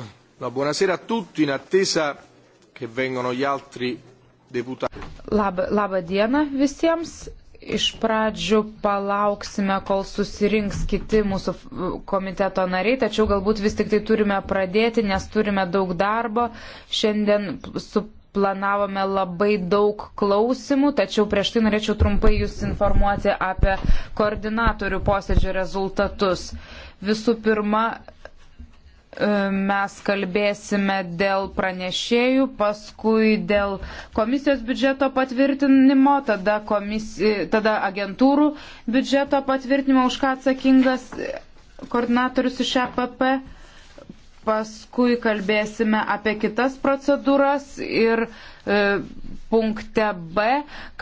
No, buonasera a tutti, in attesa che vengano gli altri deputati. Labą, labą dieną visiems. Iš pradžių palauksime, kol susirinks kiti mūsų komiteto nariai, tačiau galbūt vis tik tai turime pradėti, nes turime daug darbo. Šiandien su planavome labai daug klausimų, tačiau prieš tai norėčiau trumpai Jūs informuoti apie koordinatorių posėdžio rezultatus. Visų pirma, E, mes kalbėsime dėl pranešėjų, paskui dėl komisijos biudžeto patvirtinimo, tada, komisi, tada agentūrų biudžeto patvirtinimo, už ką atsakingas koordinatorius iš EPP. Paskui kalbėsime apie kitas procedūras ir e, punkte B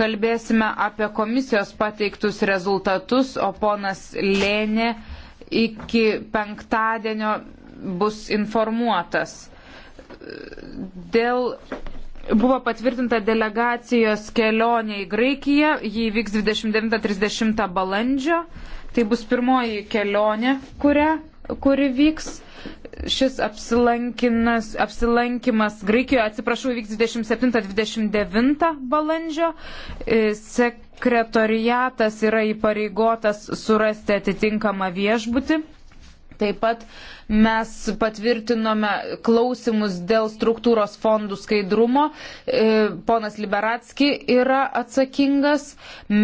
kalbėsime apie komisijos pateiktus rezultatus, o ponas Lėnė iki penktadienio bus informuotas. Dėl buvo patvirtinta delegacijos kelionė į Graikiją, jį vyks 29-30 balandžio. Tai bus pirmoji kelionė, kuria, kuri vyks. Šis apsilankimas Graikijoje, atsiprašau, vyks 27-29 balandžio. E, sekretoriatas yra įpareigotas surasti atitinkamą viešbutį Taip pat mes patvirtinome klausimus dėl struktūros fondų skaidrumo. E, ponas Liberatski yra atsakingas.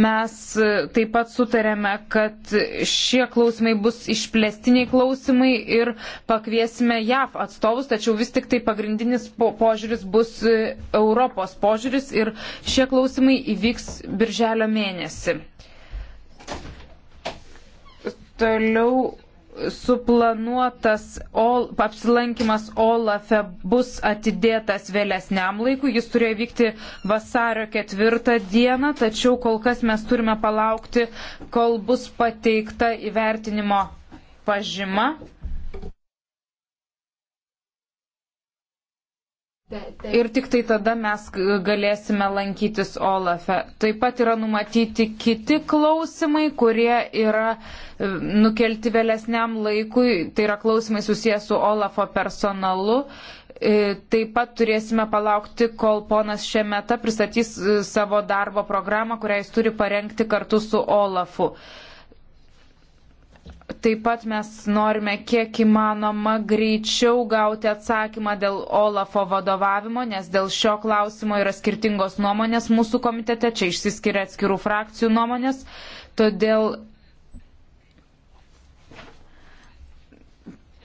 Mes e, taip pat sutarėme, kad šie klausimai bus išplėstiniai klausimai ir pakviesime JAV atstovus, tačiau vis tik tai pagrindinis po požiūris bus e, Europos požiūris ir šie klausimai įvyks birželio mėnesį. Toliau suplanuotas ol, apsilankimas Olafe bus atidėtas vėlesniam laikui. Jis turėjo vykti vasario ketvirtą dieną, tačiau kol kas mes turime palaukti, kol bus pateikta įvertinimo pažyma. Ir tik tai tada mes galėsime lankytis Olafe. Taip pat yra numatyti kiti klausimai, kurie yra e, nukelti vėlesniam laikui. Tai yra klausimai susijęs su Olafo personalu. E, taip pat turėsime palaukti, kol ponas Šemeta pristatys e, savo darbo programą, kurią jis turi parengti kartu su Olafu. Taip pat mes norime kiek įmanoma greičiau gauti atsakymą dėl Olafo vadovavimo, nes dėl šio klausimo yra skirtingos nuomonės mūsų komitete, čia išsiskiria atskirų frakcijų nuomonės. Todėl,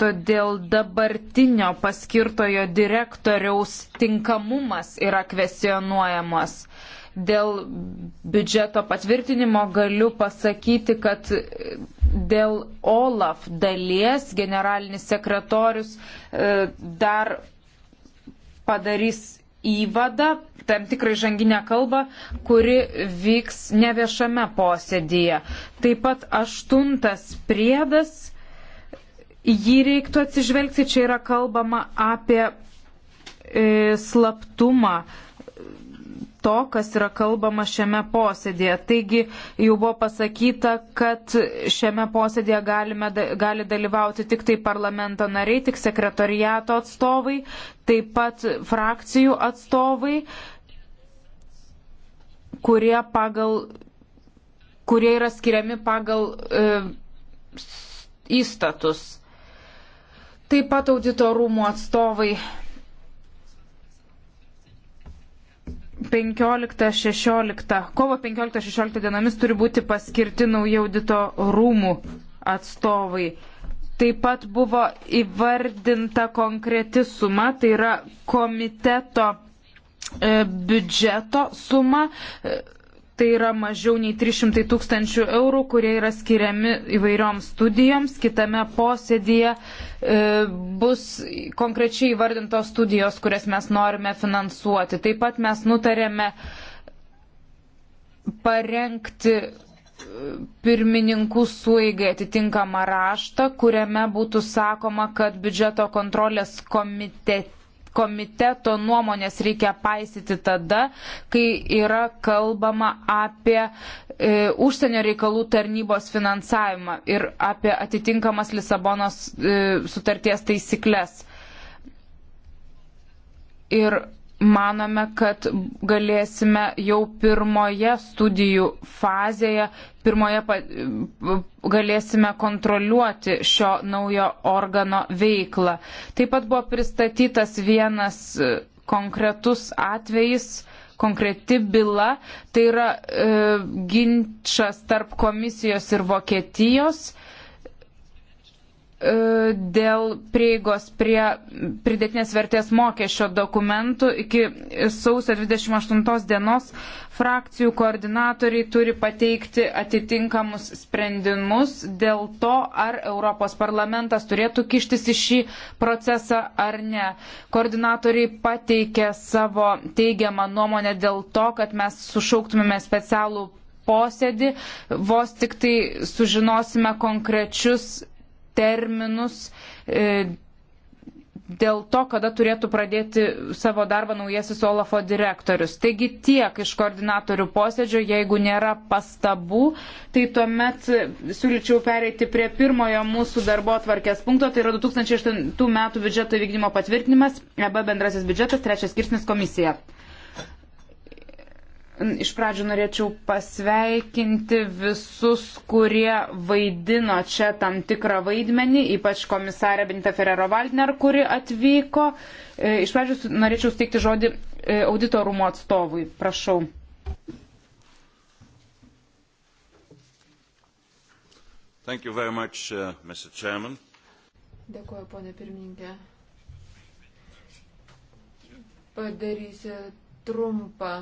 todėl dabartinio paskirtojo direktoriaus tinkamumas yra kvesionuojamas. Uh, Dėl biudžeto patvirtinimo galiu pasakyti, kad dėl OLAF dalies generalinis sekretorius e, dar padarys įvadą, tam tikrą žanginę kalbą, kuri vyks ne viešame posėdėje. Taip pat aštuntas priedas, jį reiktų atsižvelgti, čia yra kalbama apie e, slaptumą. E, to, kas yra kalbama šiame posėdėje. Taigi jau buvo pasakyta, kad šiame posėdėje galime, gali dalyvauti tik tai parlamento nariai, tik sekretoriato atstovai, taip pat frakcijų atstovai, kurie, pagal, kurie yra skiriami pagal e, įstatus. Taip pat auditorumo atstovai 15-16, kovo 15-16 dienomis turi būti paskirti nauji audito rūmų atstovai. Taip pat buvo įvardinta konkreti suma, tai yra komiteto e, biudžeto suma. E, Tai yra mažiau nei 300 tūkstančių eurų, kurie yra skiriami įvairioms studijoms. Kitame posėdėje e, bus konkrečiai įvardintos studijos, kurias mes norime finansuoti. Taip pat mes nutarėme parengti e, pirmininkų suigai atitinkamą raštą, kuriame būtų sakoma, kad biudžeto kontrolės komitete komiteto nuomonės reikia paisyti tada, kai yra kalbama apie e, užsienio reikalų tarnybos finansavimą ir apie atitinkamas Lisabonos e, sutarties taisyklės. Ir manome, kad galėsime jau pirmoje studijų fazėje, pirmoje pa, galėsime kontroliuoti šio naujo organo veiklą. Taip pat buvo pristatytas vienas konkretus atvejis, konkreti byla, tai yra e, ginčas tarp komisijos ir Vokietijos. E, E, dėl prieigos prie pridėtinės vertės mokesčio dokumentų iki sausio 28 dienos frakcijų koordinatoriai turi pateikti atitinkamus sprendimus dėl to, ar Europos parlamentas turėtų kištis į šį procesą ar ne. Koordinatoriai pateikė savo teigiamą nuomonę dėl to, kad mes sušauktumėme specialų posėdį, vos tik tai sužinosime konkrečius terminus e, dėl to, kada turėtų pradėti savo darbą naujasis Olafo direktorius. Taigi tiek iš koordinatorių posėdžio, jeigu nėra pastabų, tai tuomet siūlyčiau pereiti prie pirmojo mūsų darbo atvarkės punkto, tai yra 2008 metų biudžeto vykdymo patvirtinimas, arba e bendrasis biudžetas, trečias skirsnis komisija. Iš pradžių norėčiau pasveikinti visus, kurie vaidino čia tam tikrą vaidmenį, ypač komisarę Binta Ferrero Waldner, kuri atvyko. E, iš pradžių norėčiau steikti žodį e, auditorumo atstovui. Prašau. Much, uh, Dėkuoju, ponė pirmininkė. Padarysiu trumpą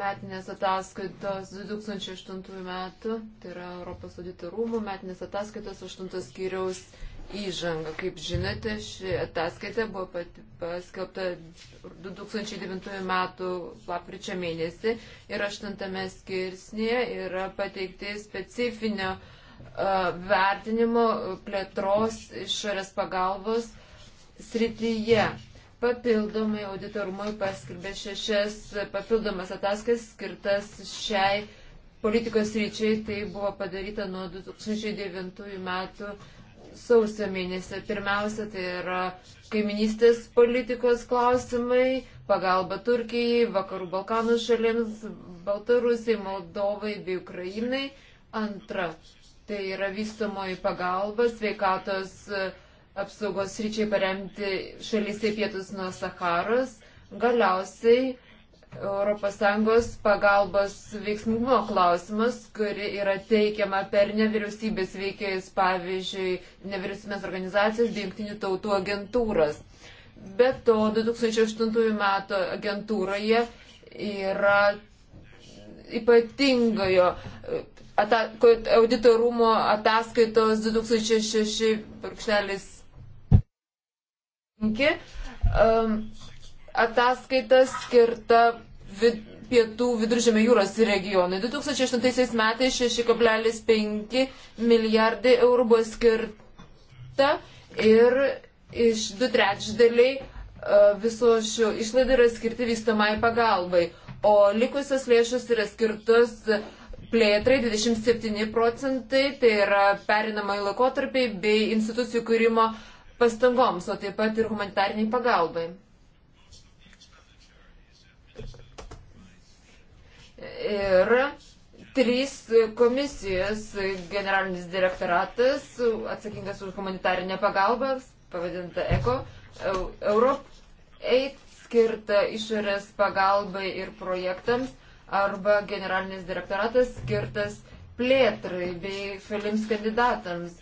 metinės ataskaitos 2008 metų, tai yra Europos audito rūmų metinės ataskaitos 8 skyriaus įžanga. Kaip žinote, ši ataskaita buvo paskelbta 2009 metų lapkričio mėnesį ir 8 skirsnėje yra pateikti specifinio uh, vertinimo plėtros išorės pagalbos srityje. Yeah Papildomai auditorumai paskelbė šešias papildomas ataskas skirtas šiai politikos ryčiai. Tai buvo padaryta nuo 2009 metų sausio mėnesio. Pirmiausia, tai yra kaiminystės politikos klausimai, pagalba Turkijai, Vakarų Balkanų šalims, Baltarusijai, Moldovai bei Ukrainai. Antra, tai yra vystomoji pagalba, sveikatos uh, apsaugos ryčiai paremti šalyse pietus nuo Saharos, galiausiai ES pagalbos veiksmumo klausimas, kuri yra teikiama per nevyriausybės veikėjus, pavyzdžiui, nevyriausybės organizacijas bei jungtinių tautų agentūras. Be to, 2008 metų agentūroje yra ypatingojo ata, auditorumo ataskaitos 2006 5 um, ataskaita skirta vid, pietų viduržėmio jūros regionui. 2008 metais 6,5 milijardai eurų buvo skirta ir iš du trečdaliai uh, viso šio išlaidų yra skirti vystomai pagalbai, o likusios lėšos yra skirtos uh, plėtrai 27 procentai, tai yra perinamai laikotarpiai bei institucijų kūrimo uh, pastangoms, o taip pat ir humanitariniai pagalbai. Ir trys komisijos generalinis direktoratas atsakingas už humanitarinę pagalbą, pavadinta ECO, Europe Aid skirta išorės pagalbai ir projektams arba generalinis direktoratas skirtas plėtrai bei šalims kandidatams.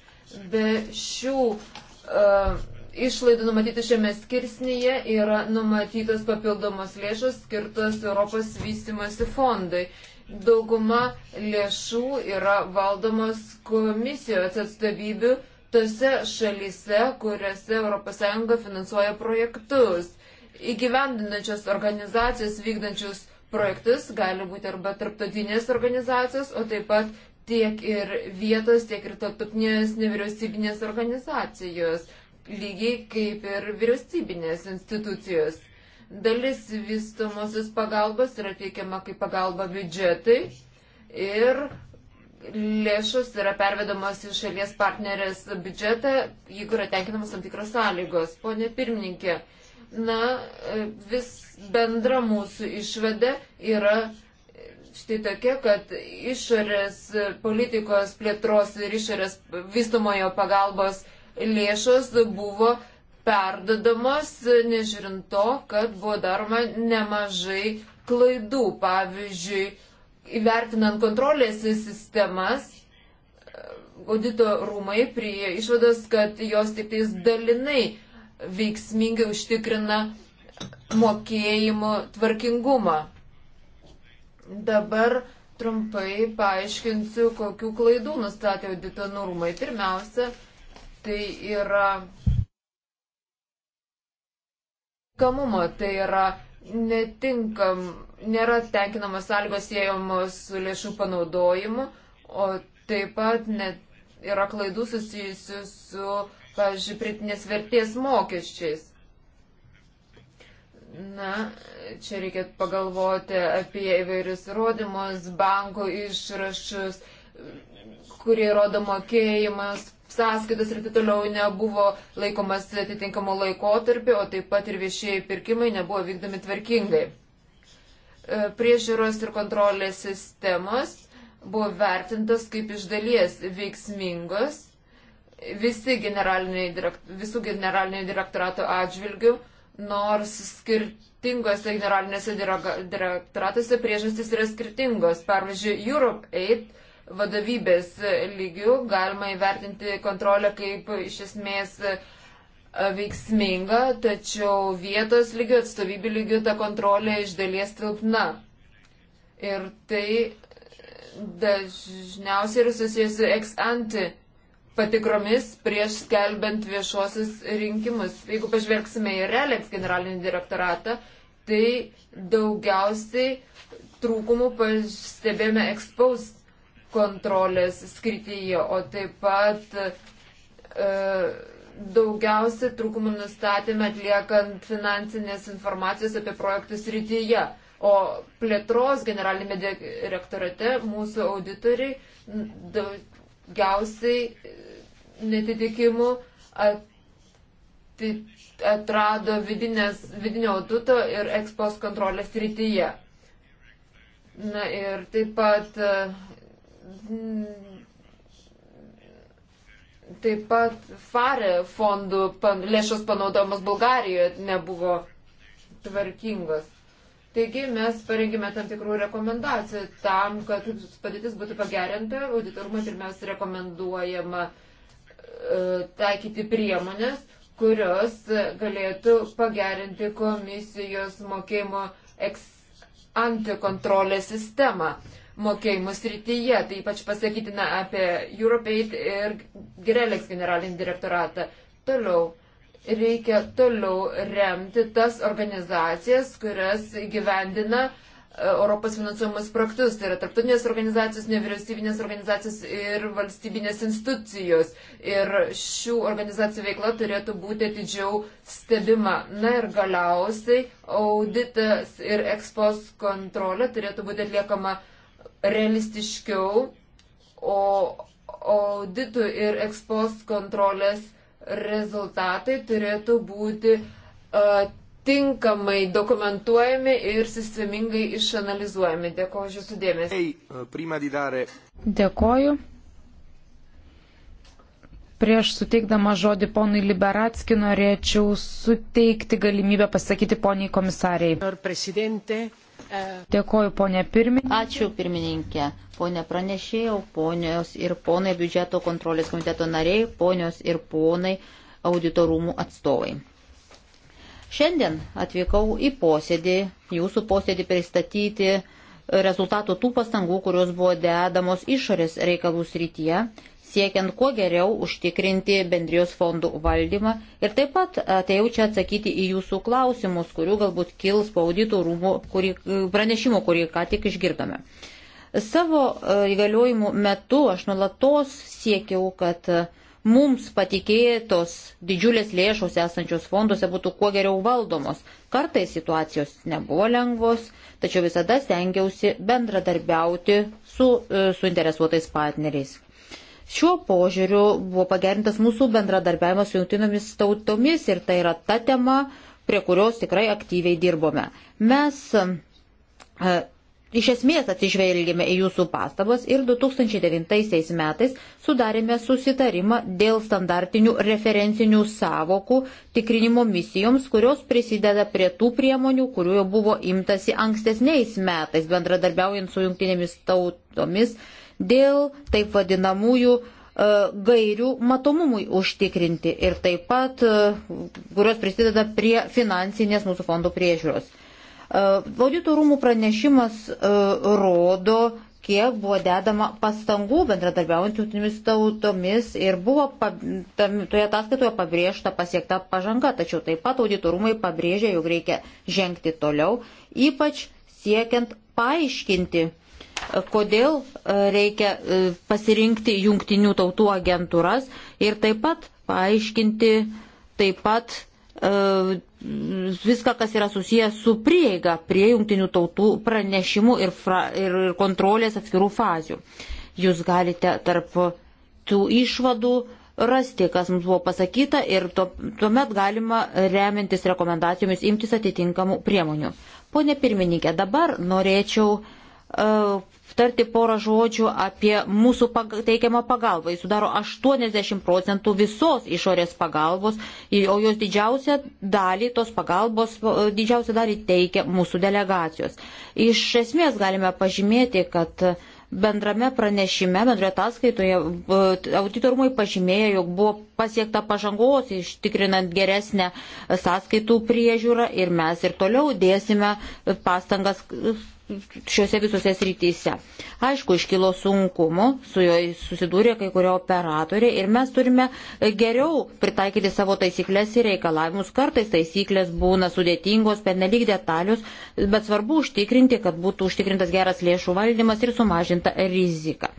Be šių E, išlaidų numatytų šiame skirsnyje yra numatytos papildomos lėšos skirtos Europos vystimosi fondai. Dauguma lėšų yra valdomos komisijos atstovybių tose šalise, kuriuose ES finansuoja projektus. Įgyvendinančios organizacijos vykdančius projektus gali būti arba tarptautinės organizacijos, o taip pat tiek ir vietos, tiek ir tarptautinės nevyriausybinės organizacijos, lygiai kaip ir vyriausybinės institucijos. Dalis vystomosios pagalbos yra teikiama kaip pagalba biudžetai ir lėšus yra pervedamos į šalies partnerės biudžetą, jeigu yra tenkinamos tam tikros sąlygos. Pone pirmininkė, na, vis bendra mūsų išvada yra štai tokia, kad išorės politikos plėtros ir išorės vystumojo pagalbos lėšos buvo perdodamos, nežiūrint to, kad buvo daroma nemažai klaidų. Pavyzdžiui, įvertinant kontrolės sistemas, audito rūmai prie išvados, kad jos tik tais dalinai veiksmingai užtikrina mokėjimo tvarkingumą. Dabar trumpai paaiškinsiu, kokių klaidų nustatė audito normai. Pirmiausia, tai yra kamumo, tai yra netinkam, nėra tenkinamas sąlygos siejamos su lėšų panaudojimu, o taip pat net yra klaidų susijusių su, pažiūrėjau, pritinės vertės mokesčiais. Na, čia reikia pagalvoti apie įvairius įrodymus, bankų išrašus, kurie rodo mokėjimas, sąskaitas ir taip toliau nebuvo laikomas atitinkamo laikotarpio, o taip pat ir viešieji pirkimai nebuvo vykdomi tvarkingai. E, priežiūros ir kontrolės sistemos buvo vertintas kaip iš dalies veiksmingos visi generaliniai, direkt, visų generalinių direktoratų atžvilgių, nors skirt skirtingose generalinėse direktoratuose priežastys yra skirtingos. Pavyzdžiui, Europe 8 vadovybės lygių galima įvertinti kontrolę kaip iš esmės e, veiksminga, tačiau vietos lygių, atstovybių lygių ta kontrolė iš dalies silpna. Ir tai e, dažniausiai yra susijęs su ex ante patikromis prieš skelbiant viešuosius rinkimus. Jeigu pažvelgsime į Relex generalinį direktoratą, tai daugiausiai trūkumų pastebėjome ekspaus kontrolės skrityje, o taip pat e, daugiausiai trūkumų nustatėme atliekant finansinės informacijos apie projektus rytyje. O plėtros generalinėme direktorate mūsų auditoriai daugiausiai e, netitikimų atrado vidinės, vidinio audito ir ekspos kontrolės rytyje. Na ir taip pat. E, taip pat FARE fondų pan, lėšos panaudomas Bulgarijoje nebuvo tvarkingos. Taigi mes parengėme tam tikrų rekomendacijų tam, kad padėtis būtų pagerinta, auditorumai pirmiausia rekomenduojama e, taikyti priemonės, kurios galėtų pagerinti komisijos mokėjimo antikontrolės sistemą mokėjimų srityje. Tai ypač pasakytina apie Europaid ir Grelex generalinį direktoratą. Toliau reikia toliau remti tas organizacijas, kurias gyvendina e, Europos finansuojamas projektus, tai yra tarptautinės organizacijos, nevyriausybinės organizacijos ir valstybinės institucijos. Ir šių organizacijų veikla turėtų būti atidžiau stebima. Na ir galiausiai auditas ir ekspos kontrolė turėtų būti atliekama realistiškiau, o auditų ir ekspos kontrolės rezultatai turėtų būti uh, tinkamai dokumentuojami ir sistemingai išanalizuojami. Dėkoju jūsų dėmesį. Dėkoju. Prieš suteikdama žodį ponui Liberatski norėčiau suteikti galimybę pasakyti poniai komisariai. Dėkoju, ponė pirmininkė. Ačiū, pirmininkė. Pone pranešėjau, ponios ir ponai biudžeto kontrolės komiteto nariai, ponios ir ponai auditorumų atstovai. Šiandien atvykau į posėdį, jūsų posėdį pristatyti rezultatų tų pastangų, kurios buvo dedamos išorės reikalų srityje siekiant kuo geriau užtikrinti bendrijos fondų valdymą. Ir taip pat atėjau čia atsakyti į jūsų klausimus, kurių galbūt kils po auditų rūmų kurį, pranešimo, kurį ką tik išgirdome. Savo e, įgaliojimų metu aš nulatos siekiau, kad e, mums patikėtos didžiulės lėšos esančios fonduose būtų kuo geriau valdomos. Kartais situacijos nebuvo lengvos, tačiau visada stengiausi bendradarbiauti su e, suinteresuotais partneriais. Šiuo požiūriu buvo pagerintas mūsų bendradarbiavimas su jungtinomis tautomis ir tai yra ta tema, prie kurios tikrai aktyviai dirbome. Mes e, iš esmės atsižvelgėme į jūsų pastabas ir 2009 metais sudarėme susitarimą dėl standartinių referencinių savokų tikrinimo misijoms, kurios prisideda prie tų priemonių, kurių jau buvo imtasi ankstesniais metais bendradarbiaujant su jungtinėmis tautomis dėl taip vadinamųjų e, gairių matomumui užtikrinti ir taip pat, e, kurios prisideda prie finansinės mūsų fondų priežiūros. E, audito rūmų pranešimas rodo, kiek buvo dedama pastangų bendradarbiaujant jungtinėmis tautomis ir buvo tam, toje ataskaitoje pabrėžta pasiekta pažanga, tačiau taip pat auditorumai pabrėžė, jog reikia žengti toliau, ypač siekiant paaiškinti kodėl e, reikia e, pasirinkti jungtinių tautų agentūras ir taip pat paaiškinti taip pat e, viską, kas yra susijęs su prieiga prie jungtinių tautų pranešimų ir, fra, ir kontrolės atskirų fazių. Jūs galite tarp tų išvadų rasti, kas mums buvo pasakyta ir to, tuomet galima remiantis rekomendacijomis imtis atitinkamų priemonių. Pone pirmininkė, dabar norėčiau uh, E, tarti porą žodžių apie mūsų teikiamą pagalbą. Jis sudaro 80 procentų visos išorės pagalbos, o jos didžiausią dalį tos pagalbos, e, didžiausią dalį teikia mūsų delegacijos. Iš esmės galime pažymėti, kad bendrame pranešime, bendroje ataskaitoje e, auditorumai pažymėjo, jog buvo pasiekta pažangos, ištikrinant geresnę sąskaitų priežiūrą ir mes ir toliau dėsime pastangas šiuose visose srityse. Aišku, iškilo sunkumu, su jo susidūrė kai kurie operatoriai ir mes turime geriau pritaikyti savo taisyklės ir reikalavimus. Kartais taisyklės būna sudėtingos, pernelyg detalius, bet svarbu užtikrinti, kad būtų užtikrintas geras lėšų valdymas ir sumažinta rizika.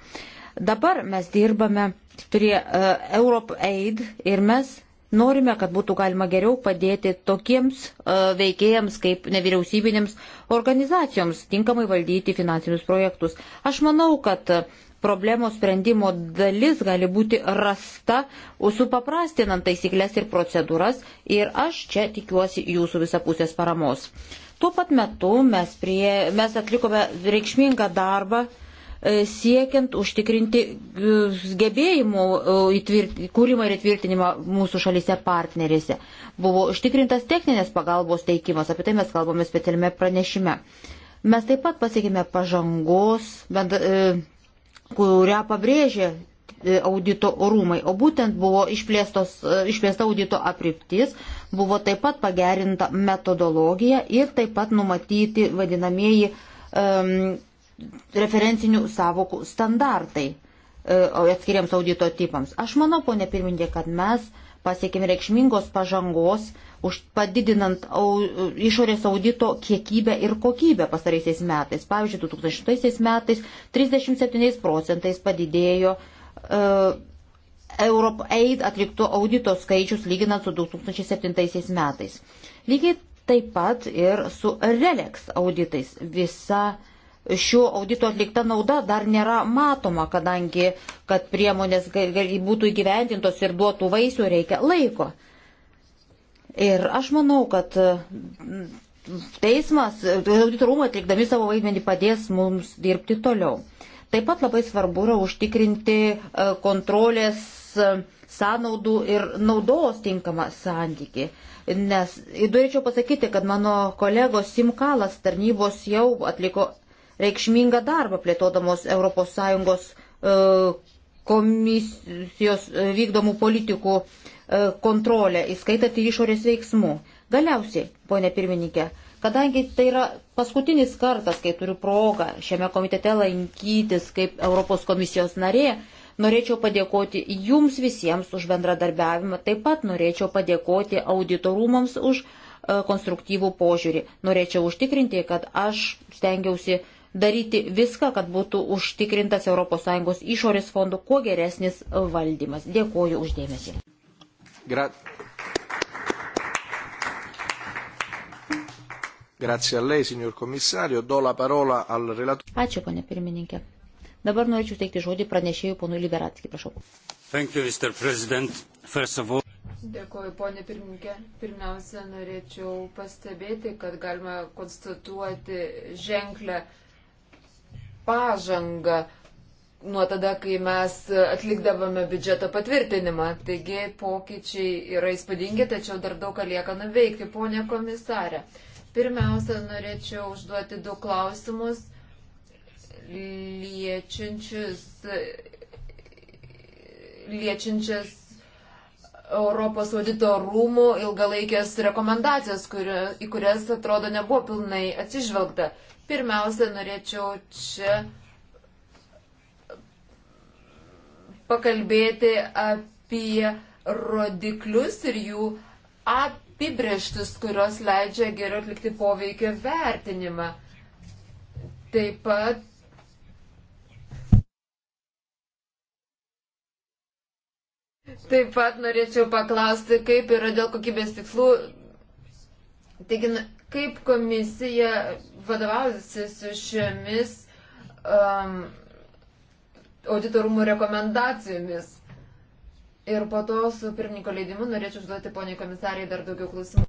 Dabar mes dirbame prie uh, Europe Aid ir mes Norime, kad būtų galima geriau padėti tokiems e, veikėjams kaip nevyriausybinėms organizacijoms tinkamai valdyti finansinius projektus. Aš manau, kad problemos sprendimo dalis gali būti rasta, supaprastinant taisyklės ir procedūras ir aš čia tikiuosi jūsų visapusės paramos. Tuo pat metu mes, prie, mes atlikome reikšmingą darbą E, siekiant užtikrinti e, gebėjimų e, kūrimą ir įtvirtinimą mūsų šalyse partnerėse. Buvo užtikrintas techninės pagalbos teikimas, apie tai mes kalbame specialiame pranešime. Mes taip pat pasiekime pažangos, bend, kurią pabrėžė audito rūmai, o būtent buvo išplėsta audito apriptis, buvo taip pat pagerinta metodologija ir taip pat numatyti vadinamieji um, referencinių savokų standartai e, atskiriams audito tipams. Aš manau, ponė pirmininkė, kad mes pasiekėme reikšmingos pažangos, už padidinant au, išorės audito kiekybę ir kokybę pastaraisiais metais. Pavyzdžiui, 2000 metais 37 procentais padidėjo uh, e, Europe Aid atlikto audito skaičius lyginant su 2007 metais. Lygiai taip pat ir su Relex auditais. Visa uh, šio audito atlikta nauda dar nėra matoma, kadangi, kad priemonės gali būtų įgyvendintos ir duotų vaisių, reikia laiko. Ir aš manau, kad mm, teismas, auditorumai atlikdami savo vaidmenį padės mums dirbti toliau. Taip pat labai svarbu yra užtikrinti e, kontrolės e, sąnaudų ir naudos tinkamą santyki. Nes norėčiau pasakyti, kad mano kolegos Simkalas tarnybos jau atliko reikšmingą darbą plėtodamos ES e, komisijos e, vykdomų politikų e, kontrolę, įskaitant ir išorės veiksmų. Galiausiai, ponė pirmininkė, kadangi tai yra paskutinis kartas, kai turiu progą šiame komitete lankytis kaip Europos komisijos narė, norėčiau padėkoti jums visiems už bendradarbiavimą, taip pat norėčiau padėkoti auditorumams už konstruktyvų požiūrį. Norėčiau užtikrinti, kad aš stengiausi daryti viską, kad būtų užtikrintas ES išorės fondų kuo geresnis valdymas. Dėkuoju uždėmesi. Gra Grazie a lei, signor commissario. Do la parola al relatore. Ačiū, ponė pirmininkė. Dabar norėčiau teikti žodį pranešėjų ponui Liberatskį, prašau. Thank you, Mr. President. First of all, Dėkuoju, ponė pirmininkė. Pirmiausia, norėčiau pastebėti, kad galima konstatuoti ženklę pažangą nuo tada, kai mes atlikdavome biudžeto patvirtinimą. Taigi pokyčiai yra įspūdingi, tačiau dar daug ką lieka nuveikti, ponė komisarė. Pirmiausia, norėčiau užduoti du klausimus liečiančius, liečiančias Europos audito rūmų ilgalaikės rekomendacijas, kurio, į kurias atrodo nebuvo pilnai atsižvelgta. Pirmiausia, norėčiau čia pakalbėti apie rodiklius ir jų apibrieštis, kurios leidžia geriau atlikti poveikio vertinimą. Taip pat Taip pat norėčiau paklausti, kaip yra dėl kokybės tikslų, taigi Kaip komisija vadovausis šiomis um, auditorumų rekomendacijomis? Ir po to su pirmininko leidimu norėčiau užduoti poniai komisariai dar daugiau klausimų.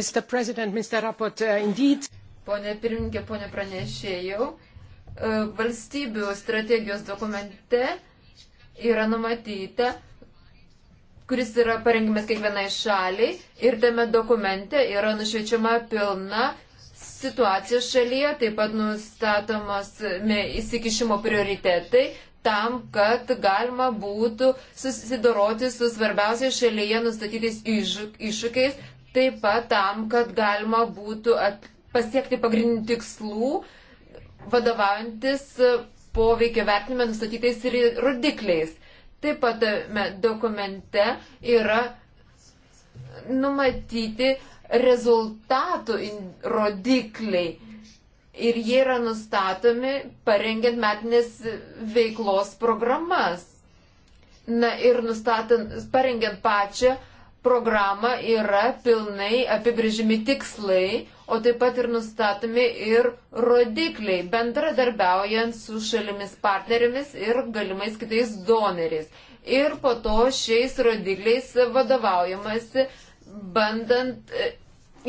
Mr. President, Mr. Rapporteur, indeed. Pone pirmininkė, pone pranešėjau, uh, valstybių strategijos dokumente yra numatyta, kuris yra parengimas kiekvienai šaliai ir tame dokumente yra nušviečiama pilna situacija šalyje, taip pat nustatomos įsikišimo prioritetai tam, kad galima būtų susidoroti su svarbiausiai šalyje nustatytais iššūkiais, taip pat tam, kad galima būtų pasiekti pagrindinių tikslų, vadovaujantis poveikio vertinime nustatytais rodikliais. Taip pat e, dokumente yra numatyti rezultatų rodikliai ir jie yra nustatomi parengiant metinės veiklos programas. Na ir nustatant, parengiant pačią programą yra pilnai apibrėžimi tikslai, o taip pat ir nustatomi ir rodikliai, bendradarbiaujant su šalimis partnerėmis ir galimais kitais donoriais. Ir po to šiais rodikliais vadovaujamasi, bandant e,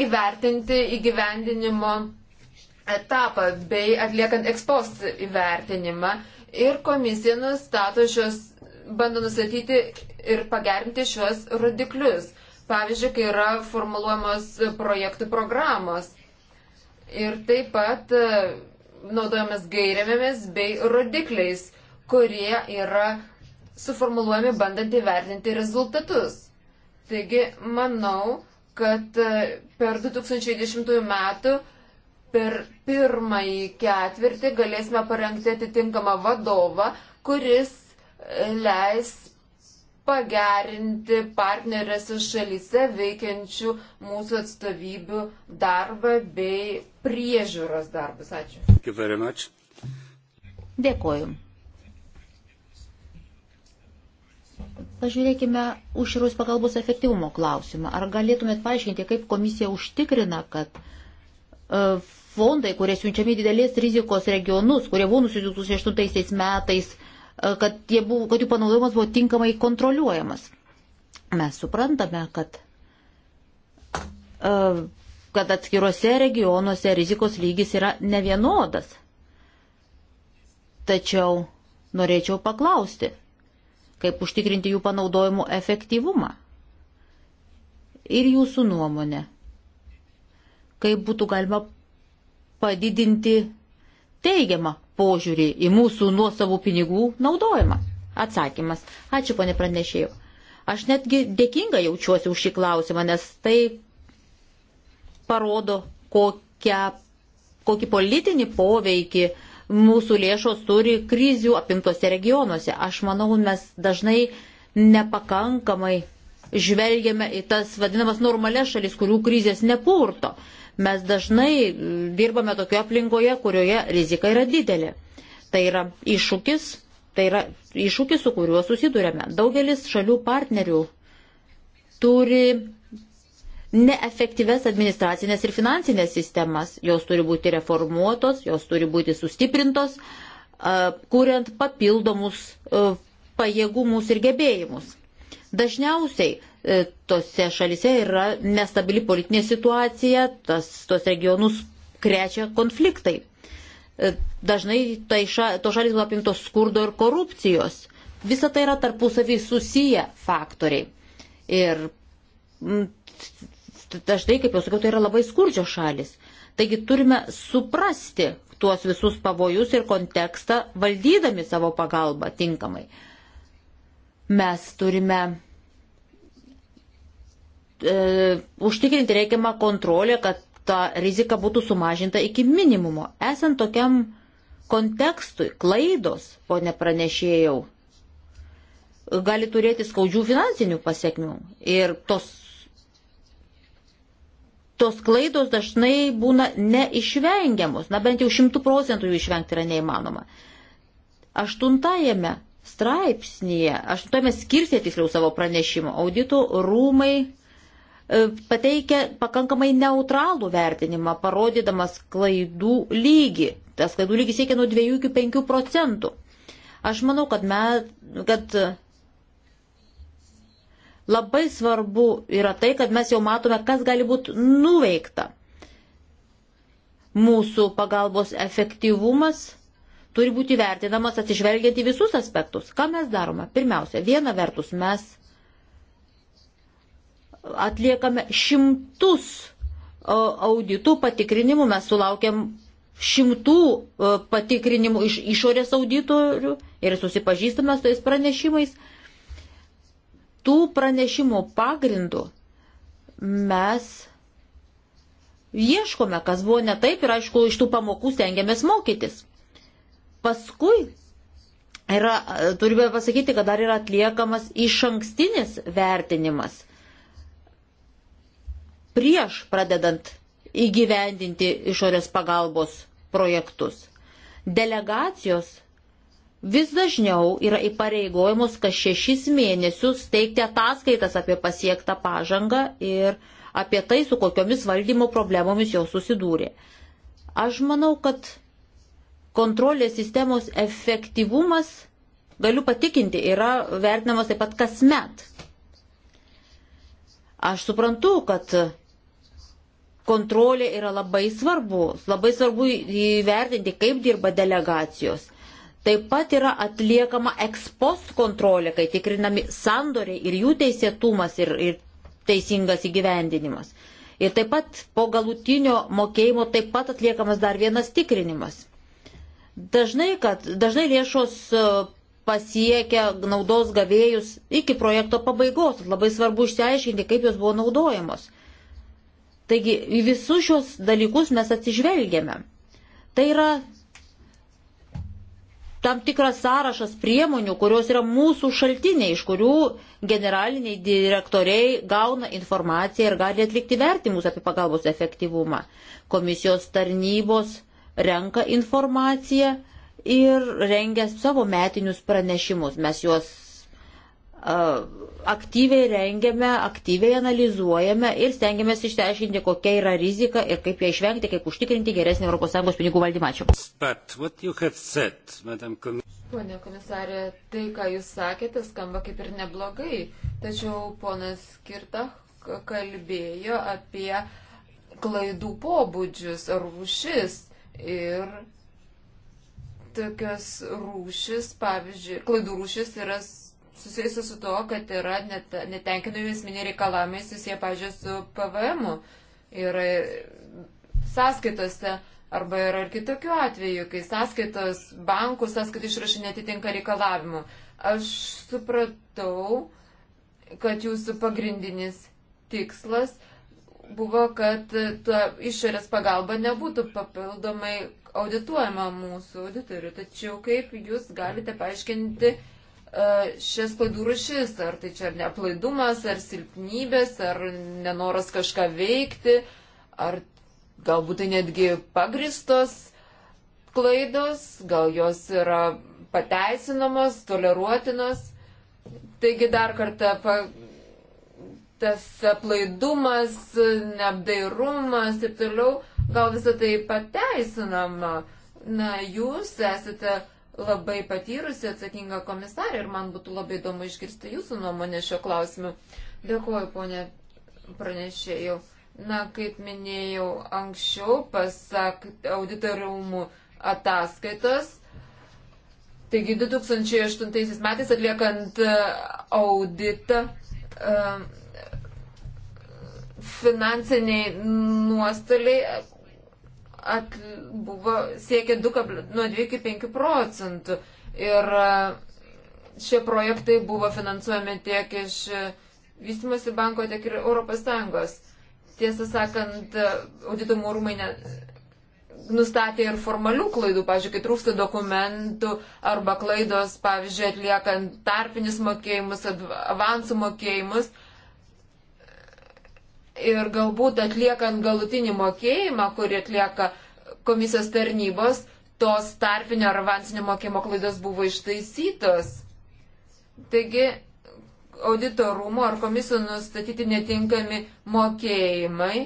įvertinti įgyvendinimo etapą bei atliekant ekspost įvertinimą. Ir komisija nustato šios, bando nustatyti ir pagerinti šios rodiklius pavyzdžiui, kai yra formuluojamos projektų programos. Ir taip pat e, naudojamas gairėmėmis bei rodikliais, kurie yra suformuluojami bandant įvertinti rezultatus. Taigi, manau, kad e, per 2010 metų per pirmąjį ketvirtį galėsime parengti atitinkamą vadovą, kuris leis pagerinti partnerėse šalyse veikiančių mūsų atstovybių darbą bei priežiūros darbus. Ačiū. Dėkoju. Pažiūrėkime užsiraus pagalbos efektyvumo klausimą. Ar galėtumėt paaiškinti, kaip komisija užtikrina, kad e, fondai, kurie siunčiami didelės rizikos regionus, kurie buvo nusidėtus 2008 metais, E, kad, buvo, kad jų panaudojimas buvo tinkamai kontroliuojamas. Mes suprantame, kad, e, kad atskiruose regionuose rizikos lygis yra nevienodas. Tačiau norėčiau paklausti, kaip užtikrinti jų panaudojimo efektyvumą. Ir jūsų nuomonė, kaip būtų galima padidinti teigiamą požiūrį į mūsų nuosavų pinigų naudojimą? Atsakymas. Ačiū, ponė pranešėjau. Aš netgi dėkinga jaučiuosi už šį klausimą, nes tai parodo, kokią, kokį politinį poveikį mūsų lėšos turi krizių apimtose regionuose. Aš manau, mes dažnai nepakankamai žvelgiame į tas vadinamas normales šalis, kurių krizės nepurto. Uh, Mes dažnai e, dirbame tokioje aplinkoje, kurioje rizika yra didelė. Tai yra iššūkis, tai yra iššūkis, su kuriuo susidurėme. Daugelis šalių partnerių turi neefektyves administracinės ir finansinės sistemas. Jos turi būti reformuotos, jos turi būti sustiprintos, e, kuriant papildomus e, pajėgumus ir gebėjimus. Dažniausiai E, tose šalise yra nestabili politinė situacija, tas, tos regionus krečia konfliktai. E, dažnai tai ša, to šalis buvo apimtos skurdo ir korupcijos. Visa tai yra tarpusavį susiję faktoriai. Ir dažnai, kaip jau sakiau, tai yra labai skurdžio šalis. Taigi turime suprasti tuos visus pavojus ir kontekstą valdydami savo pagalbą tinkamai. Mes turime e, užtikrinti reikiamą kontrolę, kad ta rizika būtų sumažinta iki minimumo. Esant tokiam kontekstui, klaidos, ponė pranešėjau, gali turėti skaudžių finansinių pasiekmių. Ir tos, tos klaidos dažnai būna neišvengiamos. Na bent jau šimtų procentų jų išvengti yra neįmanoma. Aštuntajame straipsnėje, aštuntajame skirstė tiksliau savo pranešimo, auditų rūmai E, pateikia pakankamai neutralų vertinimą, parodydamas klaidų lygį. Tas klaidų lygis siekia nuo 2 iki 5 procentų. Aš manau, kad, me, kad labai svarbu yra tai, kad mes jau matome, kas gali būti nuveikta. Mūsų pagalbos efektyvumas turi būti vertinamas atsižvelgiant į visus aspektus. Ką mes darome? Pirmiausia, viena vertus mes atliekame šimtus e, auditų patikrinimų, mes sulaukiam šimtų e, patikrinimų iš išorės auditorių ir susipažįstame su tais pranešimais. Tų pranešimų pagrindų mes ieškome, kas buvo ne taip ir aišku, iš tų pamokų stengiamės mokytis. Paskui yra, turime pasakyti, kad dar yra atliekamas iš ankstinis vertinimas – prieš pradedant įgyvendinti išorės pagalbos projektus. Delegacijos vis dažniau yra įpareigojamos kas šešis mėnesius teikti ataskaitas apie pasiektą pažangą ir apie tai, su kokiomis valdymo problemomis jau susidūrė. Aš manau, kad kontrolės sistemos efektyvumas, galiu patikinti, yra vertinamas taip pat kasmet. Aš suprantu, kad kontrolė yra labai svarbu. Labai svarbu įvertinti, kaip dirba delegacijos. Taip pat yra atliekama ekspost kontrolė, kai tikrinami sandoriai ir jų teisėtumas ir, ir teisingas įgyvendinimas. Ir taip pat po galutinio mokėjimo taip pat atliekamas dar vienas tikrinimas. Dažnai, kad, dažnai lėšos e, pasiekia naudos gavėjus iki projekto pabaigos. Labai svarbu išsiaiškinti, kaip jos buvo naudojamos. Taigi į visus šios dalykus mes atsižvelgiame. Tai yra tam tikras sąrašas priemonių, kurios yra mūsų šaltiniai, iš kurių generaliniai direktoriai gauna informaciją ir gali atlikti vertimus apie pagalbos efektyvumą. Komisijos tarnybos renka informaciją ir rengia savo metinius pranešimus. Mes juos aktyviai rengiame, aktyviai analizuojame ir stengiamės išteiškinti, kokia yra rizika ir kaip ją išvengti, kaip užtikrinti geresnį ES pinigų valdymą. Ačiū. Pone komisarė, tai, ką jūs sakėte, skamba kaip ir neblogai, tačiau ponas Kirta kalbėjo apie klaidų pobūdžius ar rūšis ir tokios rūšis, pavyzdžiui, klaidų rūšis yra susijusi su to, kad yra net, netenkinami esminiai reikalavimai susiję, pažiūrėjau, su PVM ir e, sąskaitose. Arba yra ir kitokių atvejų, kai sąskaitos, bankų sąskaitų išrašai netitinka reikalavimų. Aš supratau, kad jūsų pagrindinis tikslas buvo, kad ta išorės pagalba nebūtų papildomai audituojama mūsų auditorių. Tačiau kaip jūs galite paaiškinti E, šias klaidų rušis, ar tai čia ar neaplaidumas, ar silpnybės, ar nenoras kažką veikti, ar galbūt tai netgi pagristos klaidos, gal jos yra pateisinamos, toleruotinos. Taigi dar kartą pa, tas aplaidumas, neapdairumas ir toliau, gal visą tai pateisinama. Na, jūs esate labai patyrusi atsakinga komisarė ir man būtų labai įdomu išgirsti jūsų nuomonę šio klausimu. Dėkuoju, ponė pranešėjau. Na, kaip minėjau anksčiau, pasak auditorumų ataskaitos, taigi 2008 metais atliekant e, auditą, e, finansiniai nuostoliai at, buvo siekia 2, nuo 2 iki 5 procentų. Ir e, šie projektai buvo finansuojami tiek iš e, vystimosi banko, tiek ir ES. Tiesą sakant, e, auditomo rūmai ne, nustatė ir formalių klaidų, pavyzdžiui, kai trūksta dokumentų arba klaidos, pavyzdžiui, atliekant tarpinius mokėjimus, avansų mokėjimus, ir galbūt atliekant galutinį mokėjimą, kurį atlieka komisijos tarnybos, tos tarpinio ar avansinio mokėjimo klaidos buvo ištaisytos. Taigi, audito rūmo ar komisijų nustatyti netinkami mokėjimai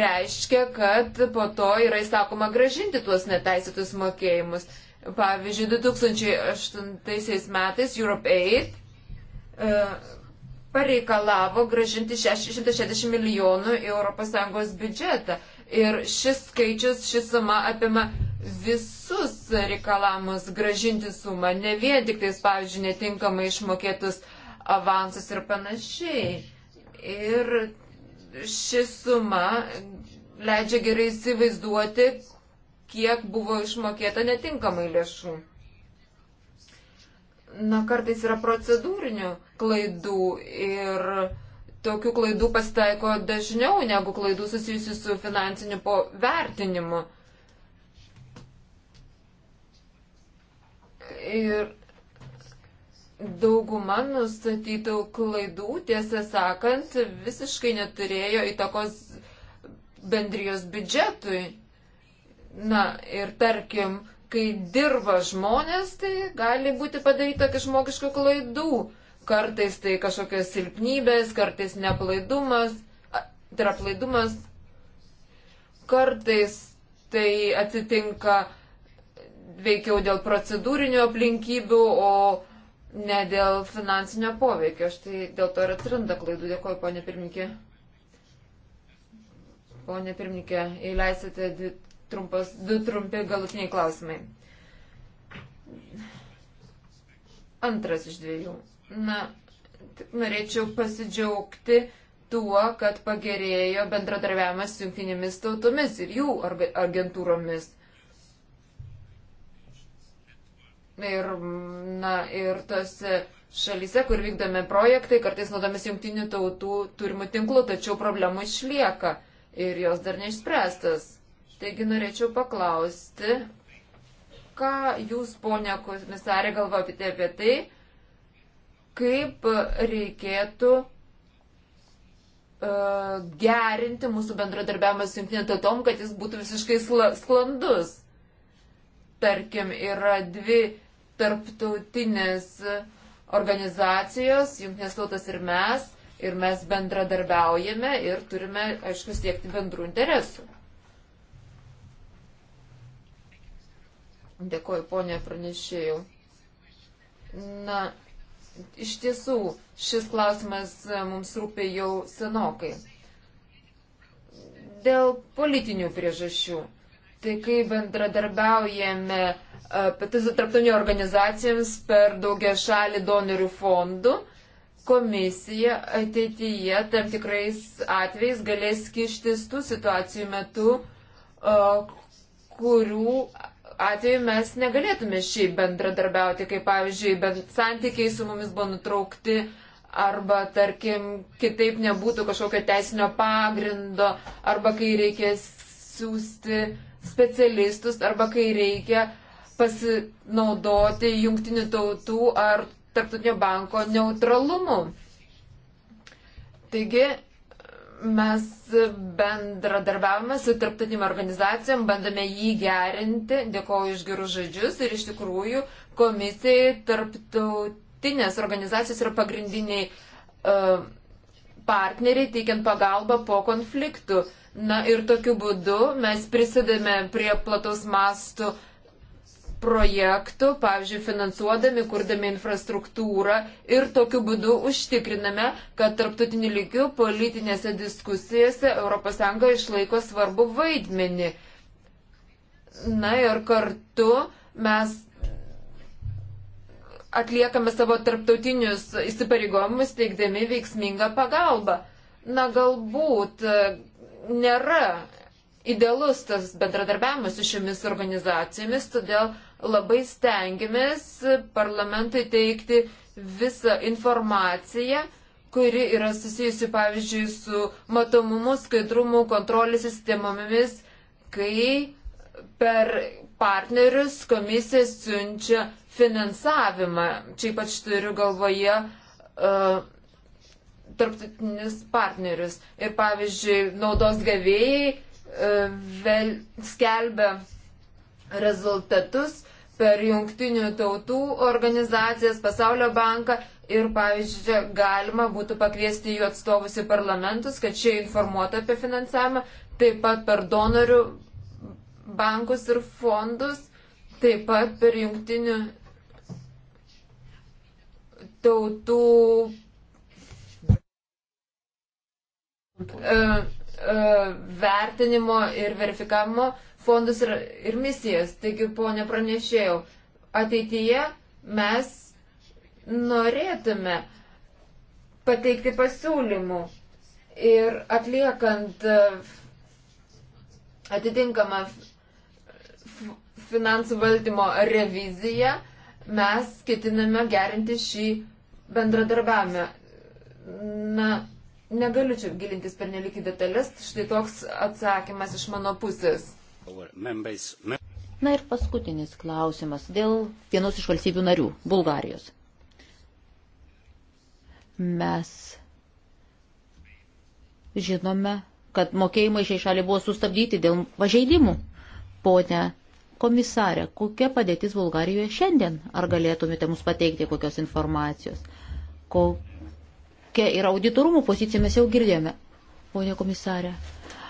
reiškia, kad po to yra įsakoma gražinti tuos neteisėtus mokėjimus. Pavyzdžiui, 2008 metais Europe 8 uh, e, pareikalavo gražinti 660 milijonų į ES biudžetą. Ir šis skaičius, ši suma apima visus reikalavimus gražinti sumą, ne vien tik tais, pavyzdžiui, netinkamai išmokėtus avansus ir panašiai. Ir ši suma leidžia gerai įsivaizduoti, kiek buvo išmokėta netinkamai lėšų na, kartais yra procedūrinių klaidų ir tokių klaidų pasitaiko dažniau negu klaidų susijusių su finansiniu vertinimu. Ir dauguma nustatytų klaidų, tiesą sakant, visiškai neturėjo įtakos bendrijos biudžetui. Na ir tarkim, kai dirba žmonės, tai gali būti padaryta tokių žmogiškų klaidų. Kartais tai kažkokios silpnybės, kartais neplaidumas, tai yra plaidumas. Kartais tai atsitinka veikiau dėl procedūrinių aplinkybių, o ne dėl finansinio poveikio. Štai dėl to ir atsiranda klaidų. Dėkuoju, ponė pirmininkė. Pone pirmininkė, įleisite dvi trumpas, du trumpi galutiniai klausimai. Antras iš dviejų. Na, norėčiau pasidžiaugti tuo, kad pagerėjo bendradarbiavimas su jungtinėmis tautomis ir jų agentūromis. Ir, na, ir tose šalyse, kur vykdomi projektai, kartais naudomis jungtinių tautų turimų tinklų, tačiau problemų išlieka ir jos dar neišspręstas. Taigi norėčiau paklausti, ką jūs, ponia komisarė, galvojate apie tai, kaip reikėtų uh, gerinti mūsų bendradarbiavimą su jungtinė tautom, kad jis būtų visiškai sklandus. Tarkim, yra dvi tarptautinės organizacijos, jungtinės tautos ir mes, ir mes bendradarbiaujame ir turime, aišku, siekti bendrų interesų. Dėkoju, ponė pranešėjau. Na, iš tiesų, šis klausimas e, mums rūpė jau senokai. Dėl politinių priežasčių. Tai kai bendradarbiaujame e, su tarptautinio organizacijoms per daugia šalį donorių fondų, komisija ateityje tam tikrais atvejais galės kištis tų situacijų metu, e, kurių atveju mes negalėtume šiaip bendradarbiauti, kaip pavyzdžiui, bent santykiai su mumis buvo nutraukti arba, tarkim, kitaip nebūtų kažkokio teisinio pagrindo, arba kai reikia siūsti specialistus, arba kai reikia pasinaudoti jungtinių tautų ar tarptautinio banko neutralumu. Taigi, mes bendradarbiavame su tarptautinėm organizacijom, bandome jį gerinti. Dėkoju už gerus žodžius ir iš tikrųjų komisijai tarptautinės organizacijos yra pagrindiniai uh, partneriai teikiant pagalbą po konfliktų. Na ir tokiu būdu mes prisidame prie plataus mastų uh, projektų, pavyzdžiui, finansuodami, kurdami infrastruktūrą ir tokiu būdu užtikriname, kad tarptautiniu lygiu politinėse diskusijose ES išlaiko svarbu vaidmenį. Na ir kartu mes atliekame savo tarptautinius įsipareigojimus teikdami veiksmingą pagalbą. Na galbūt e, nėra idealus tas bendradarbiavimas su šiomis organizacijomis, todėl labai stengiamės parlamentui teikti visą informaciją, kuri yra susijusi, pavyzdžiui, su matomumu, skaidrumu, kontrolės sistemomis, kai per partnerius komisija siunčia finansavimą. Čia ypač turiu galvoje uh, tarptautinius partnerius. Ir pavyzdžiui, naudos gavėjai uh, skelbia rezultatus per jungtinių tautų organizacijas, pasaulio banką ir, pavyzdžiui, galima būtų pakviesti jų atstovus į parlamentus, kad šie informuotų apie finansavimą, taip pat per donorių bankus ir fondus, taip pat per jungtinių tautų e, e, vertinimo ir verifikavimo fondus ir, ir misijas. Taigi, ponė pranešėjau, ateityje mes norėtume pateikti pasiūlymų ir atliekant e, atitinkamą finansų valdymo reviziją, mes ketiname gerinti šį bendradarbiavimą. Na, negaliu čia gilintis per nelikį detalės, štai toks atsakymas iš mano pusės. Na ir paskutinis klausimas dėl vienos iš valstybių narių - Bulgarijos. Mes žinome, kad mokėjimai šiai šaliai buvo sustabdyti dėl pažeidimų. Pone komisarė, kokia padėtis Bulgarijoje šiandien? Ar galėtumėte mus pateikti kokios informacijos? Kokia yra auditorumų pozicija, mes jau girdėjome. Pone komisarė,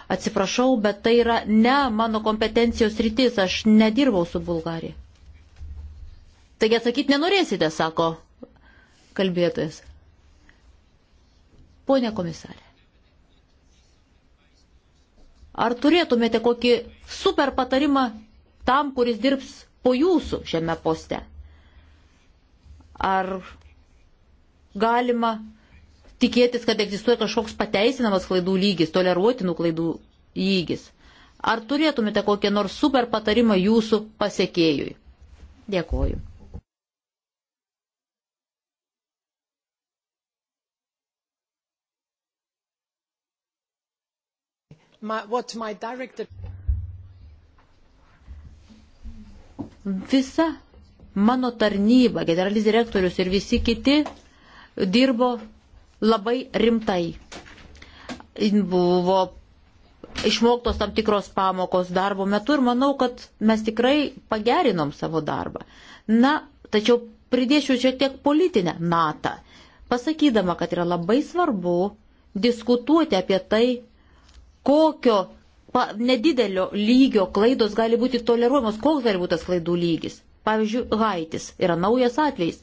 Atsiprašau, bet tai yra ne mano kompetencijos rytis, aš nedirbau su Bulgarija. Taigi atsakyti nenorėsite, sako kalbėtojas. Pone komisarė, ar turėtumėte kokį super patarimą tam, kuris dirbs po jūsų šiame poste? Ar galima tikėtis, kad egzistuoja kažkoks pateisinamas klaidų lygis, toleruotinų klaidų lygis. Ar turėtumėte kokią nors super patarimą jūsų pasiekėjui? Dėkoju. My, directed... Visa mano tarnyba, generalinis direktorius ir visi kiti dirbo labai rimtai. Buvo išmoktos tam tikros pamokos darbo metu ir manau, kad mes tikrai pagerinom savo darbą. Na, tačiau pridėčiau šiek tiek politinę natą, pasakydama, kad yra labai svarbu diskutuoti apie tai, kokio pa, nedidelio lygio klaidos gali būti toleruojamos, koks gali būti tas klaidų lygis. Pavyzdžiui, Haitis yra naujas atvejis.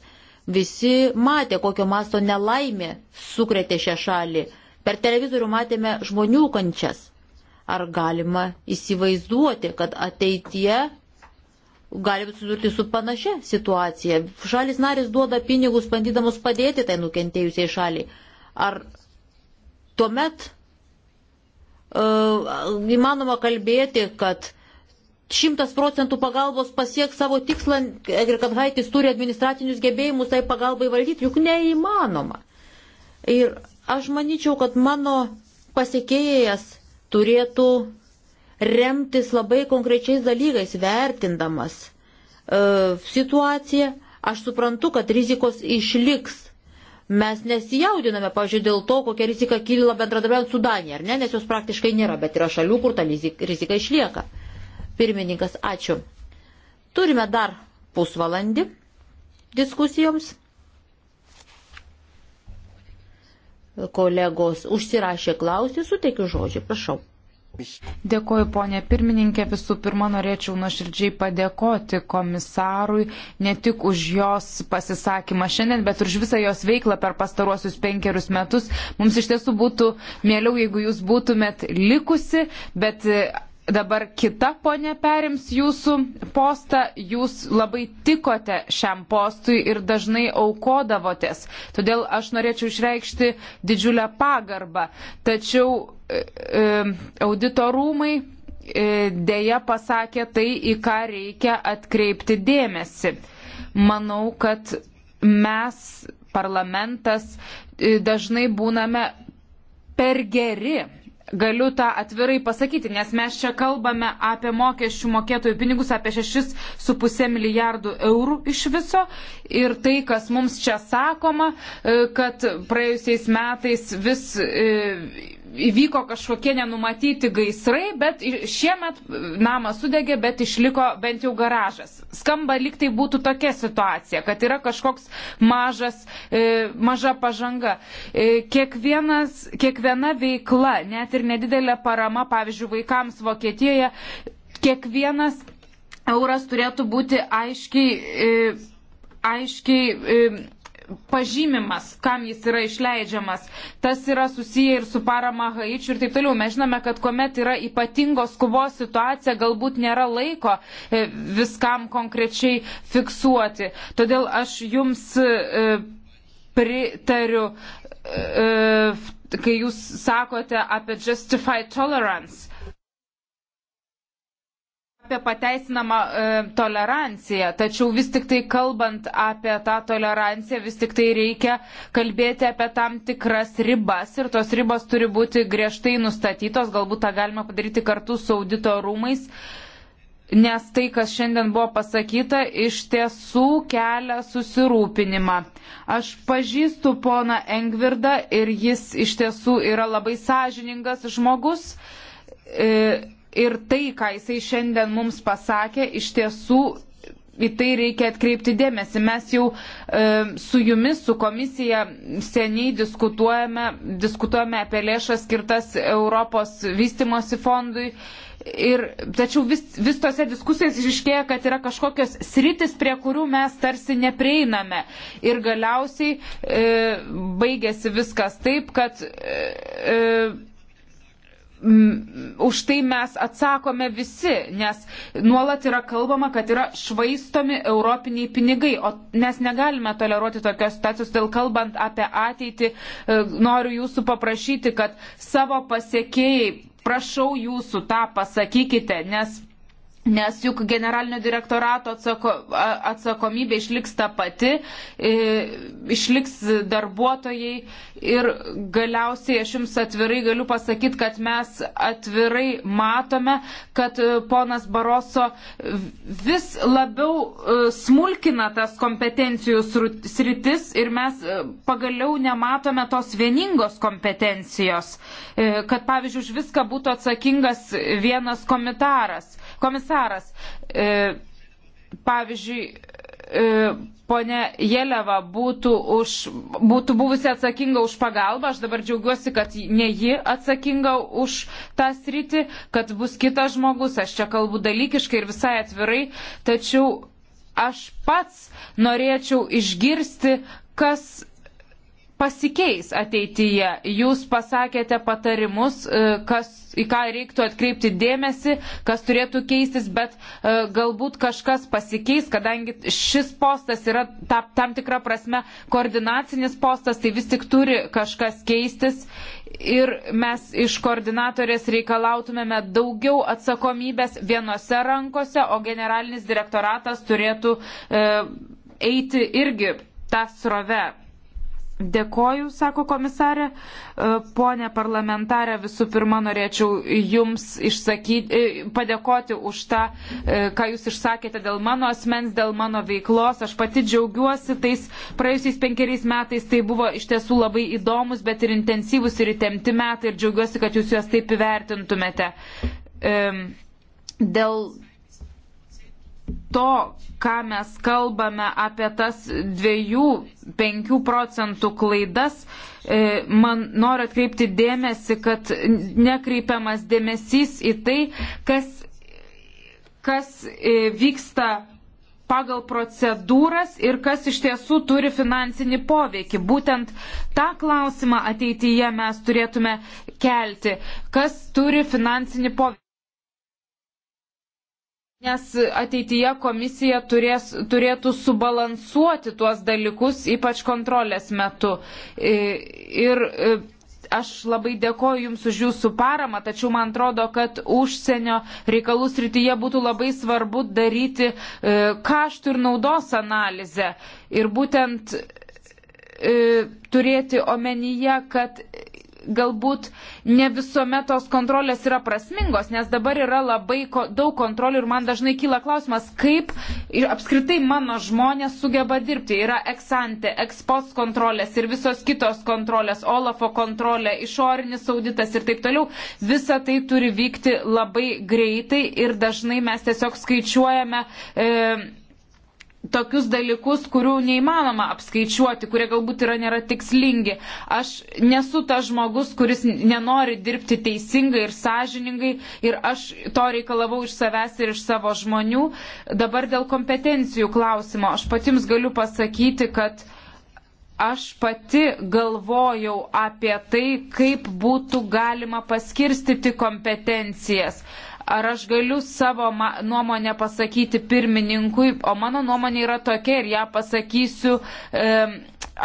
Visi matė, kokio masto nelaimė sukretė šią šalį. Per televizorių matėme žmonių kančias. Ar galima įsivaizduoti, kad ateityje galim susidurti su panašia situacija? Šalis narys duoda pinigus, bandydamos padėti tai nukentėjusiai šaliai. Ar tuomet uh, įmanoma kalbėti, kad šimtas procentų pagalbos pasieks savo tikslą ir kad Haitis turi administracinius gebėjimus tai pagalbai valdyti, juk neįmanoma. Ir aš manyčiau, kad mano pasiekėjas turėtų remtis labai konkrečiais dalykais, vertindamas e, situaciją. Aš suprantu, kad rizikos išliks. Mes nesijaudiname, pažiūrėjau, dėl to, kokia rizika kyla bendradarbiaujant su Danija, ar ne, nes jos praktiškai nėra, bet yra šalių, kur ta rizika išlieka. E, Pirmininkas, ačiū. Turime dar pusvalandį diskusijoms. Kolegos užsirašė klausį, suteikiu žodžiu, prašau. Dėkoju, ponė pirmininkė. Visų pirma, norėčiau nuoširdžiai padėkoti komisarui ne tik už jos pasisakymą šiandien, bet ir už visą jos veiklą per pastaruosius penkerius metus. Mums iš tiesų būtų mieliau, jeigu jūs būtumėt likusi, bet dabar kita ponė perims jūsų postą, jūs labai tikote šiam postui ir dažnai aukodavotės. Todėl aš norėčiau išreikšti didžiulę pagarbą. Tačiau e, e, auditorumai e, dėja pasakė tai, į ką reikia atkreipti dėmesį. Manau, kad mes, parlamentas, e, dažnai būname per geri galiu tą atvirai pasakyti, nes mes čia kalbame apie mokesčių mokėtojų pinigus, apie 6,5 milijardų eurų iš viso. Ir tai, kas mums čia sakoma, e, kad praėjusiais metais vis e, įvyko kažkokie nenumatyti gaisrai, bet šiemet namas sudegė, bet išliko bent jau garažas. Skamba lyg tai būtų tokia situacija, kad yra kažkoks mažas, e, maža pažanga. E, kiekvienas, kiekviena veikla, net ir nedidelė parama, pavyzdžiui, vaikams Vokietijoje, kiekvienas euras turėtų būti aiškiai. E, aiškiai e, pažymimas, kam jis yra išleidžiamas. Tas yra susiję ir su parama Haičiu ir taip toliau. Mes žinome, kad kuomet yra ypatingos skubos situacija, galbūt nėra laiko e, viskam konkrečiai fiksuoti. Todėl aš jums e, pritariu, e, kai jūs sakote apie justified tolerance apie pateisinamą e, toleranciją, tačiau vis tik tai kalbant apie tą toleranciją, vis tik tai reikia kalbėti apie tam tikras ribas ir tos ribas turi būti griežtai nustatytos, galbūt tą galima padaryti kartu su audito rūmais. Nes tai, kas šiandien buvo pasakyta, iš tiesų kelia susirūpinimą. Aš pažįstu poną Engvirdą ir jis iš tiesų yra labai sąžiningas žmogus. E, ir tai, ką jisai šiandien mums pasakė, iš tiesų į tai reikia atkreipti dėmesį. Mes jau e, su jumis, su komisija seniai diskutuojame, diskutuojame apie lėšas skirtas Europos vystimosi fondui. Ir, tačiau vis, vis tose diskusijose išiškėja, kad yra kažkokios sritis, prie kurių mes tarsi neprieiname. Ir galiausiai e, baigėsi viskas taip, kad. E, e, Mm, už tai mes atsakome visi, nes nuolat yra kalbama, kad yra švaistomi europiniai pinigai, o mes negalime toleruoti tokios situacijos, dėl kalbant apie ateitį, e, noriu jūsų paprašyti, kad savo pasiekėjai, prašau jūsų tą pasakykite, nes Nes juk generalinio direktorato atsako, atsakomybė išliks ta pati, išliks darbuotojai ir galiausiai aš jums atvirai galiu pasakyti, kad mes atvirai matome, kad e, ponas Baroso vis labiau e, smulkina tas kompetencijų sritis ir mes e, pagaliau nematome tos vieningos kompetencijos, kad pavyzdžiui už viską būtų atsakingas vienas komitaras. Komisaras, e, pavyzdžiui, e, ponė Jeleva būtų, už, būtų buvusi atsakinga už pagalbą. Aš dabar džiaugiuosi, kad ne ji atsakinga už tą sritį, kad bus kitas žmogus. Aš čia kalbu dalykiškai ir visai atvirai. Tačiau aš pats norėčiau išgirsti, kas pasikeis ateityje. Jūs pasakėte patarimus, e, kas, į ką reiktų atkreipti dėmesį, kas turėtų keistis, bet e, galbūt kažkas pasikeis, kadangi šis postas yra ta, tam tikra prasme koordinacinis postas, tai vis tik turi kažkas keistis. Ir mes iš koordinatorės reikalautumėme daugiau atsakomybės vienose rankose, o generalinis direktoratas turėtų e, eiti irgi tą srovę Dėkoju, sako komisarė. E, Pone parlamentarė, visų pirma, norėčiau Jums išsakyti, e, padėkoti už tą, e, ką Jūs išsakėte dėl mano asmens, dėl mano veiklos. Aš pati džiaugiuosi tais praėjusiais penkeriais metais. Tai buvo iš tiesų labai įdomus, bet ir intensyvus ir įtemti metai. Ir džiaugiuosi, kad Jūs juos taip įvertintumėte. Dėl to, ką mes kalbame apie tas dviejų, penkių procentų klaidas, e, man noriu atkreipti dėmesį, kad nekreipiamas dėmesys į tai, kas, kas e, vyksta pagal procedūras ir kas iš tiesų turi finansinį poveikį. Būtent tą klausimą ateityje mes turėtume kelti, kas turi finansinį poveikį. Nes ateityje komisija turės, turėtų subalansuoti tuos dalykus, ypač kontrolės metu. E, ir e, aš labai dėkoju Jums už Jūsų paramą, tačiau man atrodo, kad užsienio reikalų srityje būtų labai svarbu daryti e, kaštų ir naudos analizę. Ir būtent turėti omenyje, kad galbūt ne visuomet tos kontrolės yra prasmingos, nes dabar yra labai ko, daug kontrolių ir man dažnai kyla klausimas, kaip ir apskritai mano žmonės sugeba dirbti. Yra eksante, ekspos kontrolės ir visos kitos kontrolės, Olafo kontrolė, išorinis auditas ir taip toliau. Visa tai turi vykti labai greitai ir dažnai mes tiesiog skaičiuojame. E, tokius dalykus, kurių neįmanoma apskaičiuoti, kurie galbūt yra nėra tikslingi. Aš nesu tas žmogus, kuris nenori dirbti teisingai ir sąžiningai ir aš to reikalavau iš savęs ir iš savo žmonių. Dabar dėl kompetencijų klausimo. Aš patims galiu pasakyti, kad aš pati galvojau apie tai, kaip būtų galima paskirstyti kompetencijas. Uh, Ar aš galiu savo nuomonę pasakyti pirmininkui, o mano nuomonė yra tokia ir ją pasakysiu. E,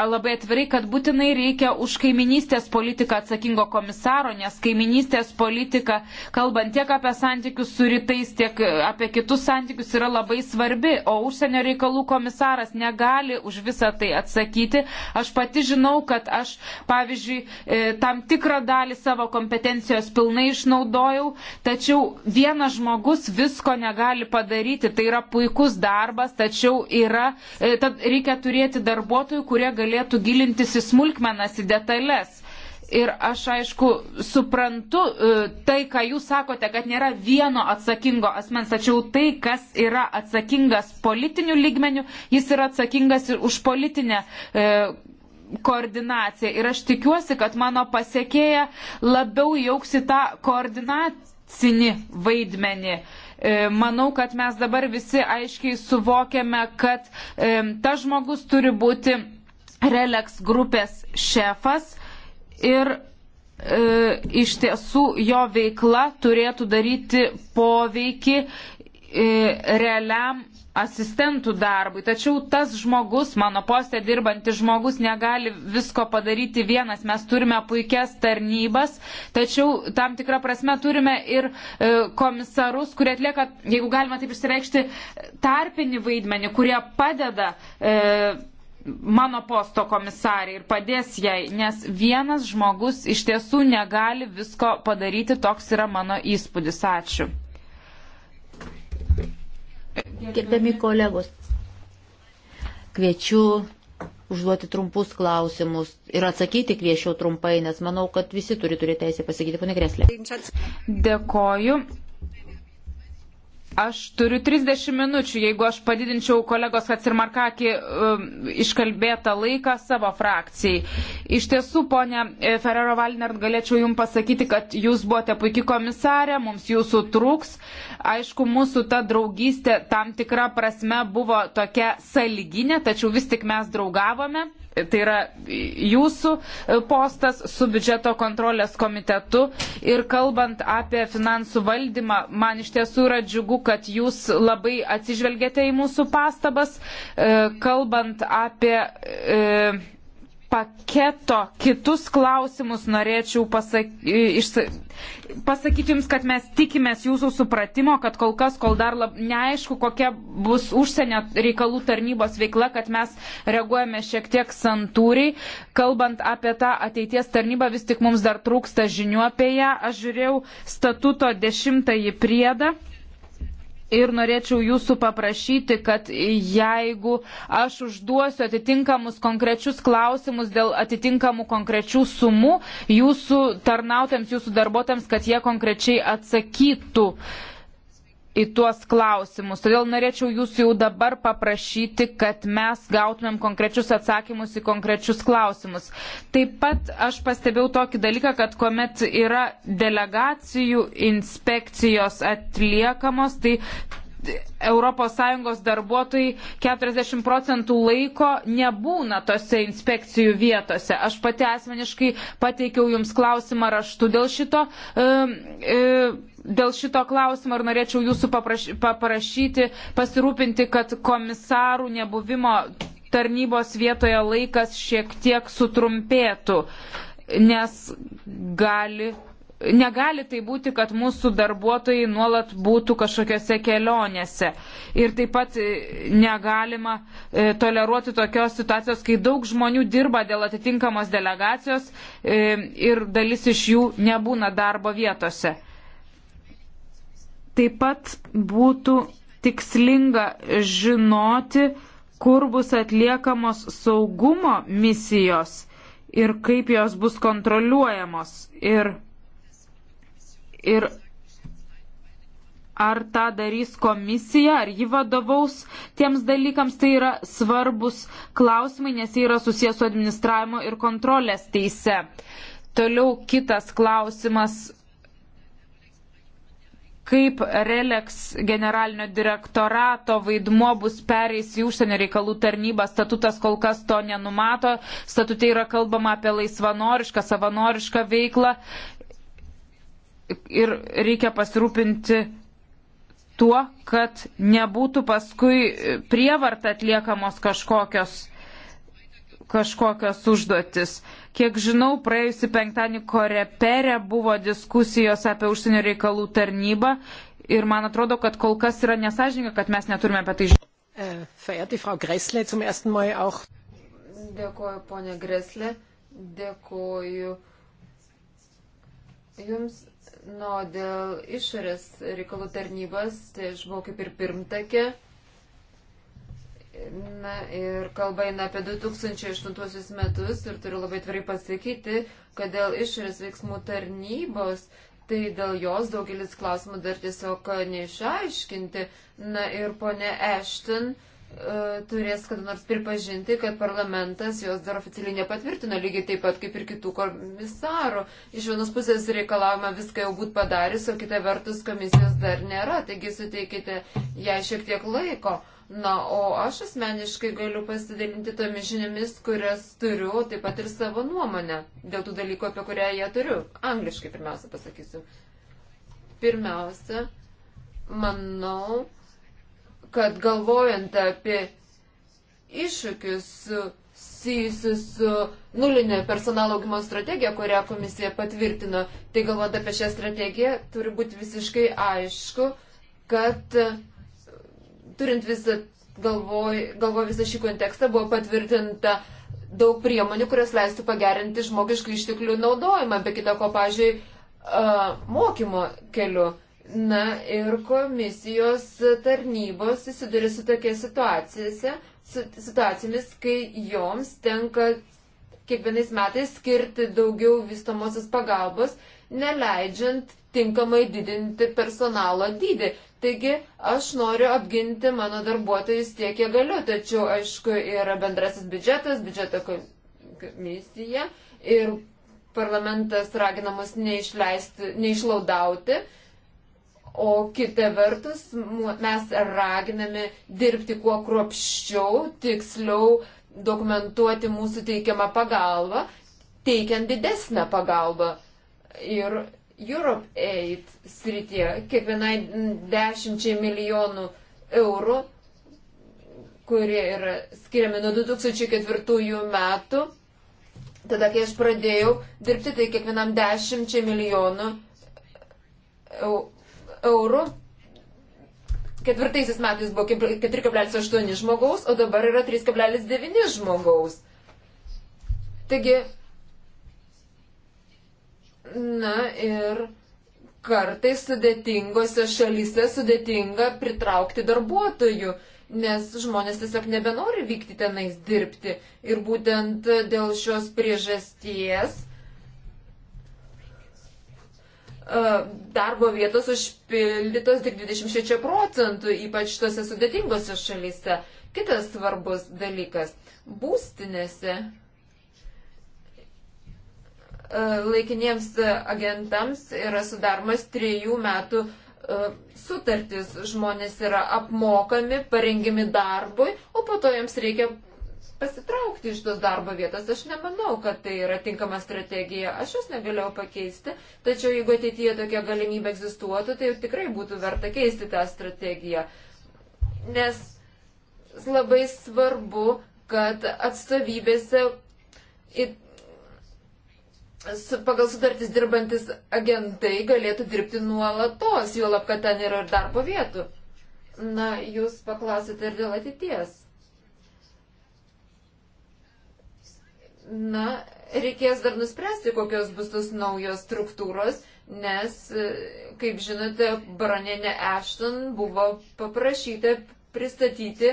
labai atvirai, kad būtinai reikia už kaiminystės politiką atsakingo komisaro, nes kaiminystės politika, kalbant tiek apie santykius su rytais, tiek apie kitus santykius, yra labai svarbi, o užsienio reikalų komisaras negali už visą tai atsakyti. Aš pati žinau, kad aš, pavyzdžiui, e, tam tikrą dalį savo kompetencijos pilnai išnaudojau, tačiau vienas žmogus visko negali padaryti. Tai yra puikus darbas, tačiau yra, e, tad reikia turėti darbuotojų, kurie galėtų galėtų gilintis į smulkmenas, į detalės. Ir aš aišku suprantu e, tai, ką jūs sakote, kad nėra vieno atsakingo asmens, tačiau tai, kas yra atsakingas politinių lygmenių, jis yra atsakingas ir už politinę e, koordinaciją. Ir aš tikiuosi, kad mano pasiekėja labiau jauksi tą koordinacinį vaidmenį. E, manau, kad mes dabar visi aiškiai suvokiame, kad e, ta žmogus turi būti Relex grupės šefas ir e, iš tiesų jo veikla turėtų daryti poveikį e, realiam asistentų darbui. Tačiau tas žmogus, mano postė dirbantis žmogus, negali visko padaryti vienas. Mes turime puikias tarnybas, tačiau tam tikrą prasme turime ir e, komisarus, kurie atlieka, jeigu galima taip išsireikšti, tarpinį vaidmenį, kurie padeda. E, mano posto komisarė ir padės jai, nes vienas žmogus iš tiesų negali visko padaryti, toks yra mano įspūdis. Ačiū. Gerbiami kolegos, kviečiu užduoti trumpus klausimus ir atsakyti kviečiau trumpai, nes manau, kad visi turi turėti teisę pasakyti, ponė Greslė. Dėkoju. Aš turiu 30 minučių, jeigu aš padidinčiau kolegos Hatsirmarkakį um, iškalbėtą laiką savo frakcijai. Iš tiesų, ponė e, Ferrero Valnert, galėčiau Jums pasakyti, kad Jūs buvote puikiai komisarė, mums Jūsų trūks. Aišku, mūsų ta draugystė tam tikra prasme buvo tokia saliginė, tačiau vis tik mes draugavome. Tai yra jūsų e, postas su biudžeto kontrolės komitetu. Ir kalbant apie finansų valdymą, man iš tiesų yra džiugu, kad jūs labai atsižvelgėte į mūsų pastabas, e, kalbant apie e, paketo kitus klausimus norėčiau pasakyti, pasakyti Jums, kad mes tikimės Jūsų supratimo, kad kol kas, kol dar lab, neaišku, kokia bus užsienio reikalų tarnybos veikla, kad mes reaguojame šiek tiek santūriai. Kalbant apie tą ateities tarnybą, vis tik mums dar trūksta žinių apie ją. Aš žiūrėjau statuto dešimtąjį priedą. Ir norėčiau jūsų paprašyti, kad jeigu aš užduosiu atitinkamus konkrečius klausimus dėl atitinkamų konkrečių sumų, jūsų tarnautėms, jūsų darbuotėms, kad jie konkrečiai atsakytų. Uh, į tuos klausimus. Todėl norėčiau jūsų jau dabar paprašyti, kad mes gautumėm konkrečius atsakymus į konkrečius klausimus. Taip pat aš pastebėjau tokį dalyką, kad kuomet yra delegacijų inspekcijos atliekamos, tai ES darbuotojai 40 procentų laiko nebūna tose inspekcijų vietose. Aš pati asmeniškai pateikiau Jums klausimą raštu dėl šito. E, e, dėl šito klausimo ir norėčiau jūsų paprašyti pasirūpinti, kad komisarų nebuvimo tarnybos vietoje laikas šiek tiek sutrumpėtų, nes gali negali tai būti, kad mūsų darbuotojai nuolat būtų kažkokiose kelionėse. Ir taip pat e, negalima e, toleruoti tokios situacijos, kai daug žmonių dirba dėl atitinkamos delegacijos e, ir dalis iš jų nebūna darbo vietose. Taip pat būtų tikslinga žinoti, kur bus atliekamos saugumo misijos ir kaip jos bus kontroliuojamos. Ir Ir ar tą darys komisija, ar ji vadovaus tiems dalykams, tai yra svarbus klausimai, nes jie yra susijęs su administravimo ir kontrolės teise. Toliau kitas klausimas kaip Relex generalinio direktorato vaidmuo bus pereis į užsienio reikalų tarnybą. Statutas kol kas to nenumato. Statute yra kalbama apie laisvanorišką, savanorišką veiklą ir reikia pasirūpinti tuo, kad nebūtų paskui prievarta atliekamos kažkokios kažkokios užduotis. Kiek žinau, praėjusį penktadienį Korepere buvo diskusijos apie užsienio reikalų tarnybą ir man atrodo, kad kol kas yra nesažininga, kad mes neturime apie tai žinoti. Äh, dėkuoju, ponė Greslė, dėkuoju Jums nu, dėl išorės reikalų tarnybos, tai aš buvau kaip ir pirmtakė. Na ir kalba eina apie 2008 metus ir turiu labai tvirtai pasakyti, kad dėl išorės veiksmų tarnybos, tai dėl jos daugelis klausimų dar tiesiog neišaiškinti. Na ir ponė Ešton, uh, E, turės kada nors pripažinti, kad parlamentas jos dar oficialiai nepatvirtino, lygiai taip pat kaip ir kitų komisarų. Iš vienos pusės reikalavome viską jau būt padarius, o kita vertus komisijos dar nėra, taigi suteikite jai šiek tiek laiko. Na, o aš asmeniškai galiu pasidalinti tomis žiniomis, kurias turiu, taip pat ir savo nuomonę dėl tų dalykų, apie kurią ją turiu. Angliškai pirmiausia pasakysiu. Pirmiausia, manau, kad galvojant apie iššūkius susijusius su nulinė personalo augimo strategija, kurią komisija patvirtino, tai galvojant apie šią strategiją, turi būti visiškai aišku, kad e, turint visą galvoj, galvoj visą šį kontekstą buvo patvirtinta daug priemonių, kurios leistų pagerinti žmogiškų išteklių naudojimą, be kita ko, pažiūrėjau, e, mokymo keliu. Na ir komisijos tarnybos susiduria su tokia situacija, su, situacijomis, kai joms tenka kiekvienais metais skirti daugiau vystomosios pagalbos, neleidžiant tinkamai didinti personalo dydį. Taigi aš noriu apginti mano darbuotojus tiek, kiek galiu, tačiau aišku yra bendrasis biudžetas, biudžeto komisija ir parlamentas raginamas neišlaudauti. O kita vertus, mes raginame dirbti kuo kruopščiau, tiksliau dokumentuoti mūsų teikiamą pagalbą, teikiant didesnę pagalbą. Ir Europe Aid srityje kiekvienai dešimčiai milijonų eurų, kurie yra skiriami nuo 2004 metų, tada kai aš pradėjau dirbti, tai kiekvienam dešimčiai milijonų eurų. Ketvirtaisiais metais buvo 4,8 žmogaus, o dabar yra 3,9 žmogaus. Taigi, na ir kartais sudėtingose šalyse sudėtinga pritraukti darbuotojų, nes žmonės tiesiog nebenori vykti tenais dirbti. Ir būtent dėl šios priežasties E, darbo vietos užpildytos tik 26 procentų, ypač tose sudėtingose šalyse. Kitas svarbus dalykas - būstinėse e, laikiniems agentams yra sudarmas trijų metų e, sutartis. Žmonės yra apmokami, parengimi darbui, o po to jiems reikia pasitraukti iš tos darbo vietos. Aš nemanau, kad tai yra tinkama strategija. Aš jos negalėjau pakeisti, tačiau jeigu ateityje tokia galimybė egzistuotų, tai tikrai būtų verta keisti tą strategiją. Nes labai svarbu, kad atstovybėse pagal sutartis dirbantis agentai galėtų dirbti nuolatos, juolab, kad ten yra ir darbo vietų. Na, jūs paklausite ir dėl ateities. Na, reikės dar nuspręsti, kokios bus tos naujos struktūros, nes, e, kaip žinote, baronienė Ashton buvo paprašyta pristatyti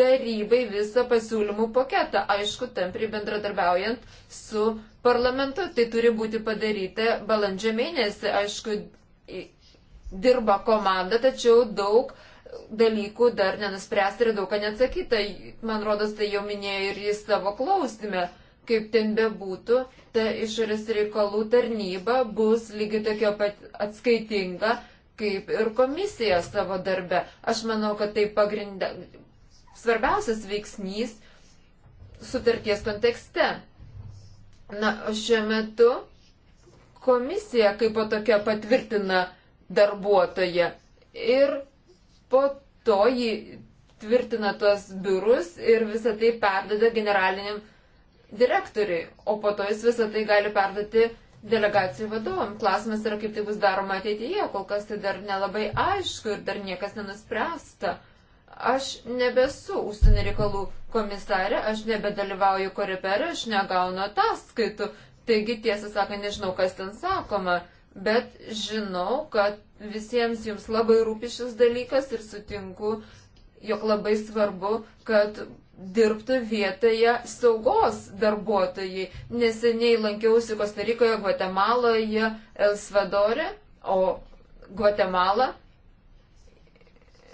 tarybai visą pasiūlymų paketą, aišku, tampri bendradarbiaujant su parlamentu. Tai turi būti padaryta balandžio mėnesį, aišku, dirba komanda, tačiau daug dalykų dar nenuspręsta ir daug ką neatsakyta. Man rodos, tai jau minėjo ir jis savo klausime. Kaip ten bebūtų, ta išorės reikalų tarnyba bus lygiai tokia pat atskaitinga kaip ir komisija savo darbe. Aš manau, kad tai pagrindė svarbiausias veiksnys sutarties kontekste. Na, šiuo metu komisija kaip po tokia patvirtina darbuotoje ir po to jį tvirtina tuos biurus ir visą tai perdada generaliniam direktoriui, o po to jis visą tai gali perduoti delegacijų vadovam. Klausimas yra, kaip tai bus daroma ateityje, kol kas tai dar nelabai aišku ir dar niekas nenuspręsta. Aš nebesu užsienio reikalų komisarė, aš nebedalyvauju korepere, aš negaunu ataskaitų. Taigi, tiesą sakant, nežinau, kas ten sakoma, bet žinau, kad visiems jums labai rūpi šis dalykas ir sutinku jog labai svarbu, kad dirbtų vietoje saugos darbuotojai. Neseniai lankiausi Kostarikoje, Gvatemaloje, El Salvadore, o Gvatemala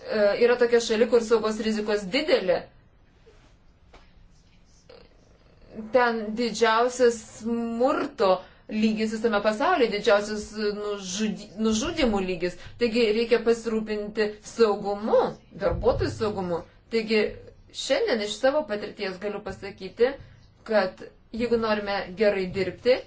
e, yra tokia šali, kur saugos rizikos didelė. Ten didžiausias smurto lygis visame pasaulyje, didžiausias nužudy, e, nužudimų lygis. Taigi reikia pasirūpinti saugumu, darbuotojų saugumu. Taigi šiandien iš savo patirties galiu pasakyti, kad jeigu norime gerai dirbti,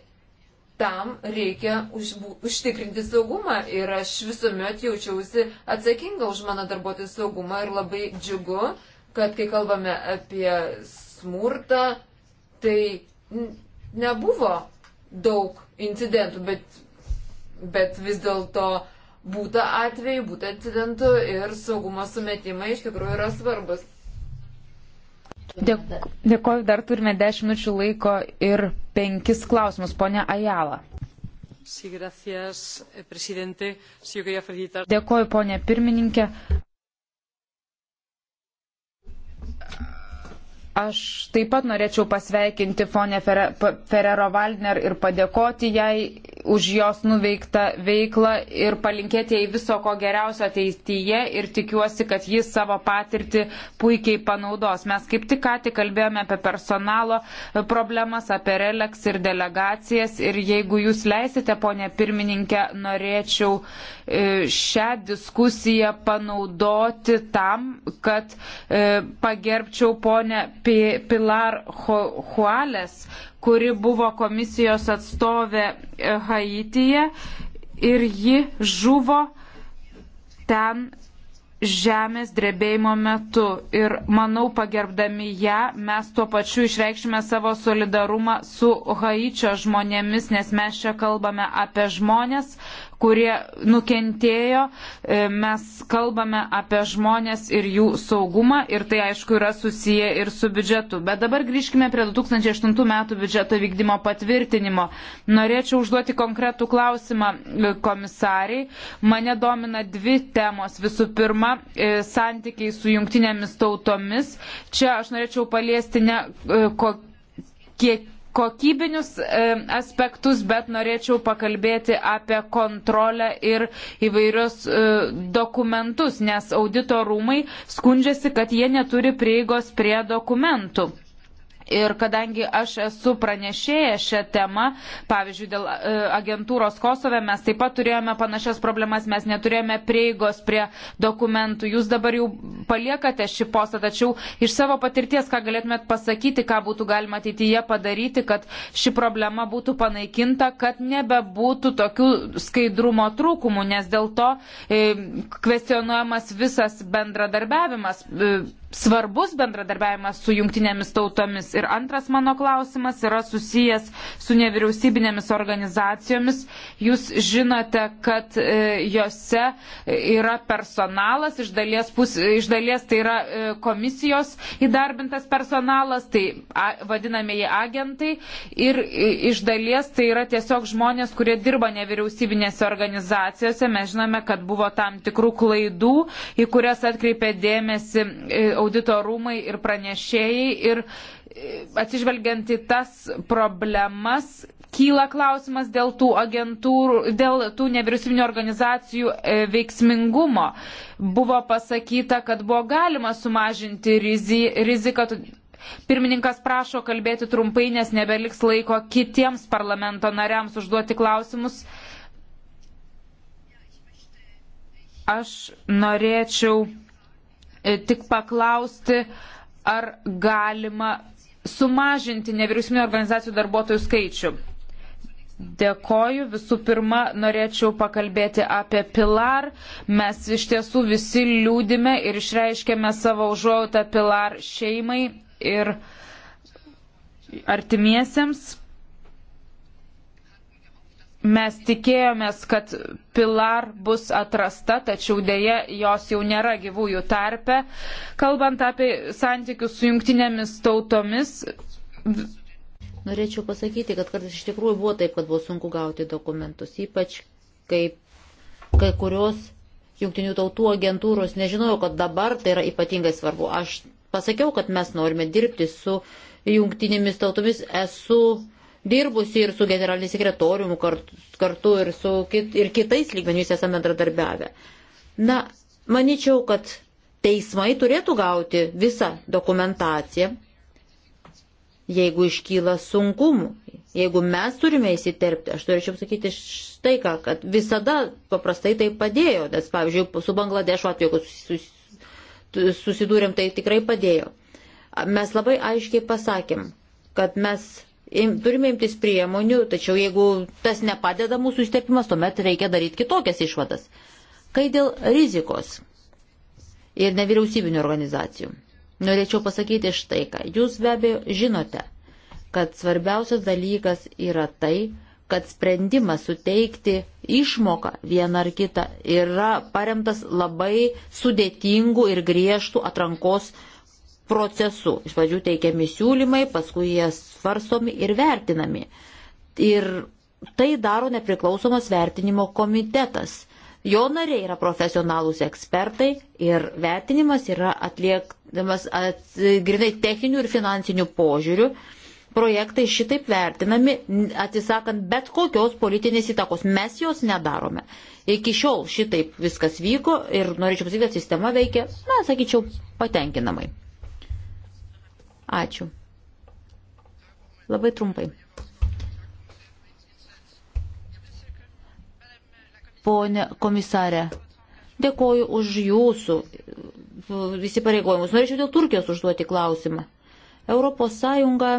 tam reikia už, užtikrinti saugumą. Ir aš visuomet jaučiausi atsakinga už mano darbuotojų saugumą ir labai džiugu, kad kai kalbame apie smurtą, tai nebuvo daug incidentų, bet, bet vis dėlto būta atvejų, būta incidentų ir saugumo sumetimai iš tikrųjų yra svarbus. Dėkoju, dar turime 10 minučių laiko ir penkis klausimus, ponia Ajala. Eh, dėkoju, ponė pirmininkė. Aš taip pat norėčiau pasveikinti ponę Ferrero Valdner ir padėkoti jai už jos nuveiktą veiklą ir palinkėti jai viso ko geriausio ateityje ir tikiuosi, kad jis savo patirtį puikiai panaudos. Mes kaip tik ką tik kalbėjome apie personalo problemas, apie releks ir delegacijas ir jeigu jūs leisite, ponė pirmininkė, norėčiau e, šią diskusiją panaudoti tam, kad e, pagerbčiau ponę Pilar Juales, kuri buvo komisijos atstovė e, Haityje ir ji žuvo ten žemės drebėjimo metu. Ir manau, pagerbdami ją, mes tuo pačiu išreikšime savo solidarumą su Haičio žmonėmis, nes mes čia kalbame apie žmonės, kurie nukentėjo. E, mes kalbame apie žmonės ir jų saugumą ir tai aišku yra susiję ir su biudžetu. Bet dabar grįžkime prie 2008 metų biudžeto vykdymo patvirtinimo. Norėčiau užduoti konkretų klausimą e, komisariai. Mane domina dvi temos. Visų pirma, e, santykiai su jungtinėmis tautomis. Čia aš norėčiau paliesti ne kokią kiek kokybinius e, aspektus, bet norėčiau pakalbėti apie kontrolę ir įvairius e, dokumentus, nes audito rūmai skundžiasi, kad jie neturi prieigos prie dokumentų. Ir kadangi aš esu pranešėję šią temą, pavyzdžiui, dėl e, agentūros Kosove mes taip pat turėjome panašias problemas, mes neturėjome prieigos prie dokumentų. Jūs dabar jau paliekate šį postą, tačiau iš savo patirties, ką galėtumėt pasakyti, ką būtų galima ateityje padaryti, kad ši problema būtų panaikinta, kad nebebūtų tokių skaidrumo trūkumų, nes dėl to e, kvestionuojamas visas bendradarbiavimas. E, svarbus bendradarbiavimas su jungtinėmis tautomis. Ir antras mano klausimas yra susijęs su nevyriausybinėmis organizacijomis. Jūs žinote, kad e, jose yra personalas, iš dalies, pus, iš dalies tai yra e, komisijos įdarbintas personalas, tai vadinamieji agentai. Ir iš dalies tai yra tiesiog žmonės, kurie dirba nevyriausybinėse organizacijose. Mes žinome, kad buvo tam tikrų klaidų, į kurias atkreipė dėmesį e, auditorumai ir pranešėjai ir e, atsižvelgiant į tas problemas, kyla klausimas dėl tų agentūrų, dėl tų nevyriausybinio organizacijų e, veiksmingumo. Buvo pasakyta, kad buvo galima sumažinti rizi, riziką. Pirmininkas prašo kalbėti trumpai, nes nebeliks laiko kitiems parlamento nariams užduoti klausimus. Aš norėčiau E, tik paklausti, ar galima sumažinti nevyriausybinio organizacijų darbuotojų skaičių. Dėkoju. Visų pirma, norėčiau pakalbėti apie Pilar. Mes iš tiesų visi liūdime ir išreiškėme savo užuotą Pilar šeimai ir artimiesiems. Mes tikėjomės, kad Pilar bus atrasta, tačiau dėja jos jau nėra gyvųjų tarpe. Kalbant apie santykius su jungtinėmis tautomis. Norėčiau pasakyti, kad kartais iš tikrųjų buvo taip, kad buvo sunku gauti dokumentus, ypač kaip kai kurios jungtinių tautų agentūros nežinojo, kad dabar tai yra ypatingai svarbu. Aš pasakiau, kad mes norime dirbti su jungtinėmis tautomis, esu dirbusi ir su generaliniu sekretoriumi kartu, kartu ir su kit, ir kitais lygmenys esame bendradarbiavę. Na, manyčiau, kad teismai turėtų gauti visą dokumentaciją, jeigu iškyla sunkumų. Jeigu mes turime įsiterpti, aš turėčiau sakyti štai ką, kad visada paprastai tai padėjo, nes pavyzdžiui, su Bangladešo atveju, kai susidūrėm, tai tikrai padėjo. Mes labai aiškiai pasakėm, kad mes turime imtis priemonių, tačiau jeigu tas nepadeda mūsų ištepimas, tuomet reikia daryti kitokias išvadas. Kai dėl rizikos ir nevyriausybinių organizacijų, norėčiau pasakyti štai ką. Jūs be abejo žinote, kad svarbiausias dalykas yra tai, kad sprendimas suteikti išmoką vieną ar kitą yra paremtas labai sudėtingų ir griežtų atrankos procesu. Iš pradžių teikiami siūlymai, paskui jie svarstomi ir vertinami. Ir tai daro nepriklausomas vertinimo komitetas. Jo nariai yra profesionalūs ekspertai ir vertinimas yra atliekamas at, grinai techninių ir finansinių požiūrių. Projektai šitaip vertinami, atsisakant bet kokios politinės įtakos. Mes jos nedarome. Iki šiol šitaip viskas vyko ir norėčiau pasakyti, kad sistema veikia, na, sakyčiau, patenkinamai. Ačiū. Labai trumpai. Pone komisarė, dėkoju už jūsų visi uh, pareigojimus. Norėčiau dėl Turkijos užduoti klausimą. Europos Sąjunga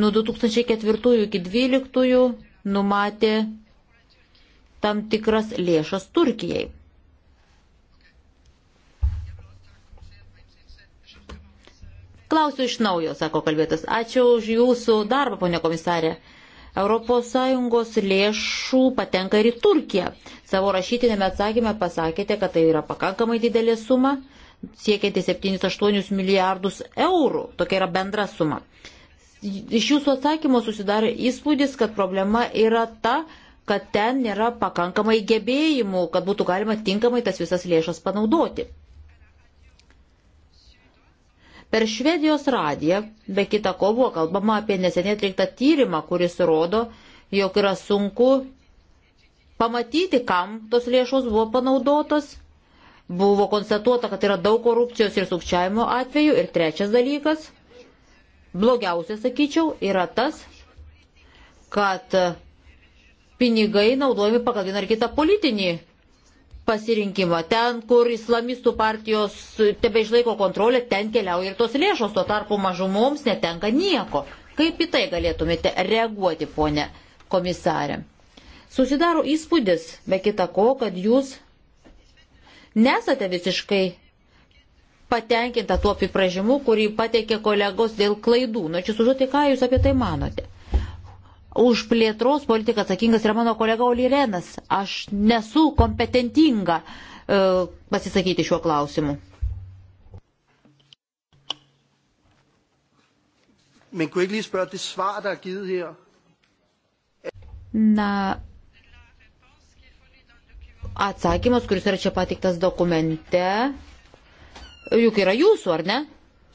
nuo 2004 iki 2012 numatė tam tikras lėšas Turkijai. Klausiu iš naujo, sako kalbėtas. Ačiū už jūsų darbą, ponė komisarė. ES lėšų patenka ir į Turkiją. Savo rašytinėme atsakymė pasakėte, kad tai yra pakankamai didelė suma, siekianti 7-8 milijardus eurų. Tokia yra bendra suma. Iš jūsų atsakymo susidarė įspūdis, kad problema yra ta, kad ten nėra pakankamai gebėjimų, kad būtų galima tinkamai tas visas lėšas panaudoti. Per Švedijos radiją, be kita ko, buvo kalbama apie neseniai atliktą tyrimą, kuris rodo, jog yra sunku pamatyti, kam tos lėšos buvo panaudotos. Buvo konstatuota, kad yra daug korupcijos ir sukčiavimo atvejų. Ir trečias dalykas, blogiausias, sakyčiau, yra tas, kad pinigai naudojami pagal vieną ar kitą politinį pasirinkimą. Ten, kur islamistų partijos tebe išlaiko kontrolę, ten keliauja ir tos lėšos, tuo tarpu mažumoms netenka nieko. Kaip į tai galėtumėte reaguoti, ponė komisarė? Susidaro įspūdis, be kita ko, kad jūs nesate visiškai patenkinta tuo apipražimu, kurį pateikė kolegos dėl klaidų. Norėčiau nu, sužinoti, ką jūs apie tai manote. Už plėtros politiką atsakingas yra mano kolega Olirenas. Aš nesu kompetentinga e, pasisakyti šiuo klausimu. Men kunne ikke lige spørge, det svar, der er givet her? Na, atsakymas, kuris yra čia patiktas dokumente, juk yra jūsų, ar ne?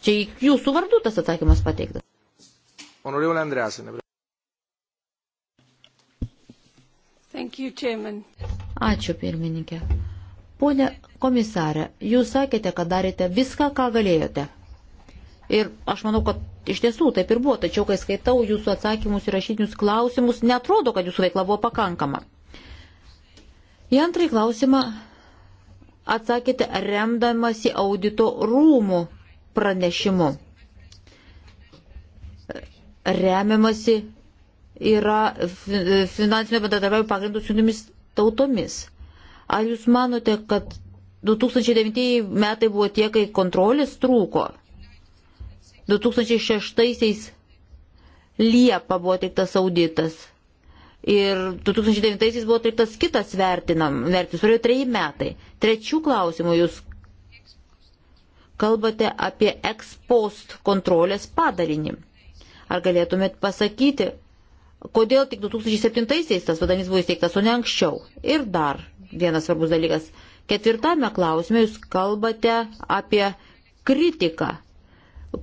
Čia jūsų vardu tas atsakymas pateiktas. Honorable Andreasen. You, Ačiū pirmininkė. Pone komisarė, jūs sakėte, kad darėte viską, ką galėjote. Ir aš manau, kad iš tiesų taip ir buvo, tačiau kai skaitau jūsų atsakymus ir rašytinius klausimus, netrodo, kad jūsų veikla buvo pakankama. Į antrąjį klausimą atsakėte remdamasi audito rūmų pranešimu. Remiamasi yra finansinio bendradarbiavimo pagrindų su jungtimis tautomis. Ar jūs manote, kad 2009 metai buvo tie, kai kontrolės trūko? 2006 Liepa buvo teiktas auditas ir 2009 buvo teiktas kitas vertinam, vertis, praėjo treji metai. Trečių klausimų jūs kalbate apie ekspost kontrolės padarinį. Ar galėtumėt pasakyti, kodėl tik 2007-aisiais tas vadinys buvo įsteigtas, o ne anksčiau. Ir dar vienas svarbus dalykas. Ketvirtame klausime jūs kalbate apie kritiką,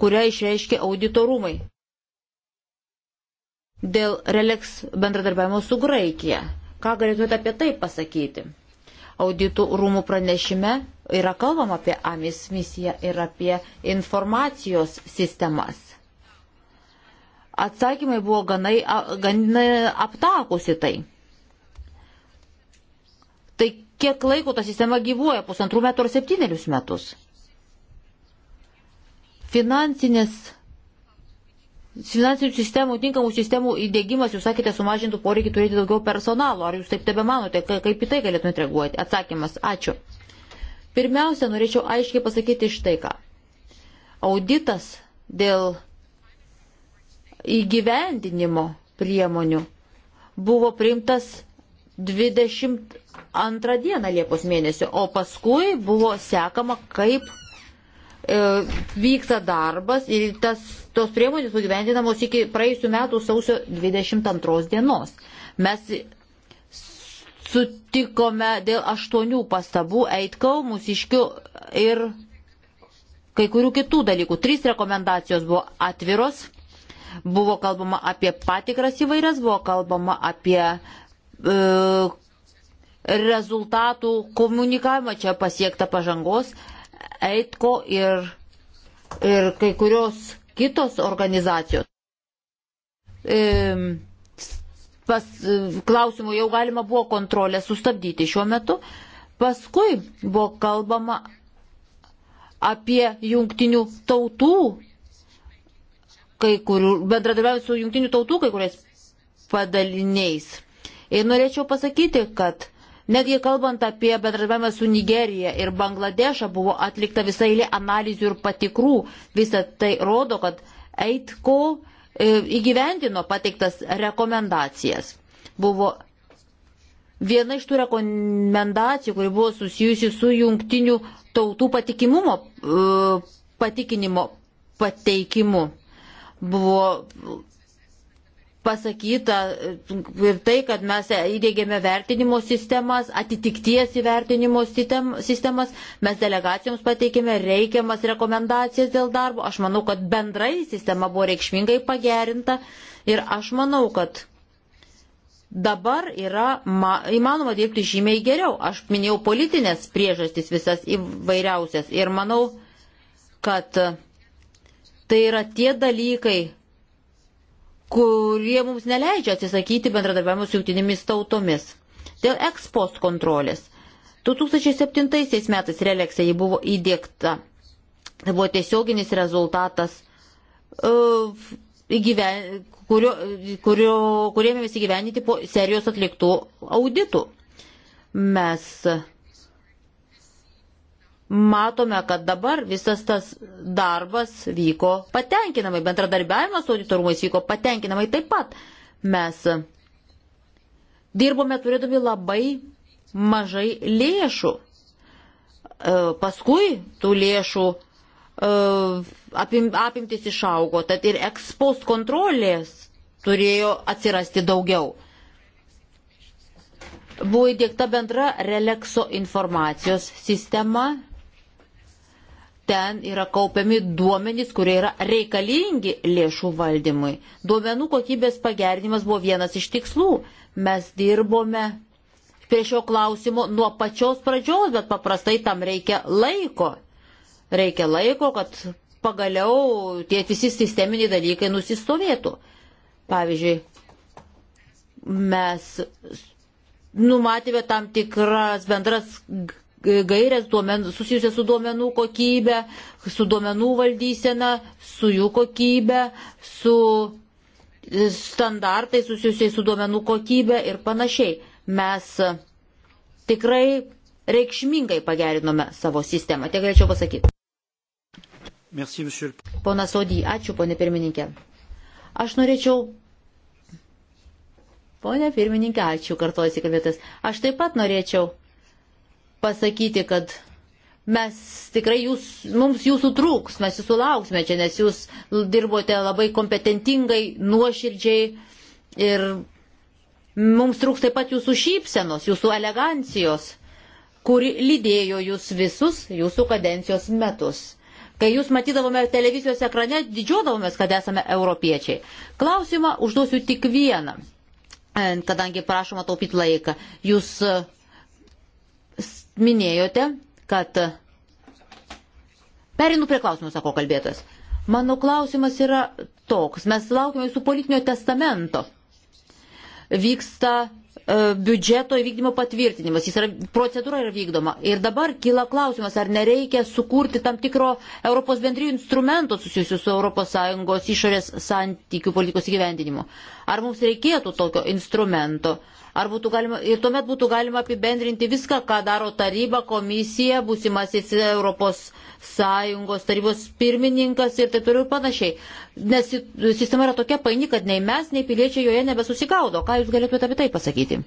kurią išreiškia auditorumai dėl releks bendradarbiavimo su Graikija. Ką galėtumėte apie tai pasakyti? Auditų rūmų pranešime yra kalbama apie AMIS misiją ir apie informacijos sistemas. Atsakymai buvo ganai, ganai aptakusi tai. Tai kiek laiko ta sistema gyvuoja? Pusantrų metų ar septynerius metus? Finansinės, finansinių sistemų, tinkamų sistemų įdėgymas, jūs sakėte, sumažintų poreikį turėti daugiau personalo. Ar jūs taip tebe manote, kaip į tai galėtumėte reaguoti? Atsakymas, ačiū. Pirmiausia, norėčiau aiškiai pasakyti štai ką. Auditas dėl įgyvendinimo priemonių buvo priimtas 22 dieną Liepos mėnesio, o paskui buvo sekama, kaip e, vyksta darbas ir tas, tos priemonės įgyvendinamos iki praėjusių metų sausio 22 dienos. Mes sutikome dėl aštuonių pastabų Eitkau, Musiškių ir kai kurių kitų dalykų. Trys rekomendacijos buvo atviros Buvo kalbama apie patikras įvairias, buvo kalbama apie e, rezultatų komunikavimą, čia pasiektą pažangos, EITKO ir, ir kai kurios kitos organizacijos. E, pas, klausimų jau galima buvo kontrolę sustabdyti šiuo metu. Paskui buvo kalbama apie jungtinių tautų kai kurių, bendradarbiavau su jungtinių tautų kai kuriais padaliniais. Ir norėčiau pasakyti, kad netgi kalbant apie bendradarbiavimą su Nigerija ir Bangladeša buvo atlikta visa eilė analizių ir patikrų. Visą tai rodo, kad EITKO e, įgyvendino pateiktas rekomendacijas. Buvo viena iš tų rekomendacijų, kuri buvo susijusi su jungtinių tautų patikimumo, e, patikinimo pateikimu buvo pasakyta ir tai, kad mes įdėgėme vertinimo sistemas, atitikties įvertinimo sistemas, mes delegacijoms pateikėme reikiamas rekomendacijas dėl darbo. Aš manau, kad bendrai sistema buvo reikšmingai pagerinta ir aš manau, kad dabar yra ma, įmanoma dirbti žymiai geriau. Aš minėjau politinės priežastis visas įvairiausias ir manau, kad Tai yra tie dalykai, kurie mums neleidžia atsisakyti bendradarbiavimo su jungtinėmis tautomis. Dėl ekspos kontrolės. 2007 metais Relekse jį buvo įdėkta. Tai buvo tiesioginis rezultatas, e, įgyven, kurio, kurio, kuriem mes įgyveninti po serijos atliktų auditų. Mes matome, kad dabar visas tas darbas vyko patenkinamai, bendradarbiavimas auditorumais vyko patenkinamai taip pat. Mes dirbome turėdami labai mažai lėšų. E, paskui tų lėšų e, apim, apimtis išaugo, tad ir ekspost kontrolės turėjo atsirasti daugiau. Buvo įdėkta bendra relekso informacijos sistema, ten yra kaupiami duomenys, kurie yra reikalingi lėšų valdymui. Duomenų kokybės pagerinimas buvo vienas iš tikslų. Mes dirbome prie šio klausimo nuo pačios pradžios, bet paprastai tam reikia laiko. Reikia laiko, kad pagaliau tie visi sisteminiai dalykai nusistovėtų. Pavyzdžiui, mes numatėme tam tikras bendras gairės duomen, susijusias su duomenų kokybė, su duomenų valdysena, su jų kokybė, su standartai susijusiai su duomenų kokybė ir panašiai. Mes tikrai reikšmingai pagerinome savo sistemą, tiek galėčiau pasakyti. Merci, monsieur. Pona Sodį, ačiū, ponė pirmininkė. Aš norėčiau Pone pirmininkė, ačiū, kartuosi kalbėtas. Aš taip pat norėčiau pasakyti, kad mes tikrai jūs, mums jūsų trūks, mes jūsų lauksime čia, nes jūs dirbote labai kompetentingai, nuoširdžiai ir mums trūks taip pat jūsų šypsenos, jūsų elegancijos, kuri lydėjo jūs visus jūsų kadencijos metus. Kai jūs matydavome televizijos ekrane, didžiuodavomės, kad esame europiečiai. Klausimą užduosiu tik vieną, kadangi prašoma taupyti laiką. Jūs minėjote, kad Perinu prie klausimų, sako kalbėtas. Mano klausimas yra toks. Mes laukime jūsų politinio testamento. Vyksta e, biudžeto įvykdymo patvirtinimas. Jis yra, procedūra yra vykdoma. Ir dabar kyla klausimas, ar nereikia sukurti tam tikro Europos bendrijų instrumento susijusiu su ES išorės santykių politikos įgyvendinimu. Ar mums reikėtų tokio instrumento? Ar būtų galima, ir tuomet būtų galima apibendrinti viską, ką daro taryba, komisija, būsimasis Europos Sąjungos tarybos pirmininkas ir taip toliau ir panašiai. Nes sistema yra tokia paini, kad nei mes, nei piliečiai joje nebesusigaudo. Ką jūs galėtumėte apie tai pasakyti?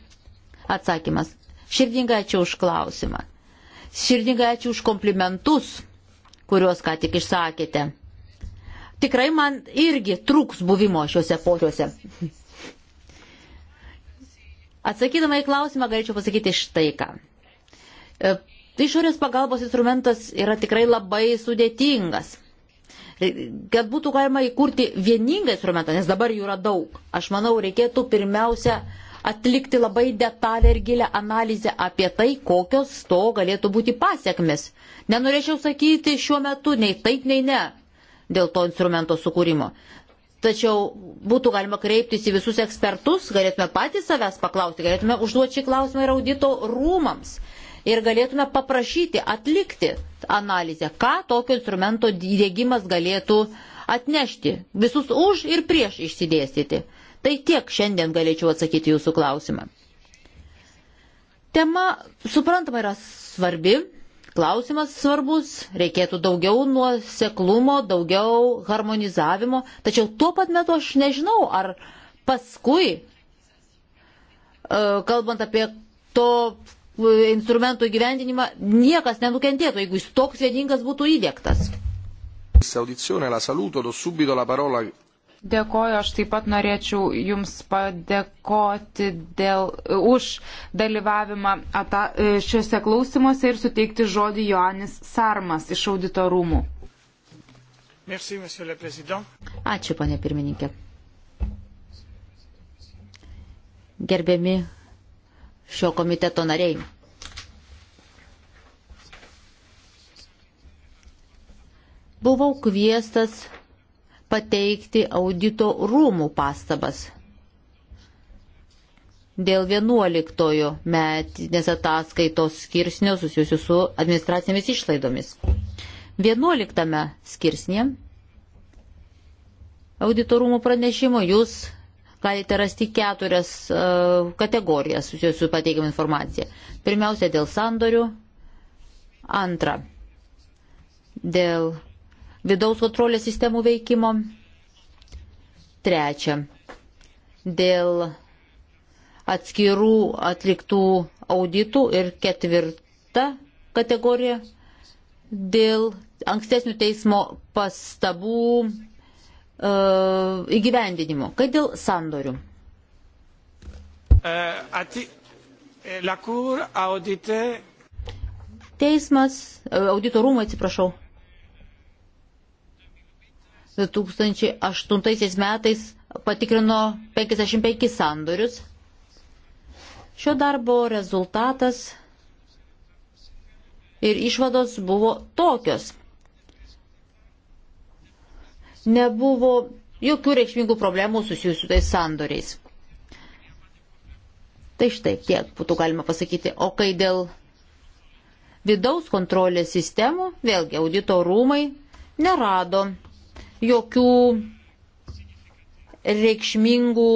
Atsakymas. Širdingai ačiū už klausimą. Širdingai ačiū už komplimentus, kuriuos ką tik išsakėte tikrai man irgi trūks buvimo šiuose požiuose. Atsakydama į klausimą galėčiau pasakyti štai ką. E, išorės pagalbos instrumentas yra tikrai labai sudėtingas. E, kad būtų galima įkurti vieningą instrumentą, nes dabar jų yra daug, aš manau, reikėtų pirmiausia atlikti labai detalę ir gilę analizę apie tai, kokios to galėtų būti pasiekmes. Nenorėčiau sakyti šiuo metu nei taip, nei ne dėl to instrumento sukūrimo. Tačiau būtų galima kreiptis į visus ekspertus, galėtume patys savęs paklausti, galėtume užduoti šį klausimą ir audito rūmams. Ir galėtume paprašyti atlikti analizę, ką tokio instrumento įdėgymas galėtų atnešti. Visus už ir prieš išsidėstyti. Tai tiek šiandien galėčiau atsakyti jūsų klausimą. Tema, suprantama, yra svarbi. Klausimas svarbus, reikėtų daugiau nuoseklumo, daugiau harmonizavimo, tačiau tuo pat metu aš nežinau, ar paskui, e, kalbant apie to e, instrumentų įgyvendinimą, niekas nenukentėtų, jeigu jis toks vieningas būtų įdėktas. Audizione la saluto, do subito la parola Dėkoju, aš taip pat norėčiau Jums padėkoti dėl, už dalyvavimą ata, e, šiuose klausimuose ir suteikti žodį Joanis Sarmas iš audito rūmų. Merci, Ačiū, ponė pirmininkė. Gerbiami šio komiteto nariai. Buvau kvieštas pateikti audito rūmų pastabas dėl 11 metinės ataskaitos skirsnio susijusiu su administracinėmis išlaidomis. 11 skirsnė auditorumų pranešimo jūs galite rasti keturias uh, kategorijas susijusiu su pateikiamą informaciją. Pirmiausia, dėl sandorių. Antra, dėl vidaus kontrolės sistemų veikimo. Trečia, dėl atskirų atliktų auditų ir ketvirta kategorija dėl ankstesnių teismo pastabų e, įgyvendinimo. Kai dėl sandorių? E, e, Teismas, e, audito rūmai atsiprašau, 2008 metais patikrino 55 sandorius. Šio darbo rezultatas ir išvados buvo tokios. Nebuvo jokių reikšmingų problemų susijusių tais sandoriais. Tai štai tiek būtų galima pasakyti. O kai dėl vidaus kontrolės sistemų, vėlgi audito rūmai nerado jokių reikšmingų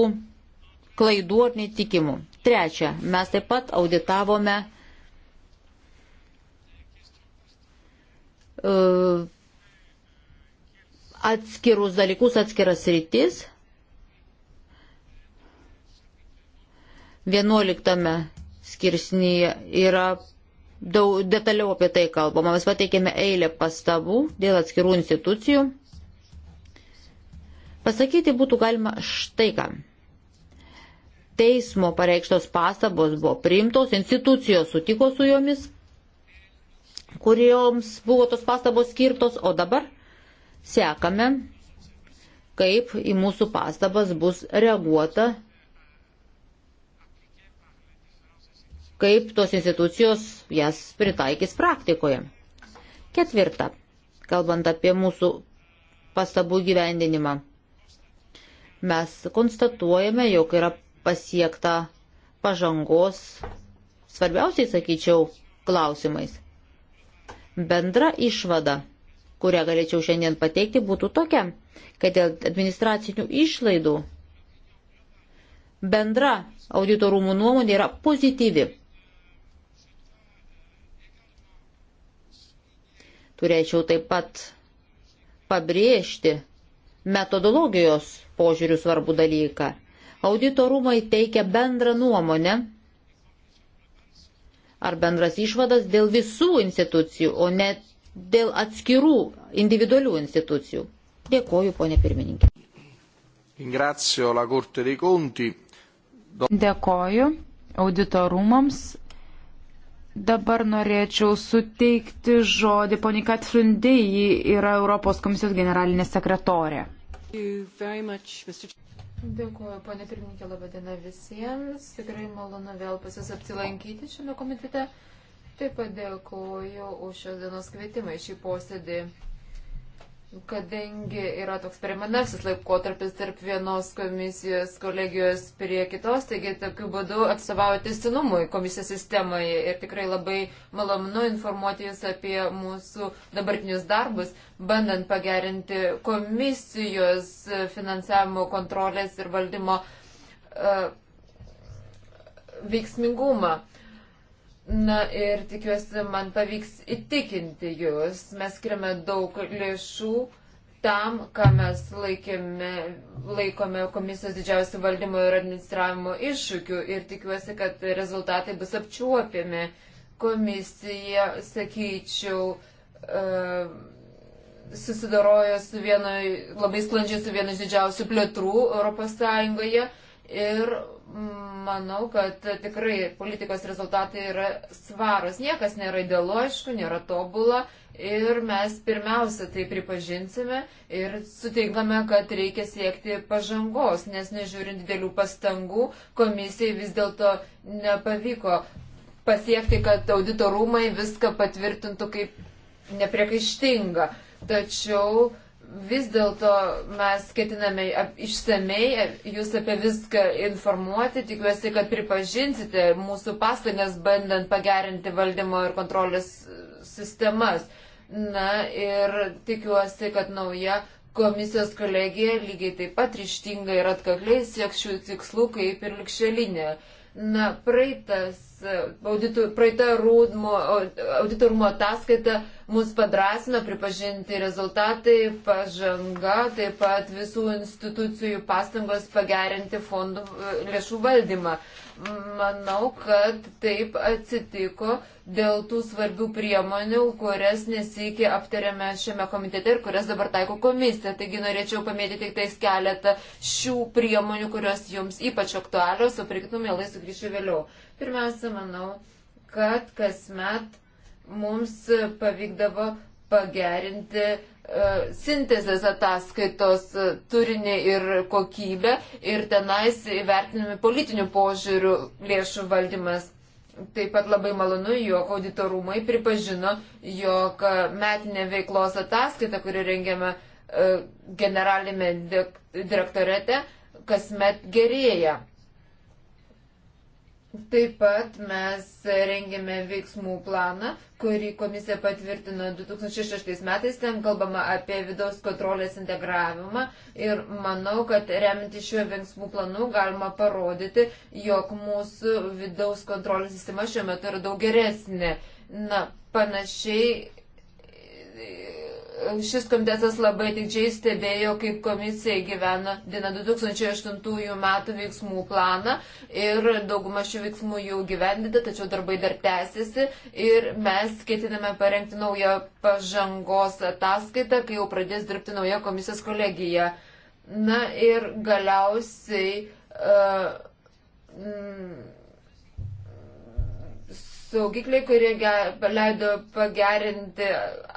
klaidų ar netikimų. Trečia, mes taip pat auditavome e, atskirus dalykus, atskiras rytis. 11 skirsnyje yra daug detaliau apie tai kalbama. Mes pateikėme eilę pastabų dėl atskirų institucijų. Pasakyti būtų galima štai ką. Teismo pareikštos pastabos buvo priimtos, institucijos sutiko su jomis, kurioms buvo tos pastabos skirtos, o dabar sekame, kaip į mūsų pastabas bus reaguota kaip tos institucijos jas pritaikys praktikoje. Ketvirta, kalbant apie mūsų pastabų gyvendinimą mes konstatuojame, jog yra pasiekta pažangos svarbiausiai, sakyčiau, klausimais. Bendra išvada, kurią galėčiau šiandien pateikti, būtų tokia, kad dėl administracinių išlaidų bendra auditorumų nuomonė yra pozityvi. Turėčiau taip pat pabrėžti, metodologijos požiūrių svarbų dalyką. Audito rūmai teikia bendrą nuomonę ar bendras išvadas dėl visų institucijų, o ne dėl atskirų individualių institucijų. Dėkoju, ponė pirmininkė. Ringrazio la Corte dei Conti. Dėkoju auditorumams. Dabar norėčiau suteikti žodį poniai Katrin Dei, ji yra Europos komisijos generalinė sekretorė. Dėkuoju, ponė pirmininkė, labadiena visiems. Tikrai malonu vėl pas jūs apsilankyti šiame komitete. Taip pat dėkuoju už šios dienos kvietimą į šį posėdį kadangi yra toks perimanarsis laikotarpis tarp vienos komisijos kolegijos prie kitos, taigi tokiu būdu atstovauja testinumui komisijos sistemoje ir tikrai labai malonu informuoti Jūs apie mūsų dabartinius darbus, bandant pagerinti komisijos finansavimo kontrolės ir valdymo uh, veiksmingumą. Na ir tikiuosi, man pavyks įtikinti jūs. Mes skiriame daug lėšų tam, ką mes laikėme, laikome komisijos didžiausių valdymo ir administravimo iššūkių ir tikiuosi, kad rezultatai bus apčiuopiami. Komisija, sakyčiau, e, susidorojo su vienu, labai sklandžiai su vienu iš didžiausių plėtrų Europos Sąjungoje Ir manau, kad tikrai politikos rezultatai yra svaros. Niekas nėra idealu, aišku, nėra tobula. Ir mes pirmiausia tai pripažinsime ir sutinkame, kad reikia siekti pažangos, nes nežiūrint didelių pastangų, komisijai vis dėlto nepavyko pasiekti, kad auditorumai viską patvirtintų kaip nepriekaištinga. Tačiau uh, vis dėlto mes ketiname išsamei jūs apie viską informuoti. Tikiuosi, kad pripažinsite mūsų pastangas bandant pagerinti valdymo ir kontrolės sistemas. Na ir tikiuosi, kad nauja komisijos kolegija lygiai taip pat ryštinga ir atkakliai sieks šių tikslų kaip ir likšelinė. Na, praeitas auditorumo ataskaita mus padrasino pripažinti rezultatai, pažanga, taip pat visų institucijų pastangos pagerinti fondų lėšų valdymą. Manau, kad taip atsitiko dėl tų svarbių priemonių, kurias nesikį aptarėme šiame komitete ir kurias dabar taiko komisija. Taigi norėčiau pamėti tik tais keletą šių priemonių, kurios jums ypač aktualios, o prie kitų mielai sugrįšiu vėliau. Pirmiausia, manau, kad kasmet mums pavykdavo pagerinti e, sintezės ataskaitos e, turinį ir kokybę ir tenais įvertinami politinių požiūrių lėšų valdymas. Taip pat labai malonu, jog auditorumai pripažino, jog metinė veiklos ataskaita, kuri rengiama e, generalinėme direktorete, kasmet gerėja. Taip pat mes rengėme veiksmų planą, kurį komisija patvirtino 2006 metais. Ten kalbama apie vidaus kontrolės integravimą ir manau, kad reminti šiuo veiksmų planu galima parodyti, jog mūsų vidaus kontrolės sistema šiuo metu yra daug geresnė. Na, panašiai šis komitetas labai tikdžiai stebėjo, kaip komisija gyvena dina 2008 metų veiksmų planą ir dauguma šių veiksmų jau gyvendita, tačiau darbai dar tęsiasi ir mes ketiname parengti naują pažangos ataskaitą, kai jau pradės dirbti nauja komisijos kolegija. Na ir galiausiai. Uh, mm, saugikliai, kurie leido pagerinti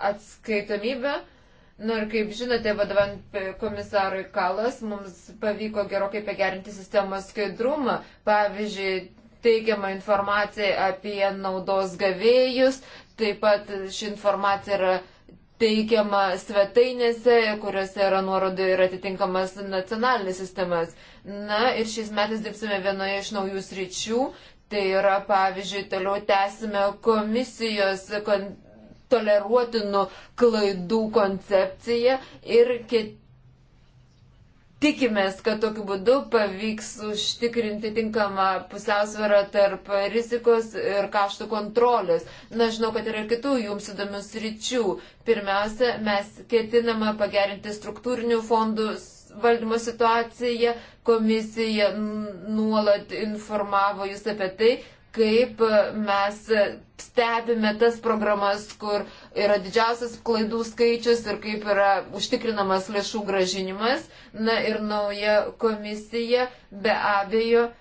atskaitomybę. Na nu ir kaip žinote, vadovant komisarui Kalas, mums pavyko gerokai pagerinti sistemos skaidrumą. Pavyzdžiui, teikiama informacija apie naudos gavėjus, taip pat ši informacija yra teikiama svetainėse, kuriuose yra nuorodai ir atitinkamas nacionalinis sistemas. Na ir šiais metais dirbsime vienoje iš naujų sričių, Tai yra, pavyzdžiui, toliau tęsime komisijos kon toleruotinų klaidų koncepciją ir kit... tikimės, kad tokiu būdu pavyks užtikrinti tinkamą pusiausvyrą tarp rizikos ir kaštų kontrolės. Na, žinau, kad yra ir kitų jums įdomių sričių. Pirmiausia, mes ketiname pagerinti struktūrinių fondus valdymo situaciją. Komisija nuolat informavo jūs apie tai, kaip mes stebime tas programas, kur yra didžiausias klaidų skaičius ir kaip yra užtikrinamas lėšų gražinimas. Na ir nauja komisija be abejo e,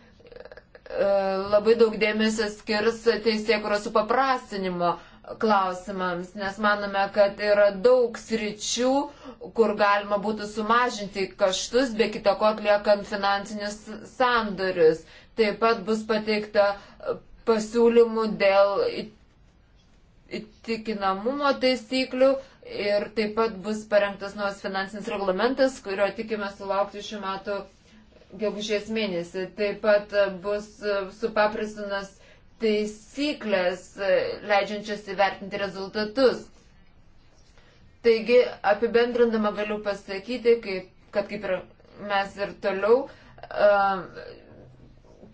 labai daug dėmesio skirs teisėkuros supaprastinimo klausimams, nes manome, kad yra daug sričių, kur galima būtų sumažinti kaštus, be kita ko atliekant finansinius sandorius. Taip pat bus pateikta pasiūlymų dėl įtikinamumo taisyklių ir taip pat bus parengtas nuos finansinis reglamentas, kurio tikime sulaukti šiuo metu gegužės mėnesį. Taip pat bus supapristinas taisyklės, e, leidžiančias įvertinti rezultatus. Taigi, apibendrindama galiu pasakyti, kaip, kad kaip ir mes ir toliau uh,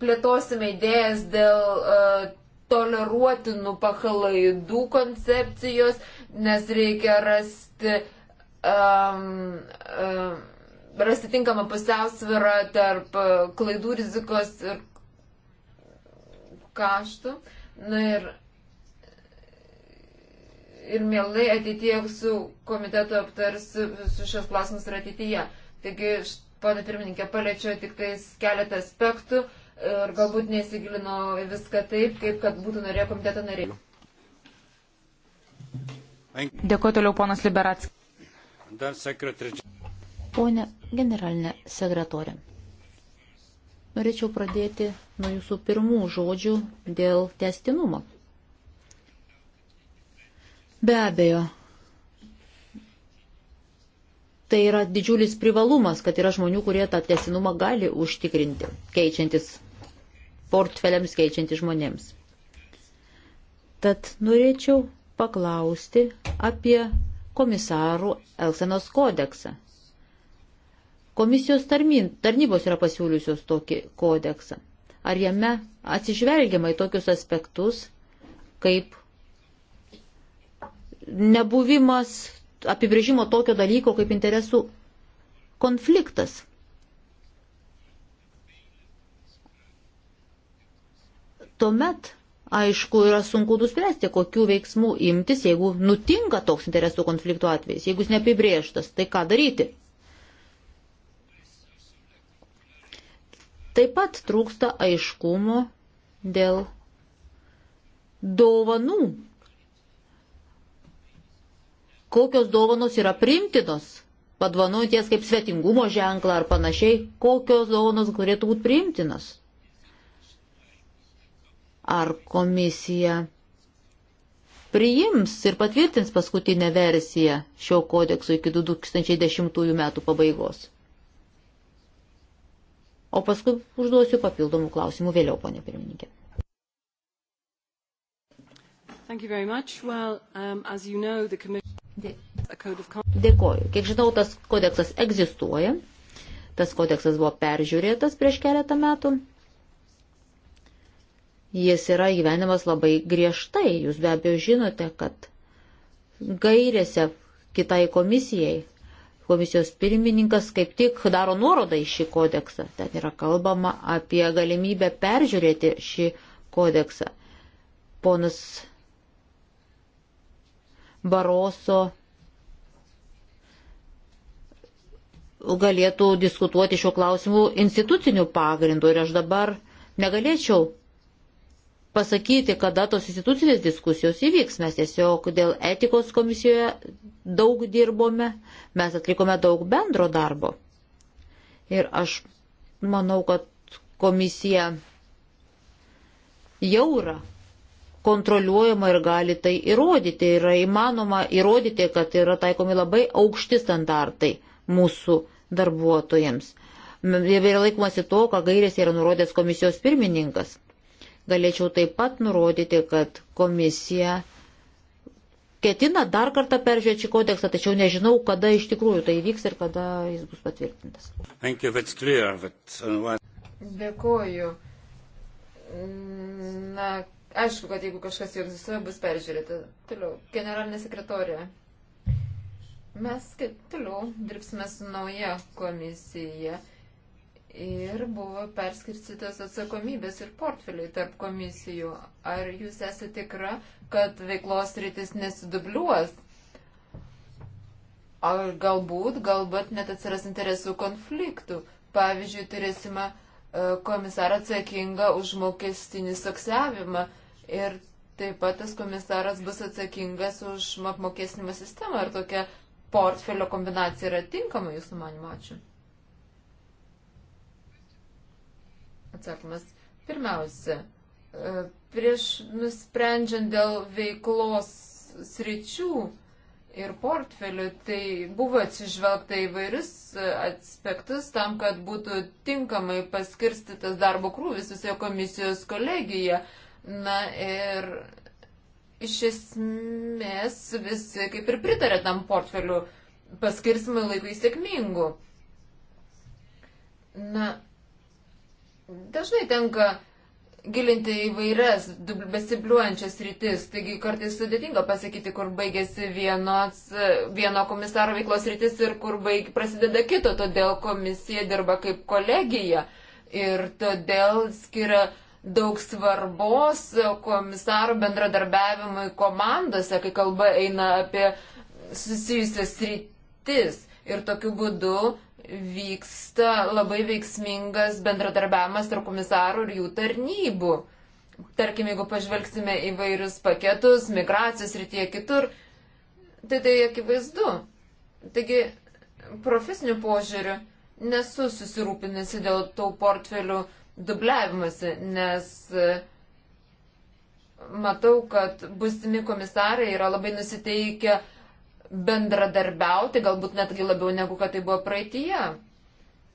plėtosime idėjas dėl uh, toleruotinų pakalaidų koncepcijos, nes reikia rasti, um, um, rasti tinkamą pusiausvyrą tarp klaidų rizikos ir kaštų. Na ir, ir mielai ateityje su komitetu aptarsiu visus šios klausimus ir ateityje. Taigi, ponė pirmininkė, paliečiau tik tais keletą aspektų ir galbūt nesigilino viską taip, kaip kad būtų norėjo komiteto nariai. Dėkuoju toliau, ponas Liberatskis. Pone generalinė sekretorė. Norėčiau pradėti nuo jūsų pirmų žodžių dėl testinumo. Be abejo, tai yra didžiulis privalumas, kad yra žmonių, kurie tą tiesinumą gali užtikrinti, keičiantis portfeliams, keičiantis žmonėms. Tad norėčiau paklausti apie komisarų Elsenos kodeksą. Komisijos tarnybos yra pasiūliusios tokį kodeksą. Ar jame atsižvelgiama į tokius aspektus, kaip nebuvimas apibrėžimo tokio dalyko kaip interesų konfliktas? Tuomet aišku, yra sunku nuspręsti, kokių veiksmų imtis, jeigu nutinka toks interesų konflikto atvejis, jeigu jis neapibrėžtas, tai ką daryti. Taip pat trūksta aiškumo dėl dovanų. Kokios dovanos yra primtinos, padvanoties kaip svetingumo ženklą ar panašiai, kokios dovanos galėtų būti primtinos. Ar komisija priims ir patvirtins paskutinę versiją šio kodekso iki 2010 metų pabaigos. O paskui užduosiu papildomų klausimų vėliau, ponė pirmininkė. Well, um, you know, Dėkoju. Kiek žinau, tas kodeksas egzistuoja. Tas kodeksas buvo peržiūrėtas prieš keletą metų. Jis yra gyvenimas labai griežtai. Jūs be abejo žinote, kad gairėse kitai komisijai komisijos pirmininkas kaip tik daro nuorodą į šį kodeksą. Ten yra kalbama apie galimybę peržiūrėti šį kodeksą. Ponas Baroso galėtų diskutuoti šiuo klausimu instituciniu pagrindu ir aš dabar negalėčiau pasakyti, kada tos institucinės diskusijos įvyks. Mes tiesiog dėl etikos komisijoje daug dirbome, mes atlikome daug bendro darbo. Ir aš manau, kad komisija jau yra kontroliuojama ir gali tai įrodyti. Yra įmanoma įrodyti, kad yra taikomi labai aukšti standartai mūsų darbuotojams. Ir yra laikomasi to, ką gairėse yra nurodęs komisijos pirmininkas. Galėčiau taip pat nurodyti, kad komisija ketina dar kartą peržiūrėti šį kodeksą, tačiau nežinau, kada iš tikrųjų tai vyks ir kada jis bus patvirtintas. Uh, Dėkuoju. Na, aišku, kad jeigu kažkas jau egzistuoja, bus peržiūrėta. Toliau, generalinė sekretorija. Mes toliau dirbsime su nauja komisija ir buvo perskirstytos atsakomybės ir portfeliai tarp komisijų. Ar jūs esate tikra, kad veiklos rytis nesidubliuos? Ar galbūt, galbūt net atsiras interesų konfliktų. Pavyzdžiui, turėsime e, komisarą atsakingą už mokestinį saksavimą ir taip pat tas komisaras bus atsakingas už apmokestinimo sistemą. Ar tokia portfelio kombinacija yra tinkama jūsų manimo? Ačiū. Atsakymas. Pirmiausia, e, prieš nusprendžiant dėl veiklos sričių ir portfelių, tai buvo atsižvelgta įvairius aspektus tam, kad būtų tinkamai paskirstytas darbo krūvis visoje komisijos kolegijoje. Na ir iš esmės visi kaip ir pritarė tam portfelių paskirstimui laikui sėkmingų. Na, Dažnai tenka gilinti įvairias besibliuojančias rytis, taigi kartais sudėtinga pasakyti, kur baigėsi vienos, vieno komisaro veiklos rytis ir kur baig, prasideda kito, todėl komisija dirba kaip kolegija ir todėl skiria daug svarbos komisarų bendradarbiavimui komandose, kai kalba eina apie susijusias rytis. Ir tokiu būdu vyksta labai veiksmingas bendradarbiavimas tarp komisarų ir jų tarnybų. Tarkim, jeigu pažvelgsime į vairius paketus, migracijos ir tie kitur, tai tai akivaizdu. Taigi, profesiniu požiūriu nesu susirūpinusi dėl tų portfelių dubliavimasi, nes e, matau, kad būsimi komisarai yra labai nusiteikę uh, bendradarbiauti, galbūt netgi labiau negu kad tai buvo praeitie.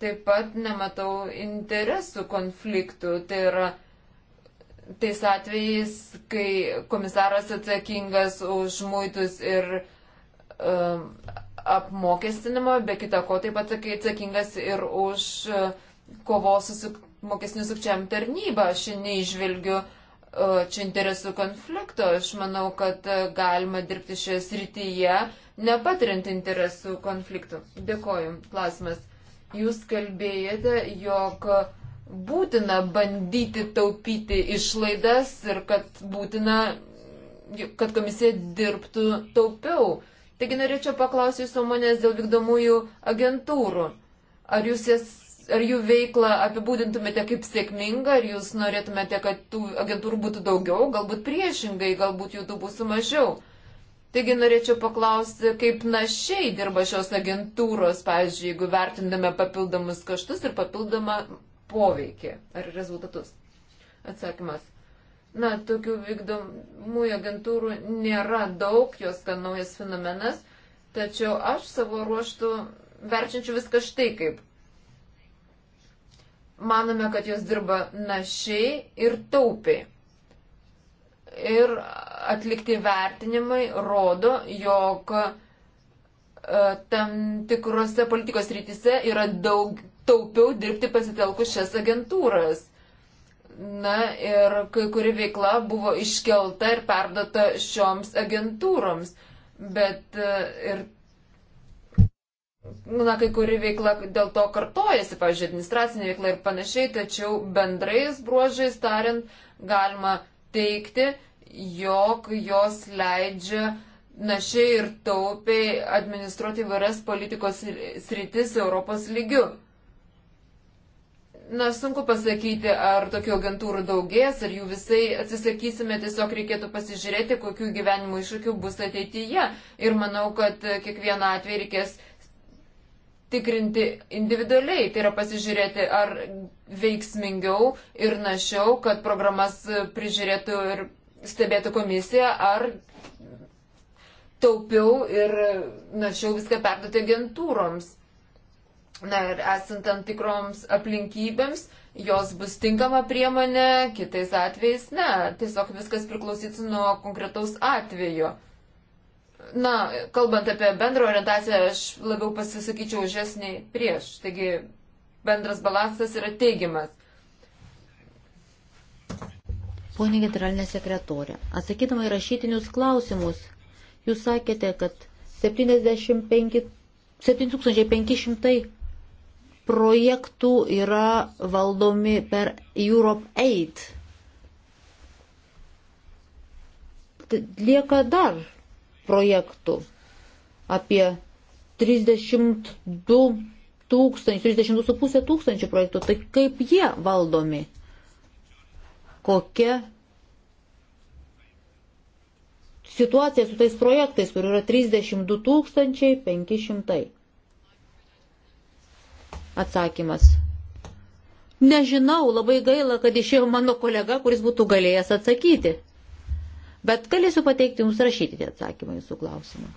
Taip pat nematau interesų konfliktų. Tai yra tais atvejais, kai komisaras atsakingas už muitus ir um, apmokestinimą, be kita ko taip pat atsakingas ir už uh, kovos su mokesnių sukčiam tarnybą. Aš neižvelgiu uh, čia interesų konflikto. Aš manau, kad uh, galima dirbti šioje srityje nepatiriant interesų konfliktų. Dėkoju. Klausimas. Jūs kalbėjote, jog būtina bandyti taupyti išlaidas ir kad būtina, kad komisija dirbtų taupiau. Taigi norėčiau paklausyti jūsų nuomonės dėl vykdomųjų agentūrų. Ar jūs jas ar jų veiklą apibūdintumėte kaip sėkmingą, ar jūs norėtumėte, kad tų agentūrų būtų daugiau, galbūt priešingai, galbūt jų tų būtų mažiau. Taigi norėčiau paklausti, kaip našiai dirba šios agentūros, pavyzdžiui, jeigu vertindame papildomus kaštus ir papildomą poveikį ar rezultatus. Atsakymas. Na, tokių vykdomųjų agentūrų nėra daug, jos gan naujas fenomenas, tačiau aš savo ruoštų verčiančiau viską štai kaip. Manome, kad jos dirba našiai ir taupiai ir atlikti vertinimai rodo, jog e, tam tikrose politikos rytise yra daug taupiau dirbti pasitelkus šias agentūras. Na ir kai kuri veikla buvo iškelta ir perdota šioms agentūroms, bet e, ir, na, kai kuri veikla dėl to kartojasi, pavyzdžiui, administracinė veikla ir panašiai, tačiau bendrais bruožais tariant, galima teikti, jog jos leidžia našiai ir taupiai administruoti vairias politikos sritis Europos lygių. Na, sunku pasakyti, ar tokių agentūrų daugės, ar jų visai atsisakysime, tiesiog reikėtų pasižiūrėti, kokiu gyvenimo iššūkiu bus ateityje. Ir manau, kad kiekvieną atvejį reikės tikrinti individualiai, tai yra pasižiūrėti, ar veiksmingiau ir našiau, kad programas prižiūrėtų ir stebėtų komisija, ar taupiau ir našiau viską perduoti agentūroms. Na ir esant tam tikroms aplinkybėms, jos bus tinkama priemonė, kitais atvejais ne. Tiesiog viskas priklausys nuo konkretaus atvejo na, kalbant apie bendrą orientaciją, aš labiau pasisakyčiau už jas nei prieš. Taigi bendras balansas yra teigiamas. Pone generalinė sekretorė, atsakydama į rašytinius klausimus, jūs sakėte, kad 75, 7500 projektų yra valdomi per Europe Aid. Lieka dar projektų. Apie 32 tūkstančių, 32,5 tūkstančių projektų. Tai kaip jie valdomi? Kokia situacija su tais projektais, kur yra 32 tūkstančiai 500? Atsakymas. Nežinau, labai gaila, kad išėjo mano kolega, kuris būtų galėjęs atsakyti. Bet galėsiu pateikti jums rašytinį atsakymą jūsų klausimą.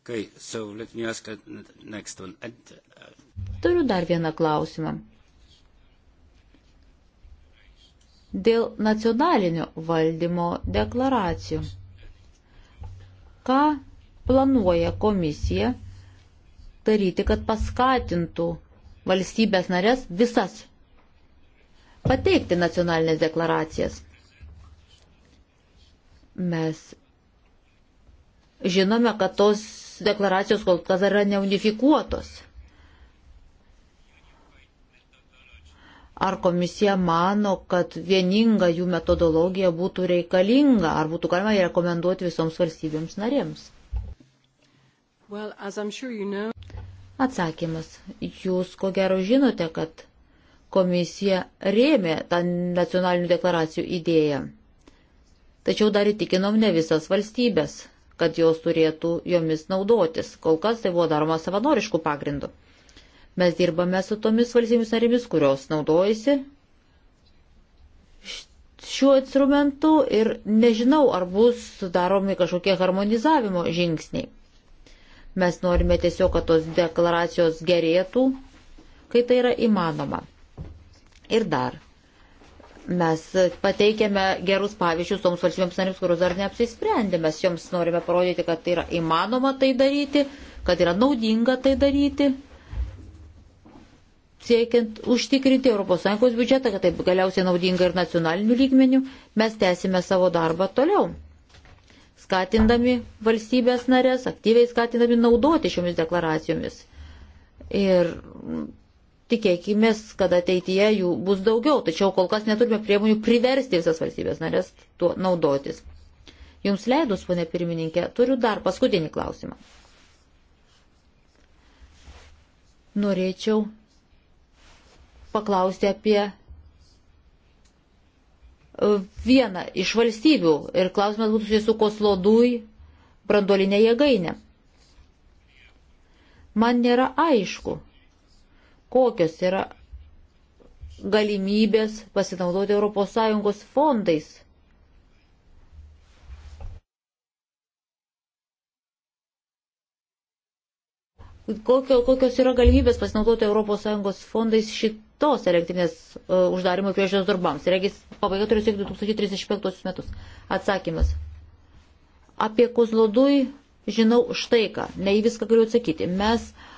Okay, so let me ask next one. And, uh... Turiu dar vieną klausimą. Dėl nacionalinio valdymo deklaracijų. Ką planuoja komisija daryti, kad paskatintų valstybės narės visas pateikti nacionalinės deklaracijas. Mes žinome, kad tos deklaracijos kol kas yra neunifikuotos. Ar komisija mano, kad vieninga jų metodologija būtų reikalinga, ar būtų galima ją rekomenduoti visoms valstybėms narėms? Well, sure you know... Atsakymas. Jūs ko gero žinote, kad komisija rėmė tą nacionalinių deklaracijų idėją. Tačiau dar įtikinom ne visas valstybės, kad jos turėtų jomis naudotis. Kol kas tai buvo daroma savanoriškų pagrindų. Mes dirbame su tomis valstybėmis narimis, kurios naudojasi šiuo instrumentu ir nežinau, ar bus daromi kažkokie harmonizavimo žingsniai. Mes norime tiesiog, kad tos deklaracijos gerėtų, kai tai yra įmanoma. Ir dar Mes pateikėme gerus pavyzdžius toms valstybėms narėms, kurios dar neapsisprendė. Mes joms norime parodyti, kad tai yra įmanoma tai daryti, kad yra naudinga tai daryti, siekiant užtikrinti ES biudžetą, kad tai galiausiai naudinga ir nacionaliniu lygmeniu. Mes tęsime savo darbą toliau, skatindami valstybės narės, aktyviai skatindami naudoti šiomis deklaracijomis. Ir Tikėkime, kad ateityje jų bus daugiau, tačiau kol kas neturime priemonių priversti visas valstybės narės tuo naudotis. Jums leidus, ponė pirmininkė, turiu dar paskutinį klausimą. Norėčiau paklausti apie e, vieną iš valstybių ir klausimas būtų susijęs su Koslodui brandolinė jėgainė. Man nėra aišku, kokios yra galimybės pasinaudoti ES fondais. Kokio, kokios yra galimybės pasinaudoti ES fondais šitos elektrinės uh, uždarimo priežiūros darbams? Regis pabaiga turi siekti 2035 metus. Atsakymas. Apie Kozlodui žinau štai ką. Ne į viską galiu atsakyti. Mes uh,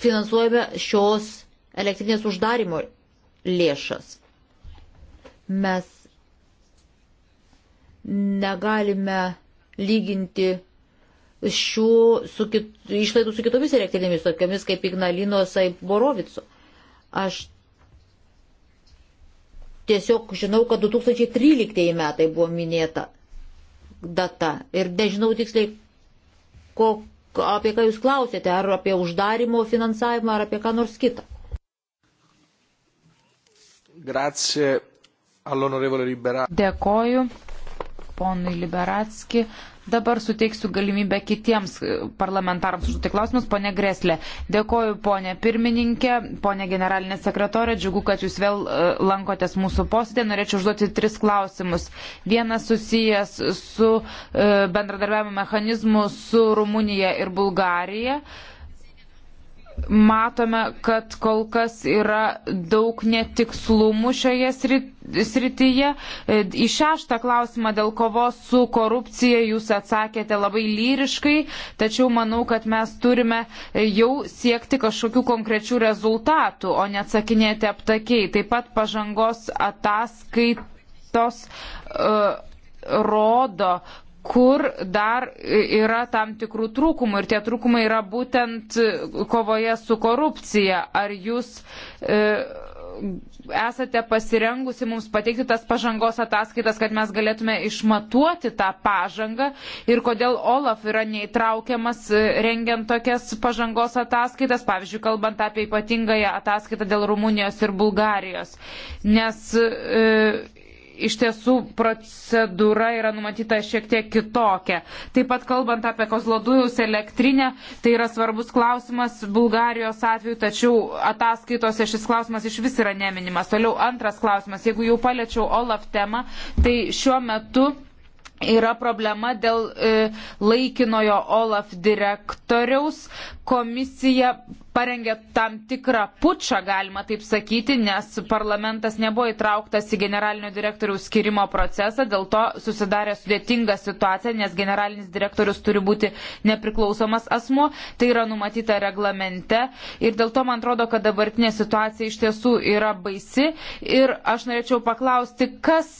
finansuojame šios elektrinės uždarimo lėšas. Mes negalime lyginti šių su kit, išlaidų su kitomis elektrinėmis, tokiamis kaip Ignalinos Borovico. Aš tiesiog žinau, kad 2013 metai buvo minėta data ir nežinau tiksliai, ko, apie ką jūs klausėte, ar apie uždarimo finansavimą, ar apie ką nors kitą. Grazie all'onorevole Liberatski. Dėkoju ponui Liberatski. Dabar suteiksiu galimybę kitiems e, parlamentarams užduoti klausimus. Pone Greslė, dėkoju ponė pirmininkė, ponė generalinė sekretorė, džiugu, kad jūs vėl e, lankotės mūsų posėdė. Norėčiau užduoti tris klausimus. Vienas susijęs su e, bendradarbiavimo mechanizmu su Rumunija ir Bulgarija. Uh, matome, kad kol kas yra daug netikslumų šioje srityje. E, į šeštą klausimą dėl kovos su korupcija jūs atsakėte labai lyriškai, tačiau manau, kad mes turime e, jau siekti kažkokių konkrečių rezultatų, o neatsakinėti aptakiai. Taip pat pažangos ataskaitos. Uh, rodo, kur dar yra tam tikrų trūkumų ir tie trūkumai yra būtent kovoje su korupcija. Ar jūs e, esate pasirengusi mums pateikti tas pažangos ataskaitas, kad mes galėtume išmatuoti tą pažangą ir kodėl Olaf yra neįtraukiamas e, rengiant tokias pažangos ataskaitas, pavyzdžiui, kalbant apie ypatingąją ataskaitą dėl Rumunijos ir Bulgarijos. Nes e, iš tiesų procedūra yra numatyta šiek tiek kitokia. Taip pat kalbant apie Kozlodujus elektrinę, tai yra svarbus klausimas Bulgarijos atveju, tačiau ataskaitose šis klausimas iš vis yra neminimas. Toliau antras klausimas, jeigu jau paliečiau Olaf temą, tai šiuo metu yra problema dėl e, laikinojo OLAF direktoriaus. Komisija parengė tam tikrą pučą, galima taip sakyti, nes parlamentas nebuvo įtrauktas į generalinio direktoriaus skirimo procesą, dėl to susidarė sudėtinga situacija, nes generalinis direktorius turi būti nepriklausomas asmo, tai yra numatyta reglamente ir dėl to man atrodo, kad dabartinė situacija iš tiesų yra baisi ir aš norėčiau paklausti, kas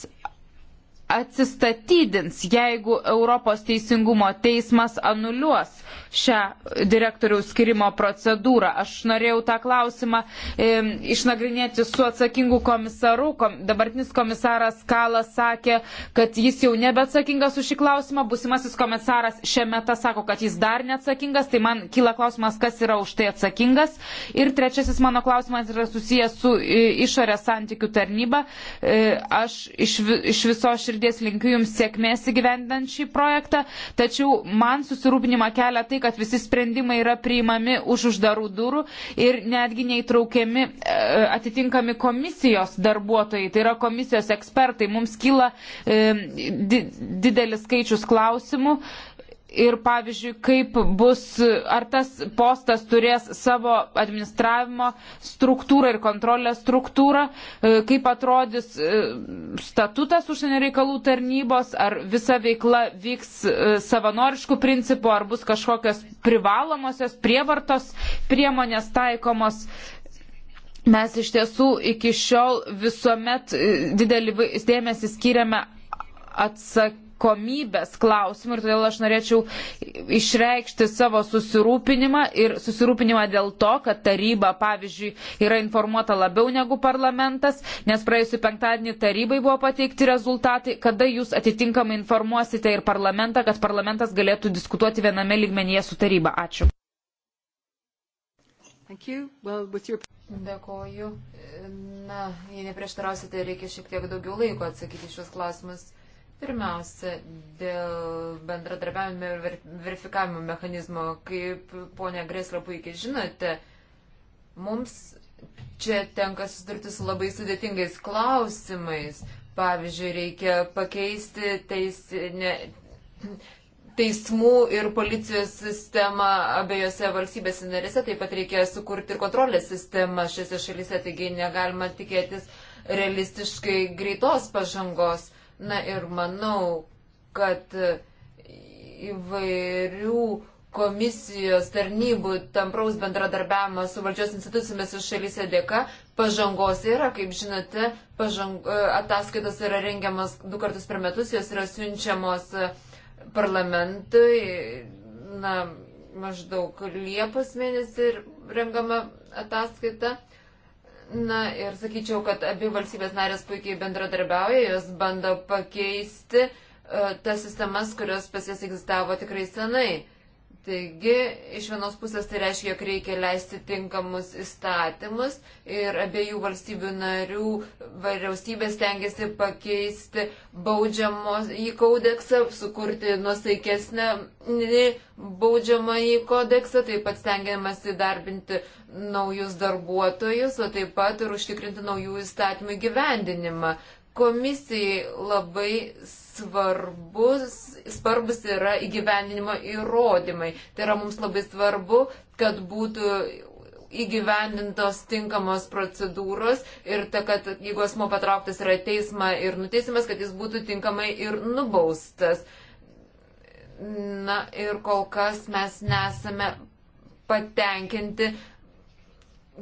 atsistatydins, jeigu Europos teisingumo teismas anuliuos šią direktoriaus skirimo procedūrą. Aš norėjau tą klausimą e, išnagrinėti su atsakingu komisaru. Kom, dabartinis komisaras Kalas sakė, kad jis jau nebeatsakingas už šį klausimą. Busimasis komisaras šiame metą sako, kad jis dar neatsakingas. Tai man kyla klausimas, kas yra už tai atsakingas. Ir trečiasis mano klausimas yra susijęs su e, išorės santykių tarnyba. E, aš iš, iš viso širdies linkiu Jums sėkmės įgyvendant šį projektą. Tačiau man susirūpinimą kelia tai, kad visi sprendimai yra priimami už uždarų durų ir netgi neįtraukiami e, atitinkami komisijos darbuotojai, tai yra komisijos ekspertai. Mums kyla e, di, didelis skaičius klausimų. E, ir, pavyzdžiui, kaip bus, ar tas postas turės savo administravimo struktūrą ir kontrolės struktūrą, e, kaip atrodys e, statutas užsienio reikalų tarnybos, ar visa veikla vyks e, savanoriškų principų, ar bus kažkokios privalomosios prievartos priemonės taikomos. Mes iš tiesų iki šiol visuomet didelį dėmesį skiriame atsakymu atsakomybės klausimų ir todėl aš norėčiau išreikšti savo susirūpinimą ir susirūpinimą dėl to, kad taryba, pavyzdžiui, yra informuota labiau negu parlamentas, nes praėjusiu penktadienį tarybai buvo pateikti rezultatai, kada jūs atitinkamai informuosite ir parlamentą, kad parlamentas galėtų diskutuoti viename lygmenyje su taryba. Ačiū. Well, your... Dėkoju. Na, jei neprieštarausite, reikia šiek tiek daugiau laiko atsakyti šios klausimus. Pirmiausia, dėl bendradarbiavimo ir verifikavimo mechanizmo, kaip ponia Greslė puikiai žinote, mums čia tenka susidurti su labai sudėtingais klausimais. Pavyzdžiui, reikia pakeisti teis, ne, teismų ir policijos sistemą abiejose valstybėse narėse, taip pat reikia sukurti ir kontrolės sistemą šiose šalyse, taigi negalima tikėtis realistiškai greitos pažangos. Na ir manau, kad įvairių komisijos tarnybų tampraus bendradarbiavimo su valdžios institucijomis iš šalyse dėka pažangos yra, kaip žinote, pažang, e, ataskaitos yra rengiamas du kartus per metus, jos yra siunčiamos parlamentui, na, maždaug Liepos mėnesį ir rengama ataskaita. Na ir sakyčiau, kad abi valstybės narės puikiai bendradarbiauja, jos bando pakeisti uh, tas sistemas, kurios pas jas egzistavo tikrai senai. Taigi, iš vienos pusės tai reiškia, jog reikia leisti tinkamus įstatymus ir abiejų valstybių narių vyriausybės tengiasi pakeisti baudžiamos į kodeksą, sukurti nusaikesnę baudžiamą į kodeksą, taip pat stengiamas įdarbinti naujus darbuotojus, o taip pat ir užtikrinti naujų įstatymų gyvendinimą. Komisijai labai svarbus, svarbus yra įgyvendinimo įrodymai. Tai yra mums labai svarbu, kad būtų įgyvendintos tinkamos procedūros ir ta, kad jeigu asmo patrauktas yra teisma ir nuteisimas, kad jis būtų tinkamai ir nubaustas. Na ir kol kas mes nesame patenkinti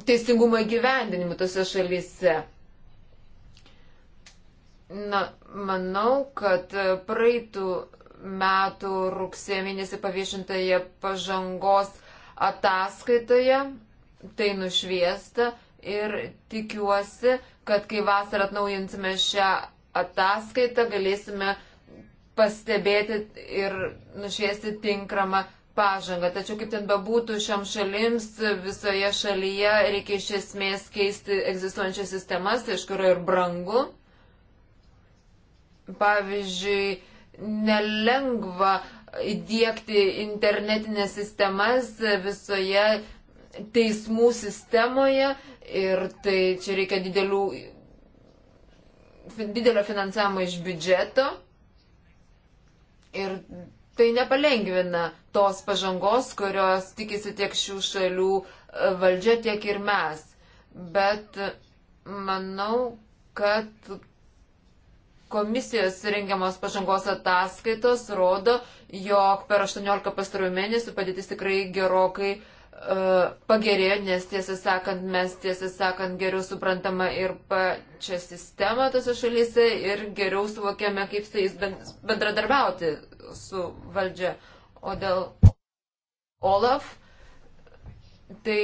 teisingumo įgyvendinimu tose šalyse. Na, Manau, kad praeitų metų rugsėjo mėnesį paviešintoje pažangos ataskaitoje tai nušviesta ir tikiuosi, kad kai vasarą atnaujinsime šią ataskaitą, galėsime pastebėti ir nušviesti tinkramą pažangą. Tačiau kaip ten bebūtų, šiam šalims visoje šalyje reikia iš esmės keisti egzistuojančias sistemas, tai iš kurio ir brangu pavyzdžiui, nelengva įdėkti internetinės sistemas visoje teismų sistemoje ir tai čia reikia didelių, didelio finansavimo iš biudžeto ir tai nepalengvina tos pažangos, kurios tikisi tiek šių šalių e, valdžia, tiek ir mes. Bet manau, kad Komisijos rengiamos pažangos ataskaitos rodo, jog per 18 pastarųjų mėnesių padėtis tikrai gerokai uh, pagerėjo, nes tiesą sakant, mes tiesą sakant geriau suprantama ir pačią sistemą tose šalyse ir geriau suvokiame, kaip su jais bendradarbiauti su valdžia. O dėl Olaf, tai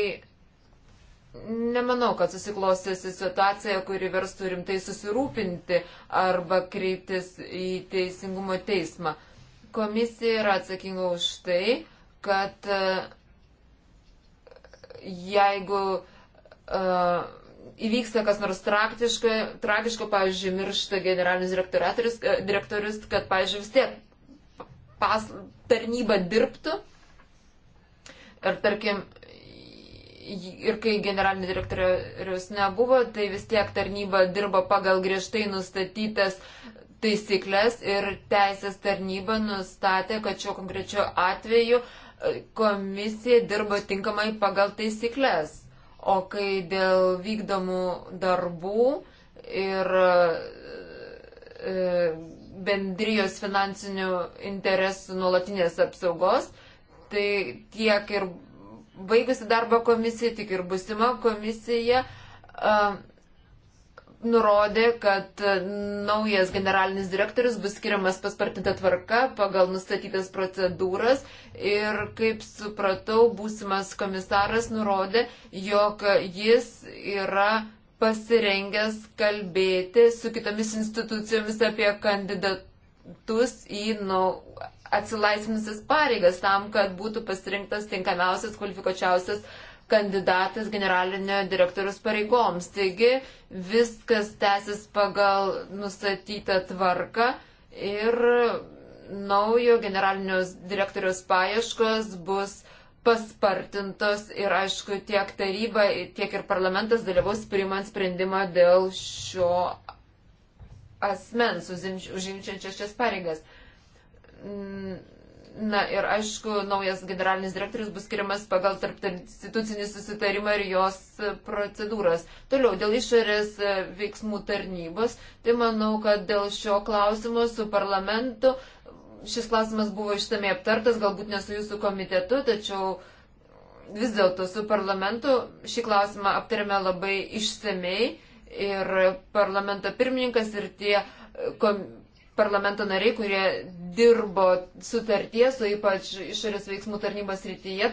nemanau, kad susiklostėsi situacija, kuri verstų rimtai susirūpinti arba kreiptis į teisingumo teismą. Komisija yra atsakinga už tai, kad e, jeigu uh, įvyksta kas nors traktiško, tragiško, pavyzdžiui, miršta generalinis direktorius, e, direktorius kad, pavyzdžiui, vis tiek pas, tarnyba dirbtų. Ir tarkim, ir kai generalinio direktorius nebuvo, tai vis tiek tarnyba dirbo pagal griežtai nustatytas taisyklės ir teisės tarnyba nustatė, kad šiuo konkrečiu atveju e, komisija dirbo tinkamai pagal taisyklės. O kai dėl vykdomų darbų ir e, bendrijos finansinių interesų nuolatinės apsaugos, tai tiek ir baigusi darbo komisija, tik ir busima komisija uh, nurodė, kad naujas generalinis direktorius bus skiriamas paspartinta tvarka pagal nustatytas procedūras ir, kaip supratau, būsimas komisaras nurodė, jog jis yra pasirengęs kalbėti su kitomis institucijomis apie kandidatus į nau, atsilaisvinusias pareigas tam, kad būtų pasirinktas tinkamiausias, kvalifikuočiausias kandidatas generalinio direktorius pareigoms. Taigi viskas tęsis pagal nustatytą tvarką ir naujo generalinio direktorius paieškos bus paspartintos ir aišku tiek taryba, tiek ir parlamentas dalyvaus priimant sprendimą dėl šio asmens užimčiančias šias pareigas. Na ir aišku, naujas generalinis direktorius bus skiriamas pagal tarptauticinį susitarimą ir jos procedūras. Toliau, dėl išorės veiksmų tarnybos, tai manau, kad dėl šio klausimo su parlamentu šis klausimas buvo išsamei aptartas, galbūt ne su jūsų komitetu, tačiau vis dėlto su parlamentu šį klausimą aptarėme labai išsamei ir parlamento pirmininkas ir tie kom parlamento nariai, kurie dirbo sutarties, o ypač išorės veiksmų tarnybos rytyje,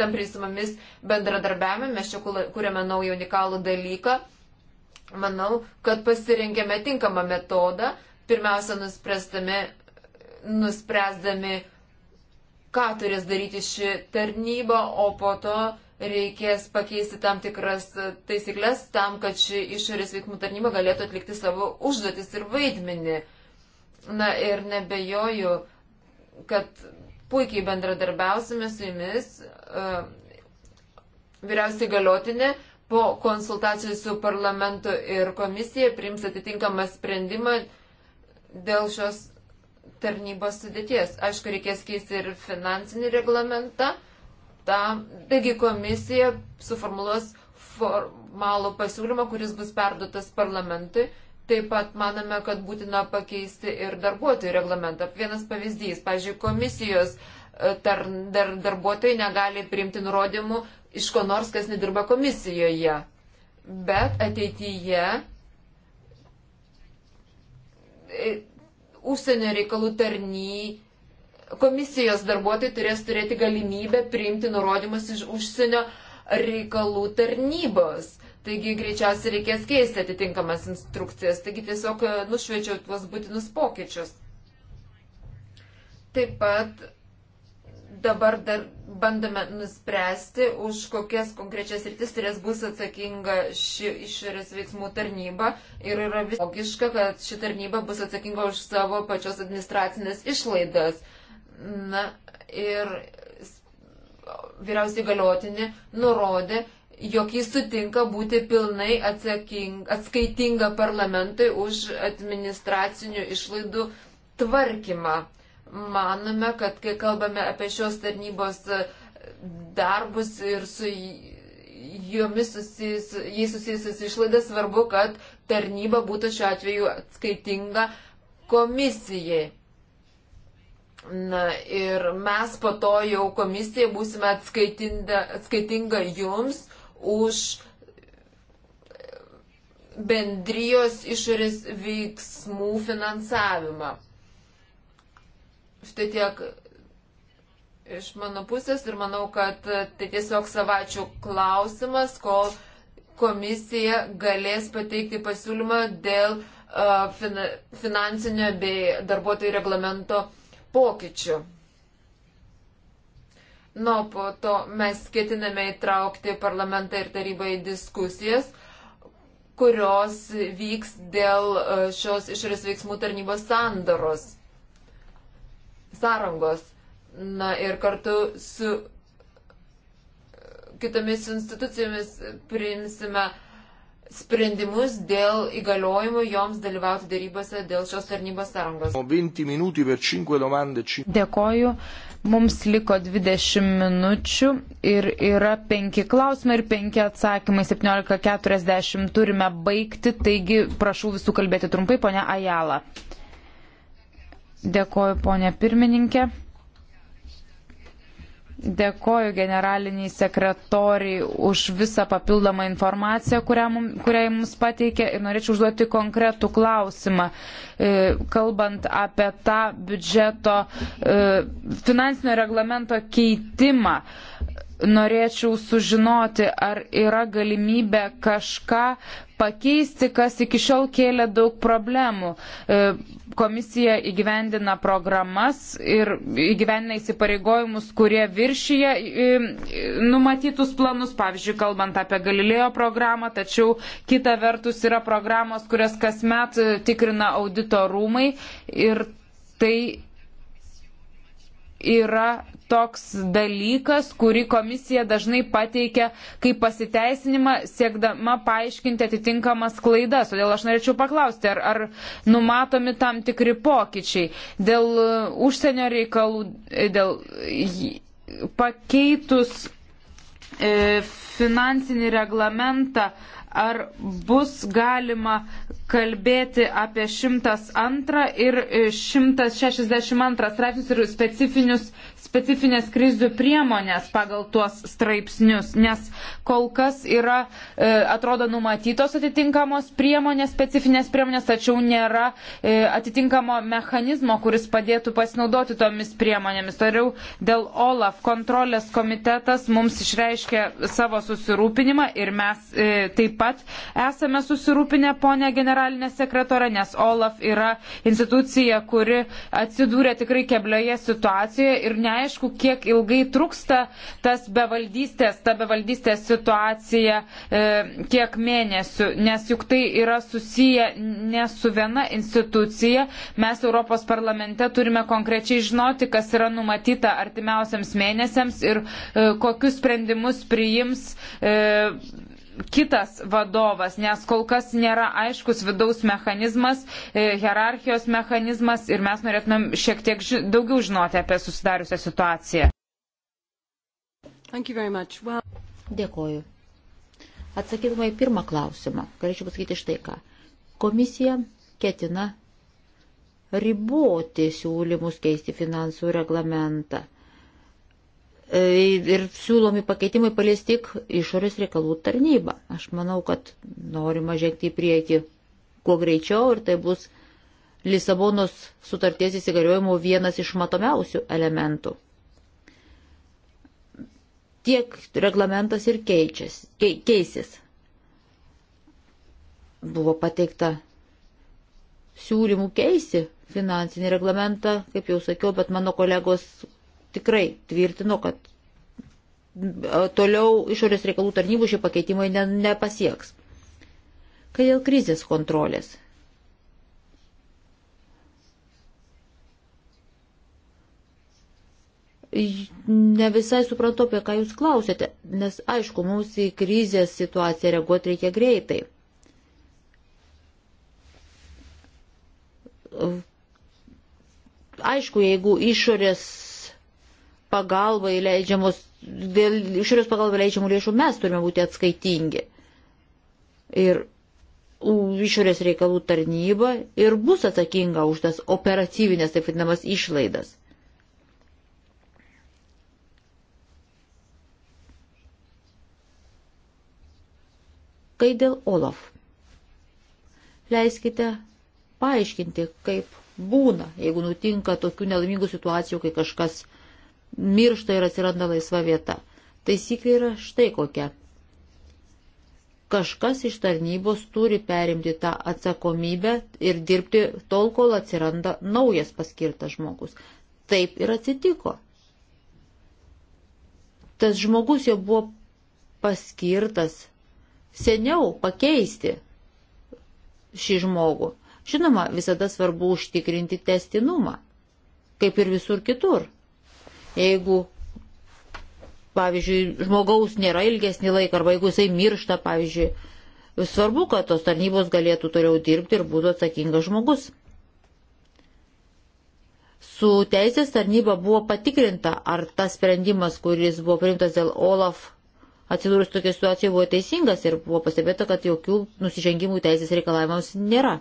tam prisimamis bendradarbiavime, mes čia kūrėme naują unikalų dalyką. Manau, kad pasirinkėme tinkamą metodą, pirmiausia, nuspręsdami, ką turės daryti ši tarnyba, o po to reikės pakeisti tam tikras taisyklės tam, kad ši išorės veikmų tarnyba galėtų atlikti savo užduotis ir vaidmenį. Uh, Na ir nebejoju, kad puikiai bendradarbiausime su jumis, e, vyriausiai galiotinė, po konsultacijų su parlamentu ir komisija priims atitinkamą sprendimą dėl šios tarnybos sudėties. Aišku, reikės keisti ir finansinį reglamentą. Ta, taigi komisija suformuluos formalų pasiūlymą, kuris bus perduotas parlamentui Taip pat manome, kad būtina pakeisti ir darbuotojų reglamentą. Vienas pavyzdys, pavyzdžiui, komisijos dar, e, dar, darbuotojai negali priimti nurodymų iš ko nors, kas nedirba komisijoje. Bet ateityje e, užsienio reikalų tarny komisijos darbuotojai turės turėti galimybę priimti nurodymus iš užsienio reikalų tarnybos. Taigi greičiausiai reikės keisti atitinkamas instrukcijas. Taigi tiesiog e, nušviečiau tuos būtinus pokyčius. Taip pat dabar dar bandome nuspręsti, už kokias konkrečias rytis turės bus atsakinga ši išorės veiksmų tarnyba ir yra logiška, kad ši tarnyba bus atsakinga už savo pačios administracinės išlaidas. Na ir vyriausiai galiotinį nurodė, jog jis sutinka būti pilnai atsaking, atskaitinga parlamentui už administracinių išlaidų tvarkymą. Manome, kad kai kalbame apie šios tarnybos e, darbus ir su jomis susijus, susijusias išlaidas, svarbu, kad tarnyba būtų šiuo atveju atskaitinga komisijai. Na ir mes po to jau komisija būsime atskaitinga jums už bendrijos išorės veiksmų finansavimą. Štai tiek iš mano pusės ir manau, kad tai tiesiog savaičių klausimas, kol komisija galės pateikti pasiūlymą dėl uh, fin finansinio bei darbuotojų reglamento pokyčių. Nu, po to mes ketiname įtraukti parlamentą ir tarybą į diskusijas, kurios vyks dėl e, šios išorės veiksmų tarnybos sandaros, sąrangos. Na ir kartu su e, kitomis institucijomis priimsime sprendimus dėl įgaliojimų joms dalyvauti darybose dėl šios tarnybos sąrangos. E Dėkoju. Mums liko 20 minučių ir yra 5 klausimai ir 5 atsakymai. 17.40 turime baigti, taigi prašau visų kalbėti trumpai, ponia Ajala. Dėkoju, ponia pirmininkė. Dėkoju generaliniai sekretoriai už visą papildomą informaciją, kurią, mum, kurią mums pateikė ir norėčiau užduoti konkretų klausimą, e, kalbant apie tą biudžeto e, finansinio reglamento keitimą norėčiau sužinoti, ar yra galimybė kažką pakeisti, kas iki šiol kėlė daug problemų. E, komisija įgyvendina programas ir įgyvendina įsipareigojimus, kurie viršyje e, numatytus planus, pavyzdžiui, kalbant apie Galilėjo programą, tačiau kita vertus yra programos, kurias kasmet e, tikrina audito rūmai ir tai yra toks dalykas, kurį komisija dažnai pateikia kaip pasiteisinimą, siekdama paaiškinti atitinkamas klaidas. Todėl aš norėčiau paklausti, ar, ar numatomi tam tikri pokyčiai dėl uh, užsienio reikalų, e, dėl pakeitus e, finansinį reglamentą, ar bus galima kalbėti apie 102 ir 162 e, straipsnius ir specifinius specifinės krizių priemonės pagal tuos straipsnius, nes kol kas yra, e, atrodo, numatytos atitinkamos priemonės, specifinės priemonės, tačiau nėra e, atitinkamo mechanizmo, kuris padėtų pasinaudoti tomis priemonėmis. Tariau, dėl OLAF kontrolės komitetas mums išreiškė savo susirūpinimą ir mes e, taip pat esame susirūpinę, ponė generalinė sekretorė, nes OLAF yra institucija, kuri atsidūrė tikrai keblioje situacijoje ir neaišku, neaišku, kiek ilgai truksta tas bevaldystės, ta bevaldystės situacija, e, kiek mėnesių, nes juk tai yra susiję ne su viena institucija. Mes Europos parlamente turime konkrečiai žinoti, kas yra numatyta artimiausiams mėnesiams ir e, kokius sprendimus priims e, kitas vadovas, nes kol kas nėra aiškus vidaus mechanizmas, e, hierarchijos mechanizmas ir mes norėtumėm šiek tiek ži daugiau žinoti apie susidariusią situaciją. Well... Dėkoju. Atsakydama į pirmą klausimą, galėčiau pasakyti štai ką. Komisija ketina riboti siūlymus keisti finansų reglamentą E, ir siūlomi pakeitimai palies tik išorės reikalų tarnybą. Aš manau, kad norima žengti į priekį kuo greičiau ir tai bus Lisabonos sutarties įsigaliojimo vienas iš matomiausių elementų. Tiek reglamentas ir keičias, kei, keisis. Buvo pateikta siūlymų keisti finansinį reglamentą, kaip jau sakiau, bet mano kolegos tikrai tvirtino, kad toliau išorės reikalų tarnybų šie pakeitimai ne, nepasieks. Kai dėl krizės kontrolės. Ne visai suprantu, apie ką jūs klausėte, nes aišku, mums į krizės situaciją reaguoti reikia greitai. Aišku, jeigu išorės pagalbai leidžiamos, dėl išorės pagalbai leidžiamų lėšų mes turime būti atskaitingi. Ir išorės reikalų tarnyba ir bus atsakinga už tas operatyvinės, taip vadinamas, išlaidas. Kai dėl Olaf. Leiskite paaiškinti, kaip būna, jeigu nutinka tokių nelaimingų situacijų, kai kažkas miršta ir atsiranda laisva vieta. Taisyklė yra štai kokia. Kažkas iš tarnybos turi perimti tą atsakomybę ir dirbti tol, kol atsiranda naujas paskirtas žmogus. Taip ir atsitiko. Tas žmogus jau buvo paskirtas seniau pakeisti šį žmogų. Žinoma, visada svarbu užtikrinti testinumą, kaip ir visur kitur. Jeigu, pavyzdžiui, žmogaus nėra ilgesnį laiką arba jeigu jisai miršta, pavyzdžiui, svarbu, kad tos tarnybos galėtų toliau dirbti ir būtų atsakingas žmogus. Su teisės tarnyba buvo patikrinta, ar tas sprendimas, kuris buvo priimtas dėl Olaf atsidūrus tokia situacija, buvo teisingas ir buvo pastebėta, kad jokių nusižengimų teisės reikalavimams nėra.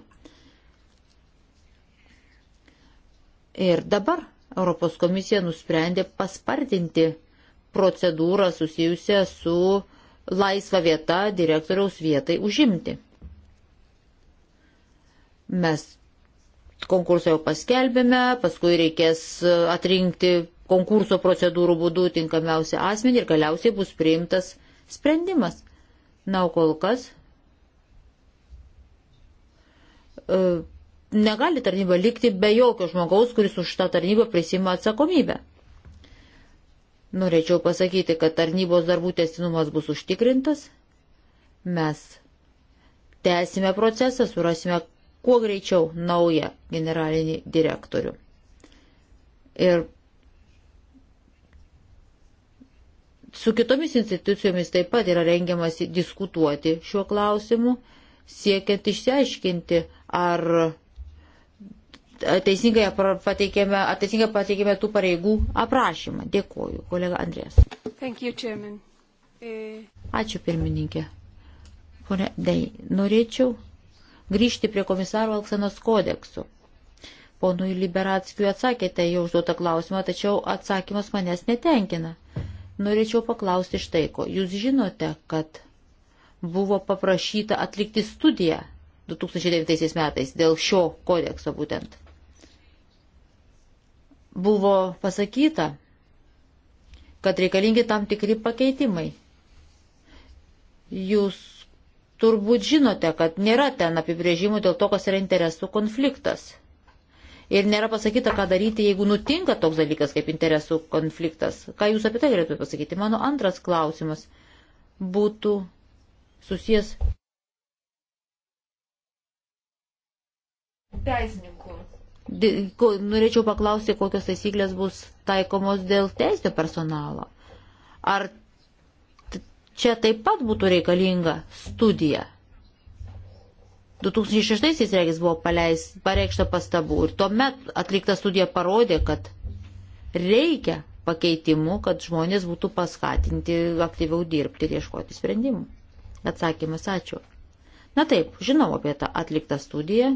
Ir dabar Europos komisija nusprendė paspartinti procedūrą susijusią su laisva vieta direktoriaus vietai užimti. Mes konkursą jau paskelbėme, paskui reikės atrinkti konkurso procedūrų būdų tinkamiausią asmenį ir galiausiai bus priimtas sprendimas. Na, o kol kas e, negali tarnyba likti be jokio žmogaus, kuris už tą tarnybą prisima atsakomybę. Norėčiau pasakyti, kad tarnybos darbų testinumas bus užtikrintas. Mes tęsime procesą, surasime kuo greičiau naują generalinį direktorių. Ir su kitomis institucijomis taip pat yra rengiamasi diskutuoti šiuo klausimu, siekiant išsiaiškinti, ar teisingai pateikėme, teisingai pateikėme tų pareigų aprašymą. Dėkuoju, kolega Andrės. You, e, Ačiū, pirmininkė. Pone Dei, norėčiau grįžti prie komisaro Alksenos kodeksų. Ponui Liberatskiui atsakėte jau užduotą klausimą, tačiau atsakymas manęs netenkina. Norėčiau paklausti štai ko. Jūs žinote, kad buvo paprašyta atlikti studiją 2009 metais dėl šio kodekso būtent buvo pasakyta, kad reikalingi tam tikri pakeitimai. Jūs turbūt žinote, kad nėra ten apibrėžimų dėl to, kas yra interesų konfliktas. Ir nėra pasakyta, ką daryti, jeigu nutinka toks dalykas kaip interesų konfliktas. Ką jūs apie tai galėtumėte pasakyti? Mano antras klausimas būtų susijęs. Teisininku norėčiau paklausti, kokios taisyklės bus taikomos dėl teisinio personalo. Ar čia taip pat būtų reikalinga studija? 2006 regis buvo paleis, pareikšta pastabų ir tuomet atlikta studija parodė, kad reikia pakeitimų, kad žmonės būtų paskatinti aktyviau dirbti ir ieškoti sprendimų. Atsakymas ačiū. Na taip, žinau apie tą atliktą studiją,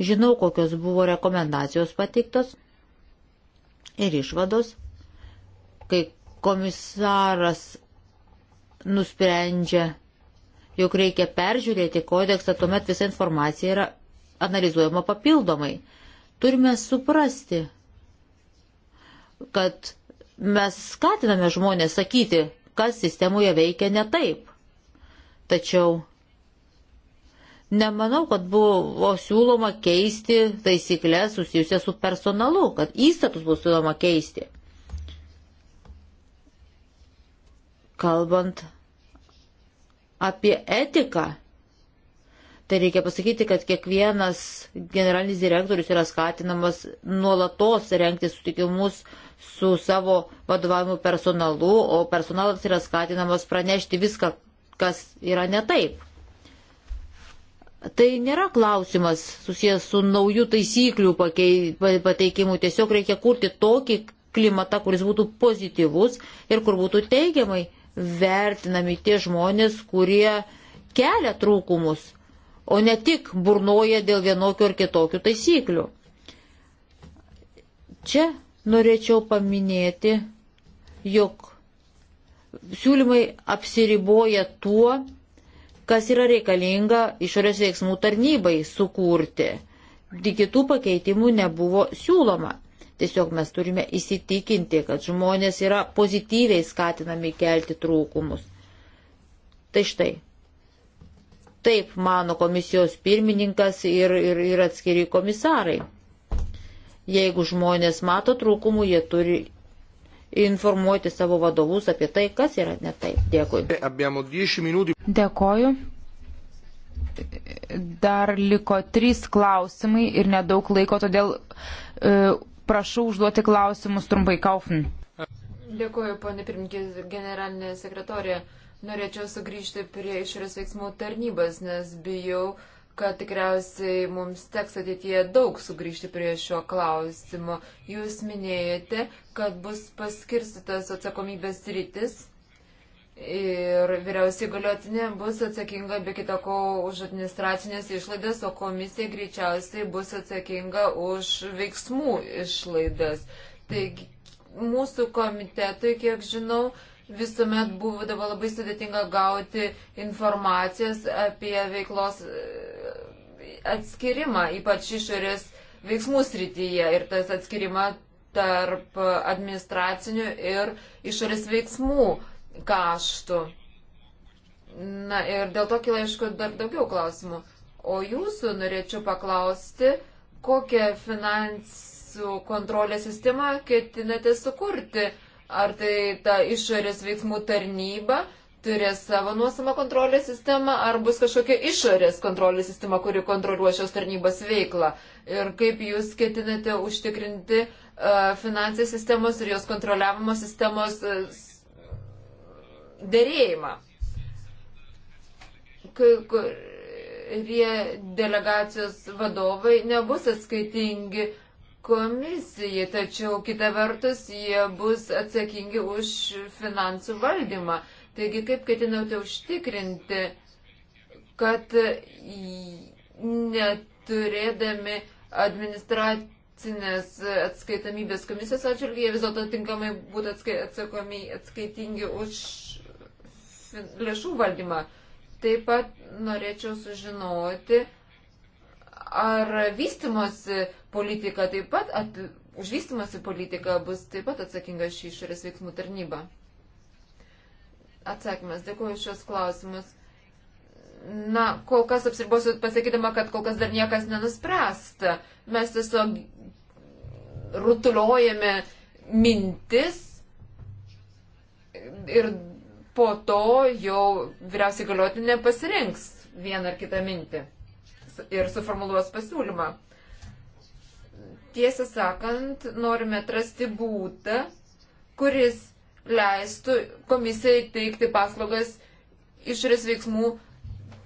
Žinau, kokios buvo rekomendacijos pateiktos ir išvados, kai komisaras nusprendžia, jog reikia peržiūrėti kodeksą, tuomet visa informacija yra analizuojama papildomai. Turime suprasti, kad mes skatiname žmonės sakyti, kas sistemoje veikia ne taip. Tačiau Nemanau, kad buvo siūloma keisti taisyklės susijusią su personalu, kad įstatus bus siūloma keisti. Kalbant apie etiką, tai reikia pasakyti, kad kiekvienas generalinis direktorius yra skatinamas nuolatos renkti sutikimus su savo vadovavimu personalu, o personalas yra skatinamas pranešti viską, kas yra ne taip. Tai nėra klausimas susijęs su naujų taisyklių pateikimu, tiesiog reikia kurti tokį klimatą, kuris būtų pozityvus ir kur būtų teigiamai vertinami tie žmonės, kurie kelia trūkumus, o ne tik burnoja dėl vienokių ar kitokių taisyklių. Čia norėčiau paminėti, jog siūlymai apsiriboja tuo, kas yra reikalinga išorės veiksmų tarnybai sukurti. Kitų pakeitimų nebuvo siūloma. Tiesiog mes turime įsitikinti, kad žmonės yra pozityviai skatinami kelti trūkumus. Tai štai. Taip mano komisijos pirmininkas ir, ir, ir atskiri komisarai. Jeigu žmonės mato trūkumų, jie turi informuoti savo vadovus apie tai, kas yra ne taip. Dėkui. E, Dėkoju. Dar liko trys klausimai ir nedaug laiko, todėl e, prašau užduoti klausimus trumpai Kaufin. Dėkuoju, ponė pirmininkė, generalinė sekretorija. Norėčiau sugrįžti prie išorės veiksmų tarnybos, nes bijau, kad tikriausiai mums teks ateityje daug sugrįžti prie šio klausimo. Jūs minėjote, kad bus paskirstytas atsakomybės rytis ir vyriausiai galiotinė bus atsakinga be kitako už administracinės išlaidas, o komisija greičiausiai bus atsakinga už veiksmų išlaidas. Taigi mūsų komitetui, kiek žinau, visuomet būdavo labai sudėtinga gauti informacijos apie veiklos atskirimą, ypač išorės veiksmų srityje ir tas atskirimą tarp administracinių ir išorės veiksmų kaštų. Na ir dėl to kila, aišku, dar daugiau klausimų. O jūsų norėčiau paklausti, kokią finansų kontrolės sistemą ketinate sukurti? Ar tai ta išorės veiksmų tarnyba, turės savo nuosamą kontrolės sistemą, ar bus kažkokia išorės kontrolės sistema, kuri kontroliuos šios tarnybos veiklą. Ir kaip jūs ketinate užtikrinti uh, finansės sistemos ir jos kontroliavimo sistemos uh, e, dėrėjimą. Kurie delegacijos vadovai nebus atskaitingi komisijai, tačiau kita vertus jie bus atsakingi už finansų valdymą. Taigi, kaip ketinate užtikrinti, kad neturėdami administracinės atskaitomybės komisijos atžvilgiai vis dėlto tinkamai būtų atsakomi atskaitingi už lėšų valdymą. Taip pat norėčiau sužinoti, ar vystimosi politika taip pat, at, už vystimosi politiką bus taip pat atsakinga šį išorės veiksmų tarnybą atsakymas. Dėkuoju šios klausimus. Na, kol kas apsiribosiu pasakydama, kad kol kas dar niekas nenuspręsta. Mes tiesiog rutuliojame mintis ir po to jau vyriausiai galiotinė pasirinks vieną ar kitą mintį ir suformuluos pasiūlymą. Tiesą sakant, norime atrasti būdą, kuris leistų komisijai teikti paslaugas išorės veiksmų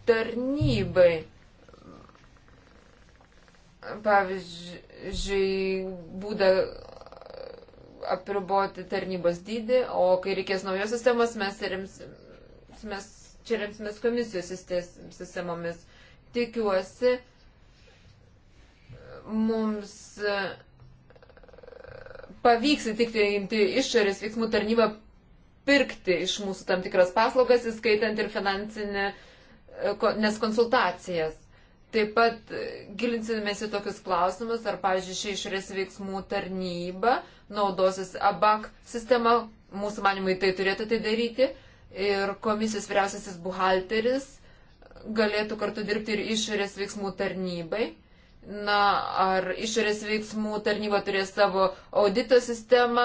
tarnybai. Pavyzdžiui, būda apriboti tarnybos dydį, o kai reikės naujos sistemos, mes, rims, mes čia remsimės komisijos sistemomis. Tikiuosi, mums pavyks įtikinti išorės veiksmų tarnybą pirkti iš mūsų tam tikras paslaugas, įskaitant ir finansinę, e, nes konsultacijas. Taip pat e, gilinsimės į tokius klausimus, ar, pavyzdžiui, ši išorės veiksmų tarnyba naudosis ABAC sistema, mūsų manimai tai turėtų tai daryti, ir komisijos vyriausiasis buhalteris galėtų kartu dirbti ir išorės veiksmų tarnybai. Na, ar išorės veiksmų tarnyba turės savo audito sistemą,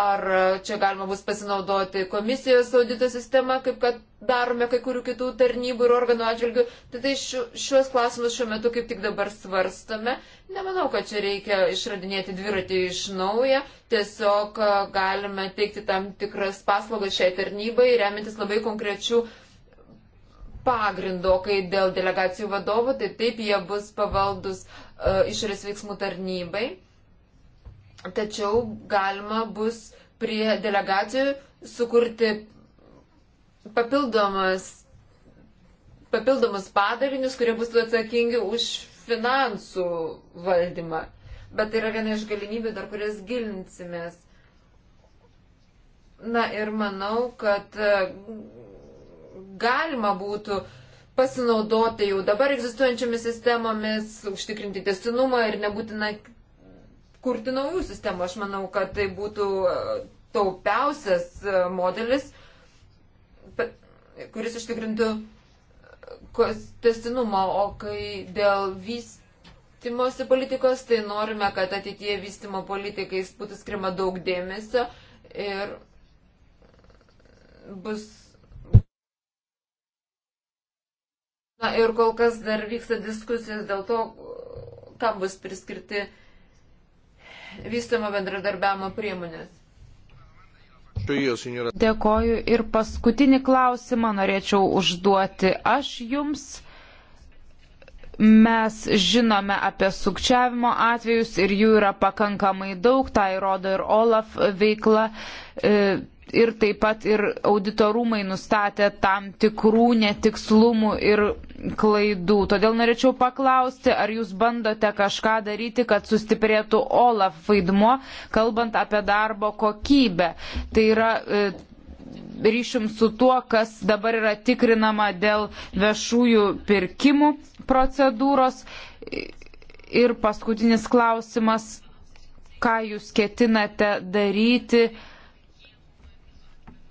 ar čia galima bus pasinaudoti komisijos audito sistema, kaip kad darome kai kurių kitų tarnybų ir organų atžvilgių. Tai, tai šiuos klausimus šiuo metu kaip tik dabar svarstame. Nemanau, kad čia reikia išradinėti dviratį iš naujo. Tiesiog galime teikti tam tikras paslaugas šiai tarnybai, remintis labai konkrečių uh, pagrindo, kai dėl delegacijų vadovų, tai taip jie bus pavaldus uh, išorės veiksmų tarnybai. Tačiau galima bus prie delegacijų sukurti papildomas, papildomus padarinius, kurie bus atsakingi už finansų valdymą. Bet tai yra viena iš galimybių, dar kurias gilinsimės. Na ir manau, kad uh, galima būtų pasinaudoti jau dabar egzistuojančiomis sistemomis, užtikrinti testinumą ir nebūtina kurti naujų sistemų. Aš manau, kad tai būtų e, taupiausias e, modelis, kuris užtikrintų e, testinumą, o kai dėl vystimosi politikos, tai norime, kad ateitie vystimo politikais būtų skirima daug dėmesio ir bus Na ir kol kas dar vyksta diskusijos dėl to, kam bus priskirti vystamo bendradarbiavimo priemonės. Dėkoju ir paskutinį klausimą norėčiau užduoti aš jums. Mes žinome apie sukčiavimo atvejus ir jų yra pakankamai daug, tai rodo ir Olaf veikla. E, ir taip pat ir auditorumai nustatė tam tikrų netikslumų ir klaidų. Todėl norėčiau paklausti, ar jūs bandote kažką daryti, kad sustiprėtų OLAF vaidmo, kalbant apie darbo kokybę. Tai yra e, ryšim su tuo, kas dabar yra tikrinama dėl viešųjų pirkimų procedūros. Ir paskutinis klausimas, ką jūs ketinate daryti,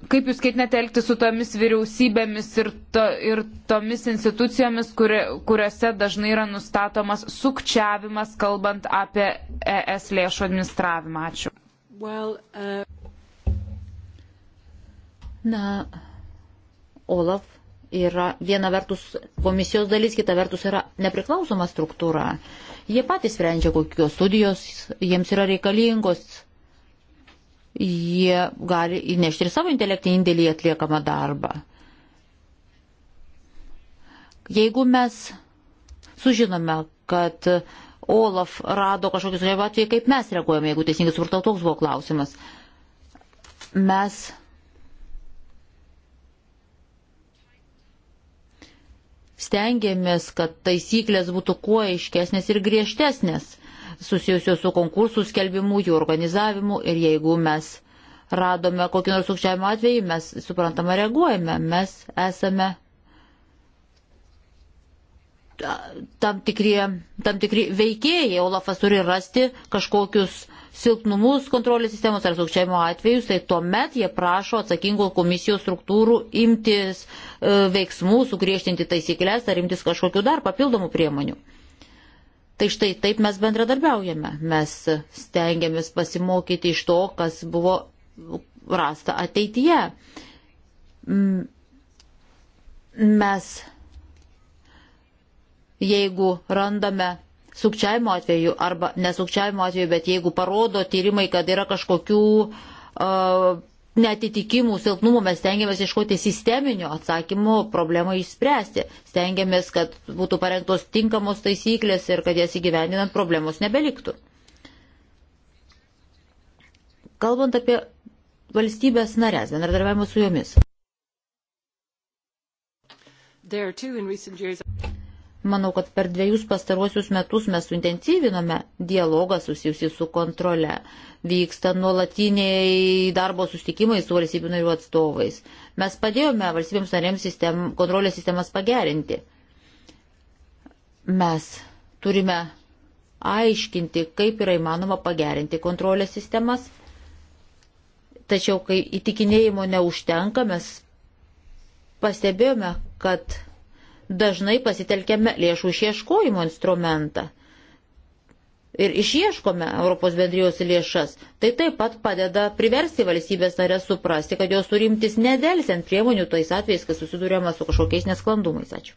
kaip jūs ketinate elgti su tomis vyriausybėmis ir, to, ir tomis institucijomis, kuri, kuriuose dažnai yra nustatomas sukčiavimas, kalbant apie ES lėšų administravimą? Ačiū. Well, uh... Na, Olaf yra viena vertus komisijos dalis, kita vertus yra nepriklausoma struktūra. Jie patys sprendžia, kokios studijos jiems yra reikalingos jie gali įnešti ir savo intelektinį indėlį į atliekamą darbą. Jeigu mes sužinome, kad Olaf rado kažkokius atvejai, kaip mes reaguojame, jeigu teisingai supratau, toks buvo klausimas. Mes stengiamės, kad taisyklės būtų kuo aiškesnės ir griežtesnės susijusios su konkursų skelbimu, jų organizavimu ir jeigu mes radome kokį nors sukčiavimo atvejį, mes suprantama reaguojame, mes esame tam tikri, tam tikri veikėjai, Olafas turi rasti kažkokius silpnumus kontrolės sistemos ar sukčiavimo atvejus, tai tuomet jie prašo atsakingų komisijos struktūrų imtis e, veiksmų, sugriežtinti taisyklės ar imtis kažkokių dar papildomų priemonių. Tai štai taip mes bendradarbiaujame. Mes stengiamės pasimokyti iš to, kas buvo rasta ateityje. Mes, jeigu randame sukčiavimo atveju arba nesukčiavimo atveju, bet jeigu parodo tyrimai, kad yra kažkokių uh, netitikimų, silpnumų mes stengiamės iškoti sisteminio atsakymo problemą išspręsti. Stengiamės, kad būtų parengtos tinkamos taisyklės ir kad jas įgyvendinant problemos nebeliktų. Kalbant apie valstybės narės, bendradarbiavimą su jomis. Manau, kad per dviejus pastaruosius metus mes suintensyvinome dialogą susijusi su kontrole. Vyksta nuolatiniai darbo sustikimai su valstybių narių atstovais. Mes padėjome valstybėms narėms sistem, kontrolės sistemas pagerinti. Mes turime aiškinti, kaip yra įmanoma pagerinti kontrolės sistemas. Tačiau, kai įtikinėjimo neužtenka, mes pastebėjome, kad dažnai pasitelkėme lėšų išieškojimo instrumentą ir išieškome Europos bendrijos lėšas, tai taip pat padeda priversti valstybės narės suprasti, kad jos turi imtis nedelsiant priemonių tais atvejais, kai susidurėma su kažkokiais nesklandumais. Ačiū.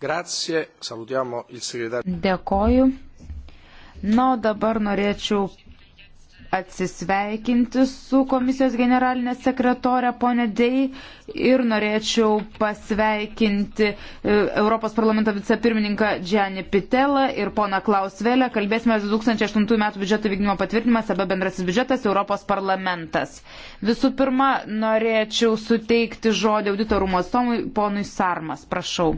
Grazie, salutiamo il segretario. Dėkoju. Na, o dabar norėčiau atsisveikinti su komisijos generalinė sekretorė ponė Dei ir norėčiau pasveikinti e, Europos parlamento vicepirmininką Džianį Pitelą ir poną Klausvelę. Kalbėsime 2008 metų biudžeto vykdymo patvirtinimas arba bendrasis biudžetas Europos parlamentas. Visų pirma, norėčiau suteikti žodį auditorumo atstovui ponui Sarmas. Prašau.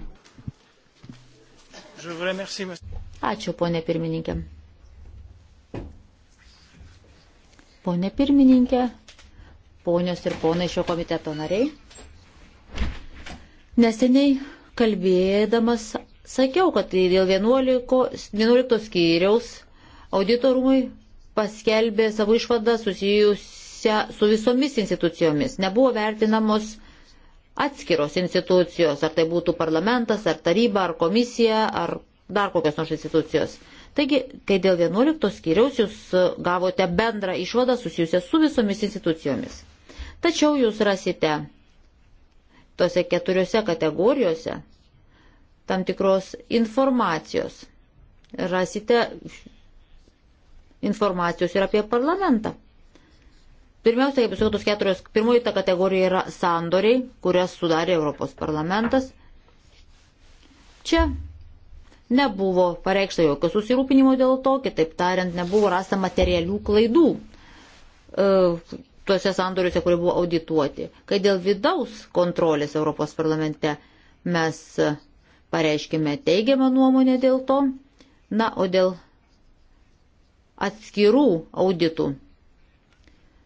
Ačiū, ponė pirmininkė. Pone pirmininkė, ponios ir ponai šio komiteto nariai, neseniai kalbėdamas sakiau, kad tai dėl 11, 11 skyriaus auditorumai paskelbė savo išvadą susijusią su visomis institucijomis. Nebuvo vertinamos atskiros institucijos, ar tai būtų parlamentas, ar taryba, ar komisija, ar dar kokios nors institucijos. Taigi, kai dėl 11 skyriaus jūs e, gavote bendrą išvadą susijusią su visomis institucijomis. Tačiau jūs rasite tose keturiose kategorijose tam tikros informacijos. Rasite informacijos ir apie parlamentą. Pirmiausia, kaip sakiau, tos keturios, pirmoji ta kategorija yra sandoriai, kurias sudarė Europos parlamentas. Čia nebuvo pareikšta jokio susirūpinimo dėl to, kitaip tariant, nebuvo rasta materialių klaidų e, tuose sandoriuose, kurie buvo audituoti. Kai dėl vidaus kontrolės Europos parlamente mes pareiškime teigiamą nuomonę dėl to, na, o dėl atskirų auditų.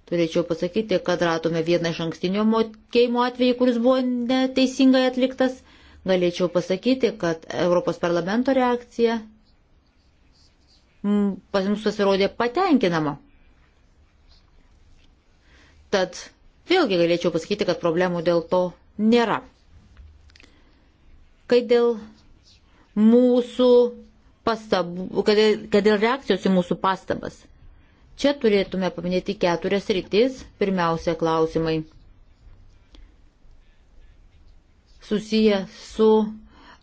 Turėčiau pasakyti, kad ratome vieną iš ankstinio mokėjimo atvejį, kuris buvo neteisingai atliktas galėčiau pasakyti, kad Europos parlamento reakcija pas mus pasirodė patenkinama. Tad vėlgi galėčiau pasakyti, kad problemų dėl to nėra. Kai dėl mūsų pastabų, kad, kad dėl reakcijos į mūsų pastabas. Čia turėtume paminėti keturias rytis. Pirmiausia, klausimai susiję su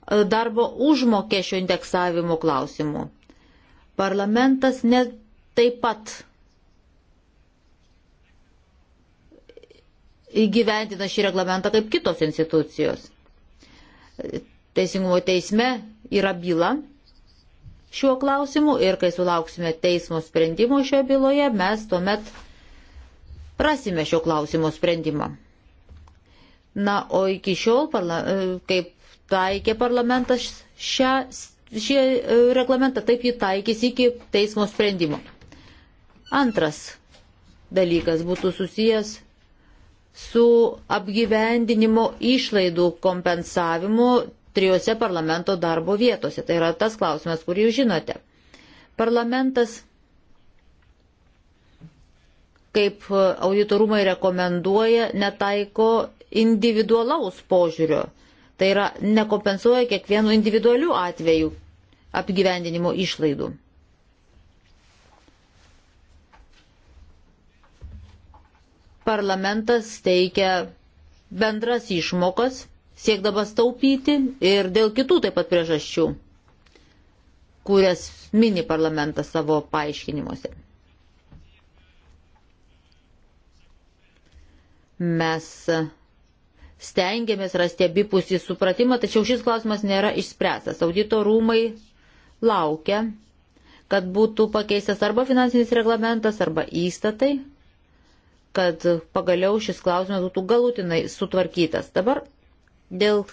e, darbo užmokesčio indeksavimo klausimu. Parlamentas ne taip pat įgyventina šį reglamentą kaip kitos institucijos. Teisingumo teisme yra byla šiuo klausimu ir kai sulauksime teismo sprendimo šioje byloje, mes tuomet rasime šio klausimo sprendimą. Na, o iki šiol, e, kaip taikė parlamentas šią, šį e, reglamentą, taip jį taikys iki teismo sprendimo. Antras dalykas būtų susijęs su apgyvendinimo išlaidų kompensavimu trijose parlamento darbo vietose. Tai yra tas klausimas, kurį jūs žinote. Parlamentas, kaip auditorumai rekomenduoja, netaiko individualaus požiūrio. Tai yra nekompensuoja kiekvienų individualių atvejų apgyvendinimo išlaidų. Parlamentas teikia bendras išmokas, siekdamas taupyti ir dėl kitų taip pat priežasčių, kurias mini parlamentas savo paaiškinimuose. Mes stengiamės rasti abipusį supratimą, tačiau šis klausimas nėra išspręstas. Audito rūmai laukia, kad būtų pakeistas arba finansinis reglamentas, arba įstatai, kad pagaliau šis klausimas būtų galutinai sutvarkytas. Dabar dėl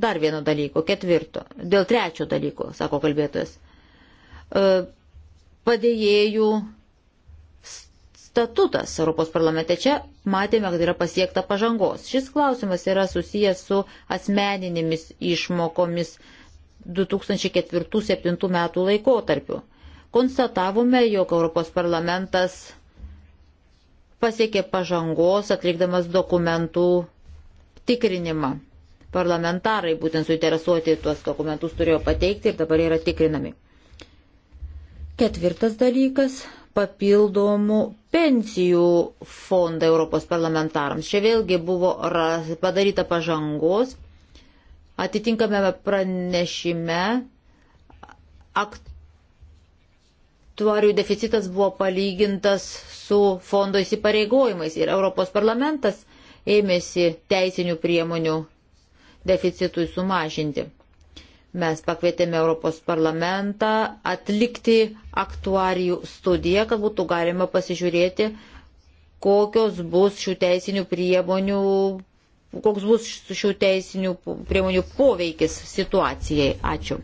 dar vieno dalyko, ketvirto, dėl trečio dalyko, sako kalbėtojas. E, padėjėjų statutas Europos parlamente. Čia matėme, kad yra pasiekta pažangos. Šis klausimas yra susijęs su asmeninėmis išmokomis 2004-2007 metų laikotarpiu. Konstatavome, jog Europos parlamentas pasiekė pažangos atlikdamas dokumentų tikrinimą. Parlamentarai būtent suinteresuoti tuos dokumentus turėjo pateikti ir dabar yra tikrinami. Ketvirtas dalykas papildomų pensijų fondą Europos parlamentarams. Čia vėlgi buvo padaryta pažangos. Atitinkamame pranešime aktuarių deficitas buvo palygintas su fondo įsipareigojimais ir Europos parlamentas ėmėsi teisinių priemonių deficitui sumažinti. Mes pakvietėme Europos parlamentą atlikti aktuarijų studiją, kad būtų galima pasižiūrėti, kokios bus šių teisinių priemonių, koks bus šių teisinių priemonių poveikis situacijai. Ačiū.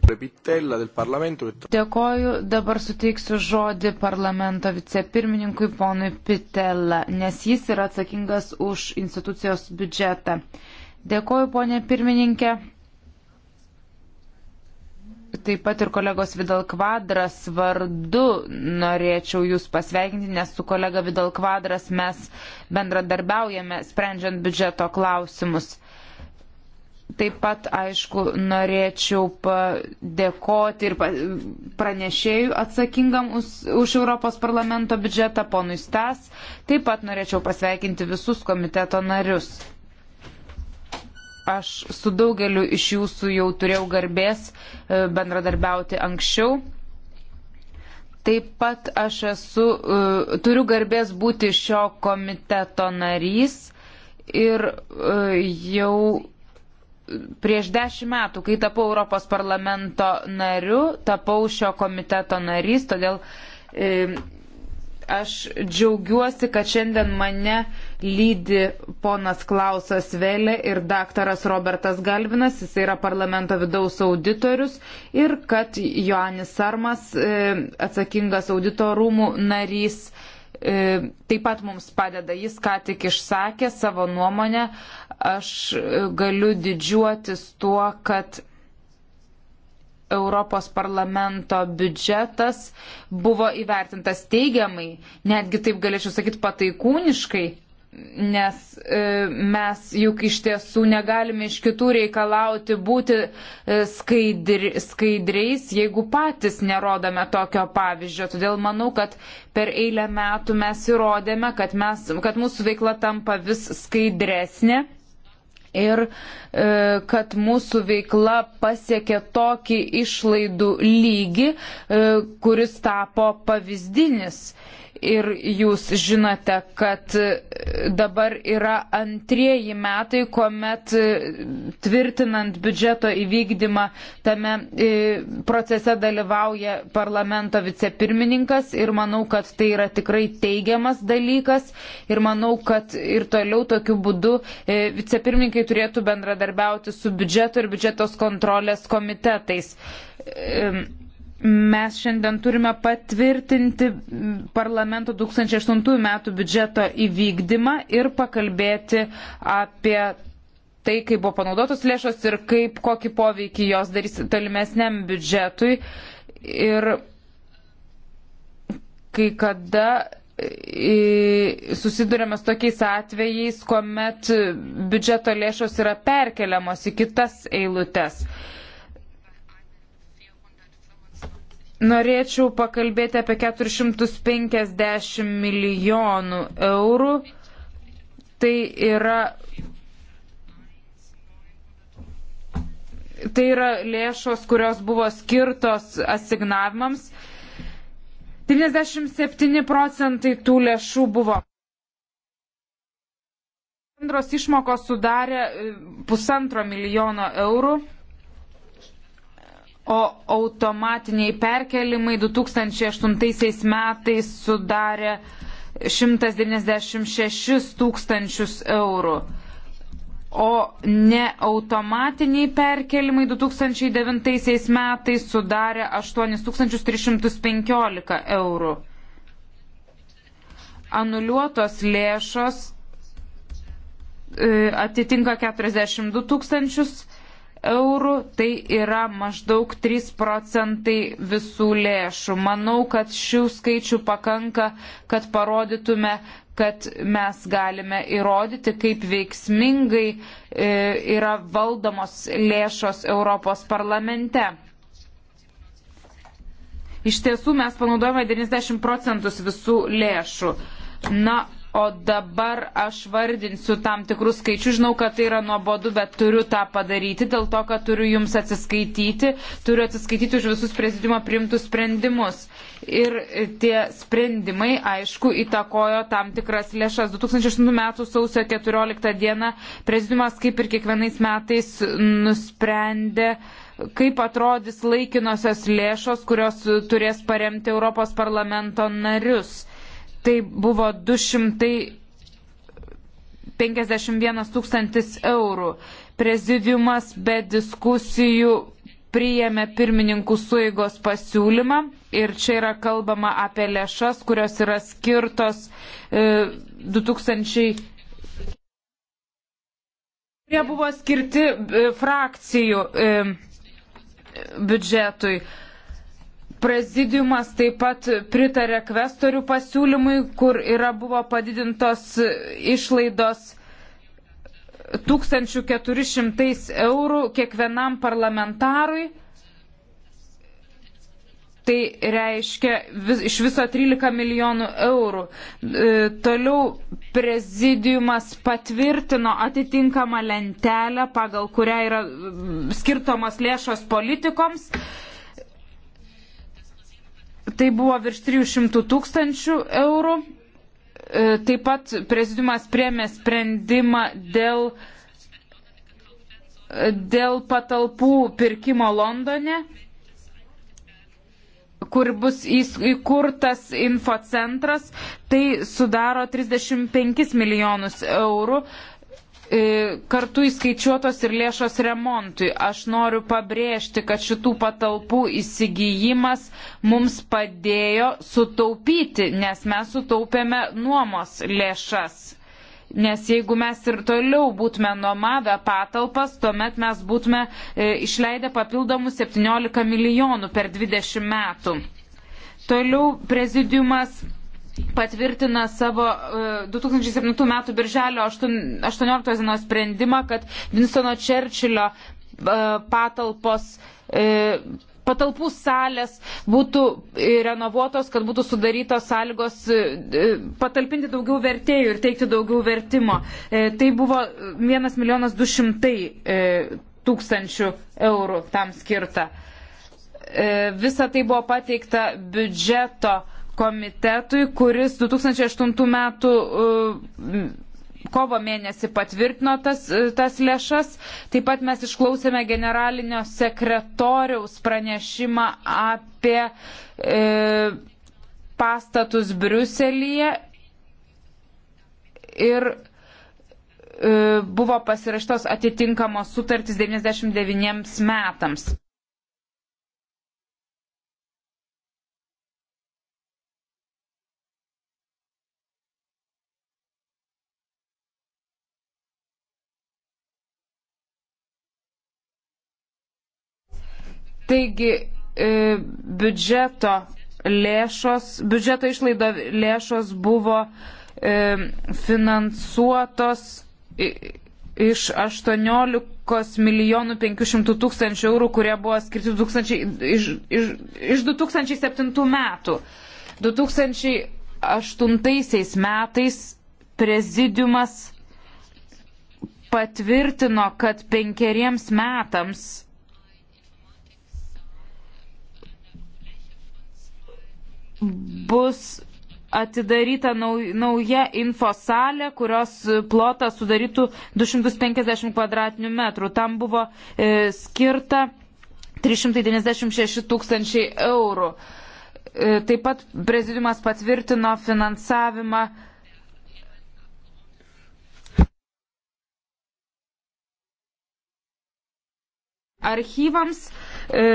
Dėkoju, dabar suteiksiu žodį parlamento vicepirmininkui ponui Pitella, nes jis yra atsakingas už institucijos biudžetą. Dėkoju, ponė pirmininkė taip pat ir kolegos Vidal Kvadras vardu norėčiau Jūs pasveikinti, nes su kolega Vidal Kvadras mes bendradarbiaujame sprendžiant biudžeto klausimus. Taip pat, aišku, norėčiau padėkoti ir pranešėjų atsakingam už, už Europos parlamento biudžetą, ponui Stas. Taip pat norėčiau pasveikinti visus komiteto narius. Aš su daugeliu iš jūsų jau turėjau garbės e, bendradarbiauti anksčiau. Taip pat aš esu, e, turiu garbės būti šio komiteto narys ir e, jau prieš dešimt metų, kai tapau Europos parlamento nariu, tapau šio komiteto narys, todėl aš džiaugiuosi, kad šiandien mane lydi ponas Klausas Velė ir daktaras Robertas Galvinas, jis yra parlamento vidaus auditorius ir kad Joanis Sarmas, e, atsakingas auditorumų narys, e, taip pat mums padeda. Jis ką tik išsakė savo nuomonę. Aš e, galiu didžiuotis tuo, kad Europos parlamento biudžetas buvo įvertintas teigiamai, netgi taip galėčiau sakyti pataikūniškai nes e, mes juk iš tiesų negalime iš kitų reikalauti būti e, skaidri, skaidriais, jeigu patys nerodome tokio pavyzdžio. Todėl manau, kad per eilę metų mes įrodėme, kad, mes, kad mūsų veikla tampa vis skaidresnė ir e, kad mūsų veikla pasiekė tokį išlaidų lygį, e, kuris tapo pavyzdinis. E, ir jūs žinote, kad dabar yra antrieji metai, kuomet tvirtinant biudžeto įvykdymą tame e, procese dalyvauja parlamento vicepirmininkas ir manau, kad tai yra tikrai teigiamas dalykas ir manau, kad ir toliau tokiu būdu e, vicepirmininkai turėtų bendradarbiauti su biudžeto ir biudžetos kontrolės komitetais. Um Mes šiandien turime patvirtinti parlamento 2008 metų biudžeto įvykdymą ir pakalbėti apie tai, kaip buvo panaudotos lėšos ir kaip, kokį poveikį jos darys tolimesniam biudžetui. Ir kai kada e, susidurėme su tokiais atvejais, kuomet biudžeto lėšos yra perkeliamos į kitas eilutes. Norėčiau pakalbėti apie 450 milijonų eurų. Tai yra. Tai yra lėšos, kurios buvo skirtos asignavimams. 97 procentai tų lėšų buvo. Bendros išmokos sudarė e, pusantro milijono eurų o automatiniai perkelimai 2008 metais sudarė 196 tūkstančius eurų. O ne automatiniai perkelimai 2009 metais sudarė 8315 eurų. Anuliuotos lėšos e, atitinka 42 tūkstančius eurų eurų, tai yra maždaug 3 procentai visų lėšų. Manau, kad šių skaičių pakanka, kad parodytume, kad mes galime įrodyti, kaip veiksmingai e, yra valdomos lėšos Europos parlamente. Iš tiesų mes panaudojame 90 procentus visų lėšų. Na, o dabar aš vardinsiu tam tikrus skaičius. Žinau, kad tai yra nuobodu, bet turiu tą padaryti dėl to, kad turiu jums atsiskaityti, turiu atsiskaityti už visus prezidiumo priimtus sprendimus. Ir tie sprendimai, aišku, įtakojo tam tikras lėšas. 2008 m. sausio 14 d. prezidiumas kaip ir kiekvienais metais nusprendė, kaip atrodys laikinosios lėšos, kurios turės paremti Europos parlamento narius tai buvo 251 tūkstantis eurų. Prezidiumas be diskusijų priėmė pirmininkų suigos pasiūlymą ir čia yra kalbama apie lėšas, kurios yra skirtos e, 2000. kurie buvo skirti e, frakcijų e, biudžetui. E, Prezidiumas taip pat pritarė kvestorių pasiūlymui, kur yra buvo padidintos išlaidos 1400 eurų kiekvienam parlamentarui. Tai reiškia vis, iš viso 13 milijonų eurų. E, toliau prezidiumas patvirtino atitinkamą lentelę, pagal kurią yra skirtomos lėšos politikoms. E, tai buvo virš 300 tūkstančių eurų. E, taip pat prezidiumas priemė sprendimą dėl, e, dėl patalpų pirkimo Londone, kur bus įkurtas infocentras. Tai sudaro 35 milijonus eurų. E, kartu įskaičiuotos ir lėšos remontui. Aš noriu pabrėžti, kad šitų patalpų įsigijimas mums padėjo sutaupyti, nes mes sutaupėme nuomos lėšas. Nes jeigu mes ir toliau būtume nuomavę patalpas, tuomet mes būtume e, išleidę papildomų 17 milijonų per 20 metų. Toliau prezidiumas patvirtina savo 2007 e, m. birželio 18 dienos sprendimą, kad Vinstono Čerčilio e, patalpos e, patalpų salės būtų renovuotos, kad būtų sudarytos sąlygos patalpinti daugiau vertėjų ir teikti daugiau vertimo. Tai buvo 1 milijonas 200 tūkstančių eurų tam skirta. Visa tai buvo pateikta biudžeto komitetui, kuris 2008 metų uh, kovo mėnesį patvirtino tas, uh, tas lėšas. Taip pat mes išklausėme generalinio sekretoriaus pranešimą apie e, pastatus Briuselyje ir e, buvo pasirašytos atitinkamos sutartys 99 metams. Taigi e, biudžeto lėšos, biudžeto išlaido lėšos buvo e, finansuotos iš 18 milijonų 500 tūkstančių eurų, kurie buvo skirti 2000, iš, iš, iš 2007 metų. 2008 metais prezidiumas patvirtino, kad penkeriems metams bus atidaryta nauja infosalė, kurios plotas sudarytų 250 kvadratinių metrų. Tam buvo e, skirta 396 tūkstančiai eurų. E, taip pat prezidiumas patvirtino finansavimą. Archyvams e,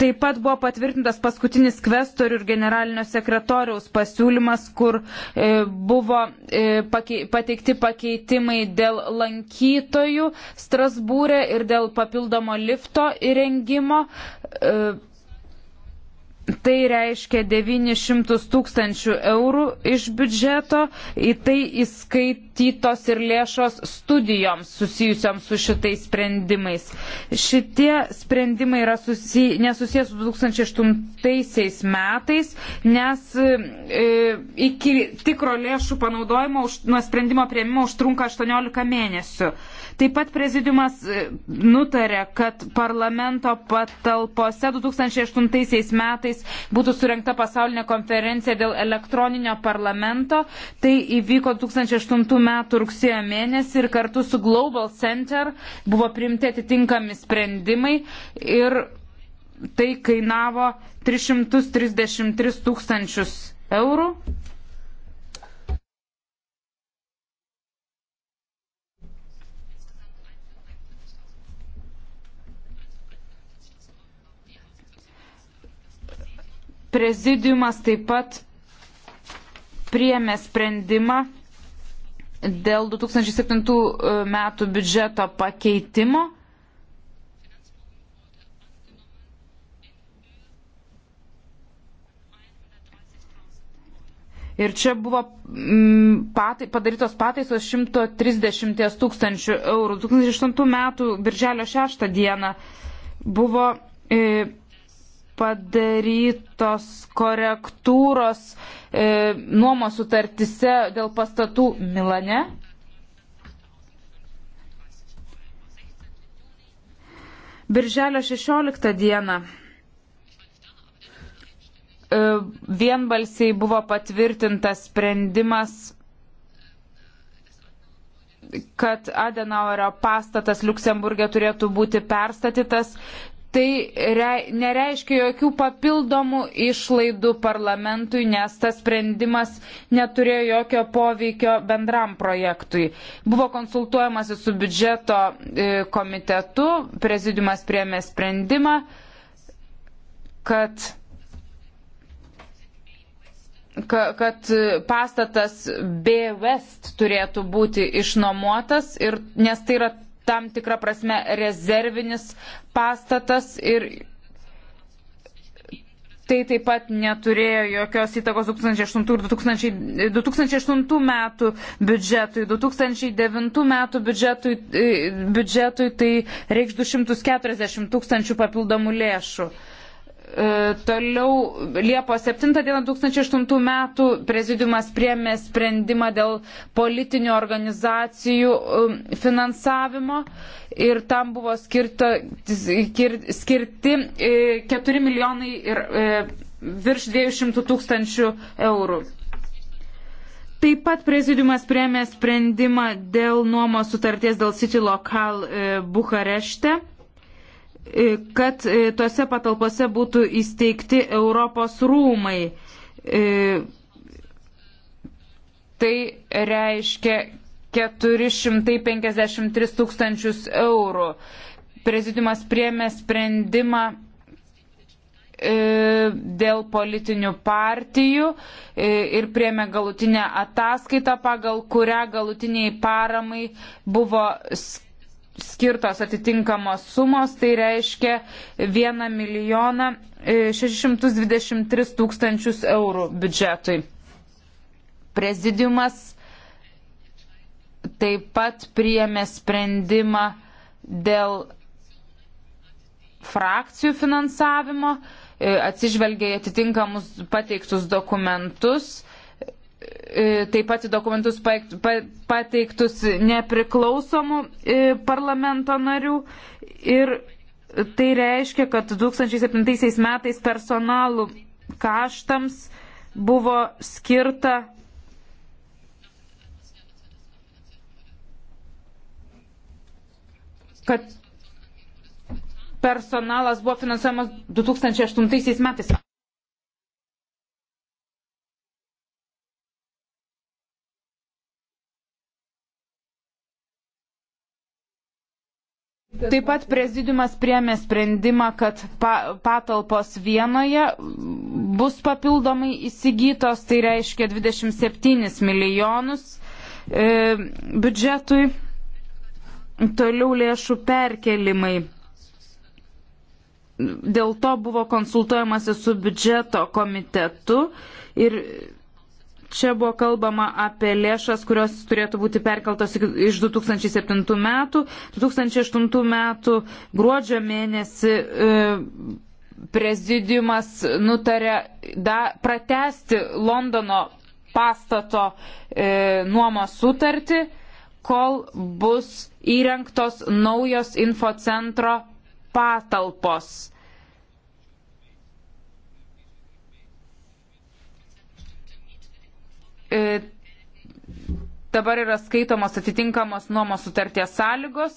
Taip pat buvo patvirtintas paskutinis kvestorių ir generalinio sekretoriaus pasiūlymas, kur e, buvo e, pakei, pateikti pakeitimai dėl lankytojų Strasbūrė ir dėl papildomo lifto įrengimo. E, Tai reiškia 900 tūkstančių eurų iš biudžeto, į tai įskaitytos ir lėšos studijoms susijusioms su šitais sprendimais. Šitie sprendimai yra susi... nesusijęs su 2008 metais, nes e, iki tikro lėšų panaudojimo už, nuo sprendimo prieimimo užtrunka 18 mėnesių. Taip pat prezidiumas e, nutarė, kad parlamento patalpose 2008 metais metais būtų surinkta pasaulinė konferencija dėl elektroninio parlamento. Tai įvyko 2008 metų rugsėjo mėnesį ir kartu su Global Center buvo priimti atitinkami sprendimai. Ir tai kainavo 333 tūkstančius eurų. Prezidiumas taip pat priemė sprendimą dėl 2007 e, metų biudžeto pakeitimo. Ir čia buvo mm, patai, padarytos pataisos 130 tūkstančių eurų. 2008 metų birželio 6 dieną buvo e, padarytos korektūros e, nuomos sutartise dėl pastatų Milane. Birželio 16 dieną e, vienbalsiai buvo patvirtintas sprendimas kad Adenauerio pastatas Luksemburgė turėtų būti perstatytas tai rei, nereiškia jokių papildomų išlaidų parlamentui, nes tas sprendimas neturėjo jokio poveikio bendram projektui. Buvo konsultuojamasi su biudžeto e, komitetu, prezidiumas priemė sprendimą, kad kad pastatas B West turėtų būti išnuomotas, ir, nes tai yra tam tikrą prasme rezervinis pastatas ir tai taip pat neturėjo jokios įtakos 2008 ir 2000, 2008 metų biudžetui. 2009 metų biudžetui, biudžetui tai reikš 240 tūkstančių papildomų lėšų. E, toliau Liepos 7 dieną 2008 metų prezidiumas priemė sprendimą dėl politinių organizacijų e, finansavimo ir tam buvo skirta, skir, skirti 4 e, milijonai ir virš 200 tūkstančių eurų. Taip pat prezidiumas priemė sprendimą dėl nuomos sutarties dėl City Local Bukarešte. E, kad e, tose patalpose būtų įsteigti Europos rūmai. E, tai reiškia 453 tūkstančius eurų. Prezidiumas priemė sprendimą e, dėl politinių partijų ir priemė galutinę ataskaitą, pagal kurią galutiniai paramai buvo skirti skirtos atitinkamos sumos, tai reiškia 1 milijoną 623 e, tūkstančius eurų biudžetui. Prezidiumas taip pat priėmė sprendimą dėl frakcijų finansavimo, e, atsižvelgė į atitinkamus pateiktus dokumentus E, taip pat į dokumentus pateiktus nepriklausomų e, parlamento narių. Ir tai reiškia, kad 2007 metais personalų kaštams buvo skirta kad personalas buvo finansuojamas 2008 metais. Taip pat prezidiumas priemė sprendimą, kad pa, patalpos vienoje bus papildomai įsigytos, tai reiškia 27 milijonus e, biudžetui, toliau lėšų perkelimai. Dėl to buvo konsultuojamasi su biudžeto komitetu ir Čia buvo kalbama apie lėšas, kurios turėtų būti perkeltos iš 2007 metų. 2008 metų gruodžio mėnesį e, prezidiumas nutarė da, pratesti Londono pastato e, nuomos sutartį, kol bus įrengtos naujos infocentro patalpos. E, dabar yra skaitomos atitinkamos nuomos sutarties sąlygos.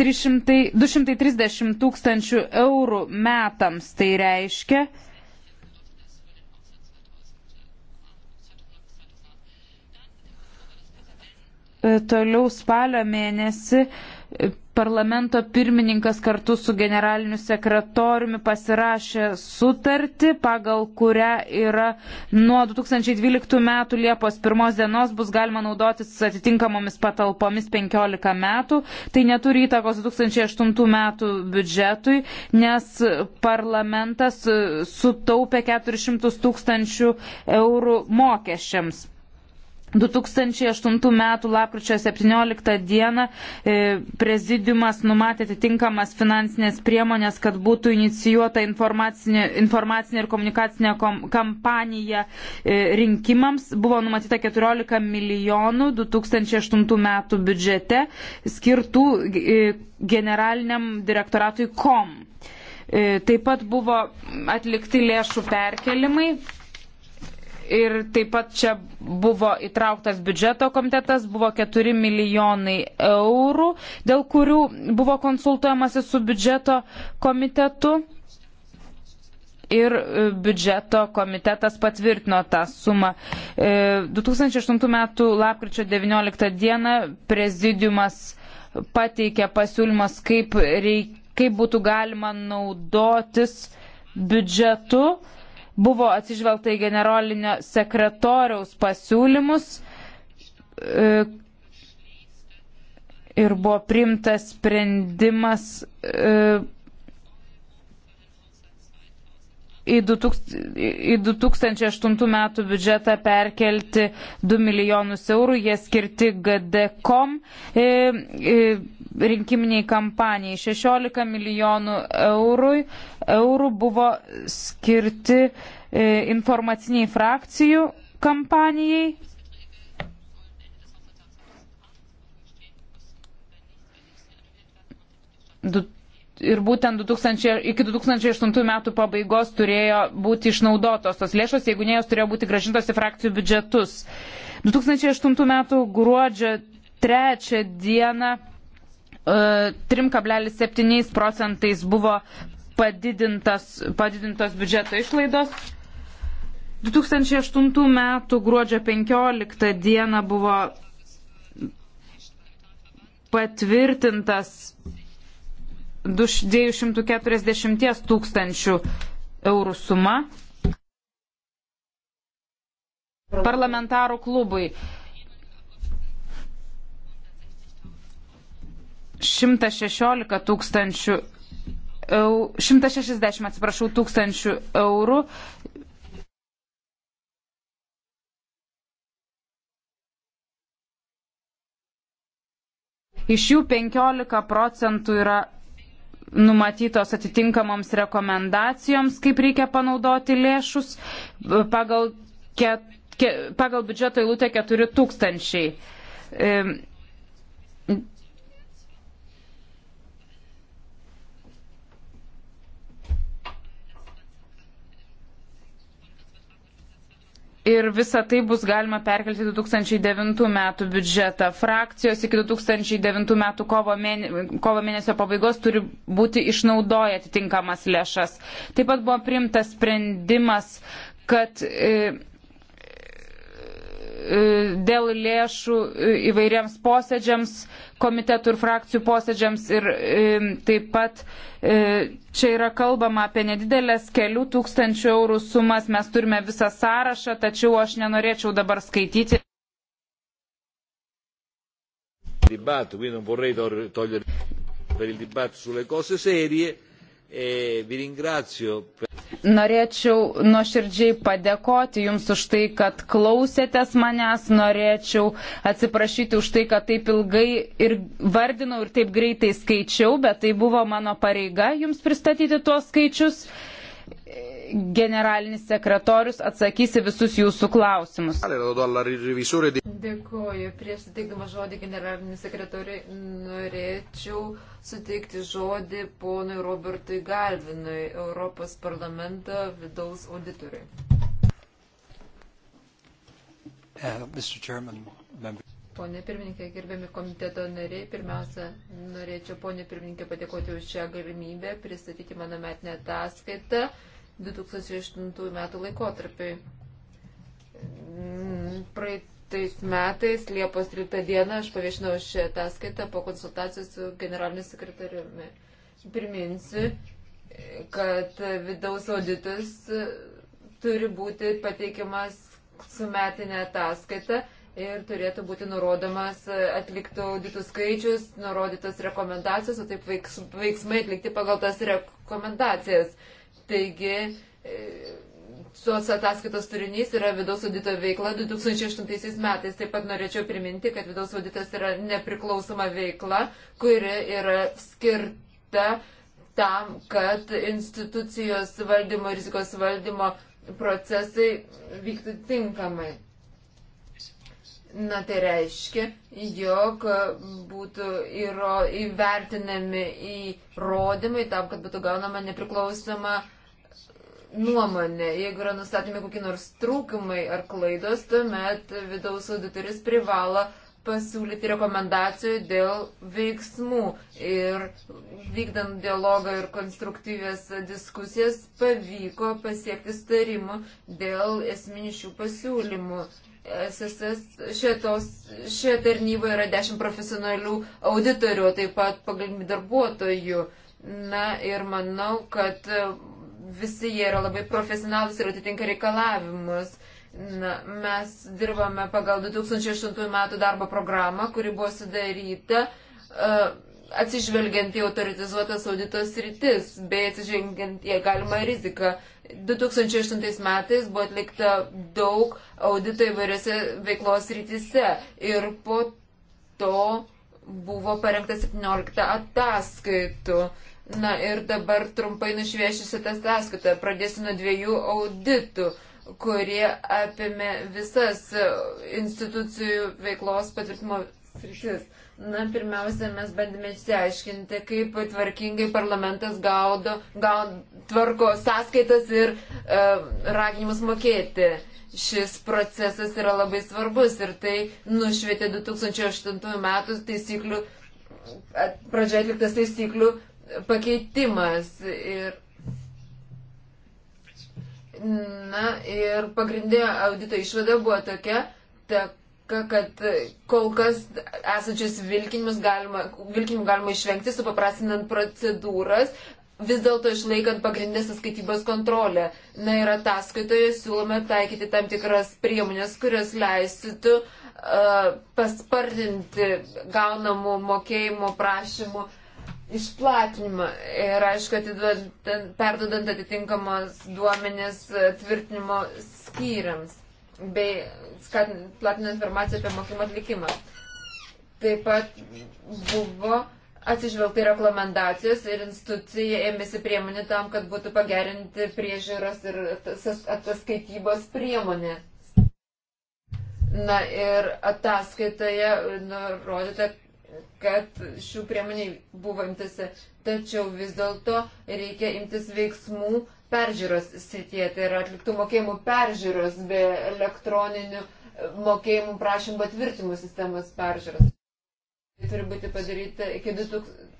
300, 230 tūkstančių eurų metams tai reiškia. E, toliau spalio mėnesį parlamento pirmininkas kartu su generaliniu sekretoriumi pasirašė sutartį, pagal kurią yra nuo 2012 metų Liepos 1 dienos bus galima naudotis atitinkamomis patalpomis 15 metų. Tai neturi įtakos 2008 metų biudžetui, nes parlamentas sutaupė 400 tūkstančių eurų mokesčiams. 2008 m. lapkričio 17 d. E, prezidiumas numatė atitinkamas finansinės priemonės, kad būtų inicijuota informacinė, informacinė ir komunikacinė kom, kampanija e, rinkimams. Buvo numatyta 14 milijonų 2008 m. biudžete skirtų e, generaliniam direktoratui KOM. Taip pat buvo atlikti lėšų perkelimai Ir taip pat čia buvo įtrauktas biudžeto komitetas, buvo 4 milijonai eurų, dėl kurių buvo konsultuojamasi su biudžeto komitetu. Ir e, biudžeto komitetas patvirtino tą sumą. 2008 e, m. lapkričio 19 d. prezidiumas pateikė pasiūlymas, kaip, reik, kaip būtų galima naudotis biudžetu buvo atsižvelgta į generalinio sekretoriaus pasiūlymus e, ir buvo priimtas sprendimas e, į 2008 metų biudžetą perkelti 2 milijonus eurų, jie skirti GDCOM e, e, rinkiminiai kampanijai. 16 milijonų eurų, eurų buvo skirti e, informaciniai frakcijų kampanijai. Du, ir būtent 2000, iki 2008 metų pabaigos turėjo būti išnaudotos tos lėšos, jeigu ne jos turėjo būti gražintos į frakcijų biudžetus. 2008 metų gruodžio 3 dieną 3,7 e, procentais buvo padidintos biudžeto išlaidos. 2008 metų gruodžio 15 dieną buvo patvirtintas 240 tūkstančių eurų suma parlamentarų klubui. 116 tūkstančių, 160 atsiprašau, tūkstančių eurų. Iš jų 15 procentų yra numatytos atitinkamoms rekomendacijoms, kaip reikia panaudoti lėšus e, pagal, ket, ke, pagal biudžeto eilutę 4000. ir visą tai bus galima perkelti į 2009 metų biudžetą. Frakcijos iki 2009 metų kovo, mėne, kovo mėnesio pabaigos turi būti išnaudoję atitinkamas lėšas. Taip pat buvo primtas sprendimas, kad e, E, dėl lėšų e, įvairiems posėdžiams, komitetų ir frakcijų posėdžiams ir e, taip pat čia yra kalbama apie nedidelės kelių tūkstančių eurų sumas, mes turime visą sąrašą, tačiau aš nenorėčiau dabar skaityti. Dibatto, quindi non vorrei togliere per il dibattito sulle cose serie e vi ringrazio per Norėčiau nuoširdžiai padėkoti Jums už tai, kad klausėtės manęs, norėčiau atsiprašyti už tai, kad taip ilgai ir vardinau ir taip greitai skaičiau, bet tai buvo mano pareiga Jums pristatyti tuos skaičius generalinis sekretorius atsakys į visus jūsų klausimus. Dėkuoju. Prieš suteikdama žodį generalinį sekretoriui norėčiau suteikti žodį ponui Robertui Galvinui, Europos parlamento vidaus auditoriui. Uh, pone pirmininkė, gerbiami komiteto nariai, pirmiausia, norėčiau, ponė pirmininkė, padėkoti už šią galimybę pristatyti mano metinę ataskaitą. Uh, 2008 metų laikotarpiai. Mm, praeitais metais, Liepos 13 dieną, aš paviešinau šią ataskaitą po konsultacijų su generaliniu sekretariumi. Priminsiu, kad vidaus auditas turi būti pateikiamas su metinė ataskaita ir turėtų būti nurodomas atliktų auditų skaičius, nurodytas rekomendacijos, o taip veiksmai atlikti pagal tas rekomendacijas. Taigi, Tos e, ataskaitos turinys yra vidaus audito veikla 2008 metais. Taip pat norėčiau priminti, kad vidaus auditas yra nepriklausoma veikla, kuri yra skirta tam, kad institucijos valdymo ir rizikos valdymo procesai vyktų tinkamai. Na tai reiškia, jog būtų įro, įvertinami įrodymai tam, kad būtų gaunama nepriklausoma uh, nuomonė. Jeigu yra nustatomi kokie nors trūkumai ar klaidos, tuomet vidaus auditoris privalo pasiūlyti rekomendacijų dėl veiksmų ir vykdant dialogą ir konstruktyvės diskusijas pavyko pasiekti starimų dėl esminių šių pasiūlymų. SSS šitos, šioje tarnyboje yra 10 profesionalių auditorių, taip pat pagalbinių darbuotojų. Na ir manau, kad visi jie yra labai profesionalus ir atitinka reikalavimus. Na, mes dirbame pagal 2008 metų darbo programą, kuri buvo sudaryta uh, atsižvelgiant į autoritizuotas auditos rytis, bei atsižvelgiant į galimą riziką. 2008 metais buvo atlikta daug audito įvairiose veiklos rytise ir po to buvo parengta 17 ataskaitų. Uh, Na ir dabar trumpai nušviešiusi tą sąskaitą. Pradėsiu nuo dviejų auditų, kurie apėmė visas institucijų veiklos patvirtimo sritis. Na, pirmiausia, mes bandėme išsiaiškinti, kaip tvarkingai parlamentas gaudo, gaud, tvarko sąskaitas ir e, raginimus mokėti. Šis procesas yra labai svarbus ir tai nušvietė 2008 metų taisyklių, pradžioje atliktas taisyklių pakeitimas. Ir, na ir pagrindinė audito išvada buvo tokia, ta, kad kol kas esančius vilkinimus galima, vilkinimų galima išvengti, supaprastinant procedūras, vis dėlto išlaikant pagrindinės atskaitybos kontrolę. Na ir ataskaitoje siūlome taikyti tam tikras priemonės, kurios leistytų uh, paspartinti gaunamų mokėjimo prašymų uh, išplatinimą ir, aišku, atiduodant, perdodant atitinkamos duomenės e, tvirtinimo skyriams bei skatinant platinant informaciją apie mokymo atlikimą. Taip pat buvo atsižvelgti rekomendacijos ir institucija ėmėsi priemonių tam, kad būtų pagerinti priežiūros ir ataskaitybos priemonė. Na ir ataskaitoje nurodyta, kad šių priemonių buvo imtasi, tačiau vis dėlto reikia imtis veiksmų peržiūros srityje, tai yra atliktų mokėjimų peržiūros bei elektroninių e, mokėjimų prašymų patvirtimų sistemos peržiūros. Tai turi būti padaryta iki 2000.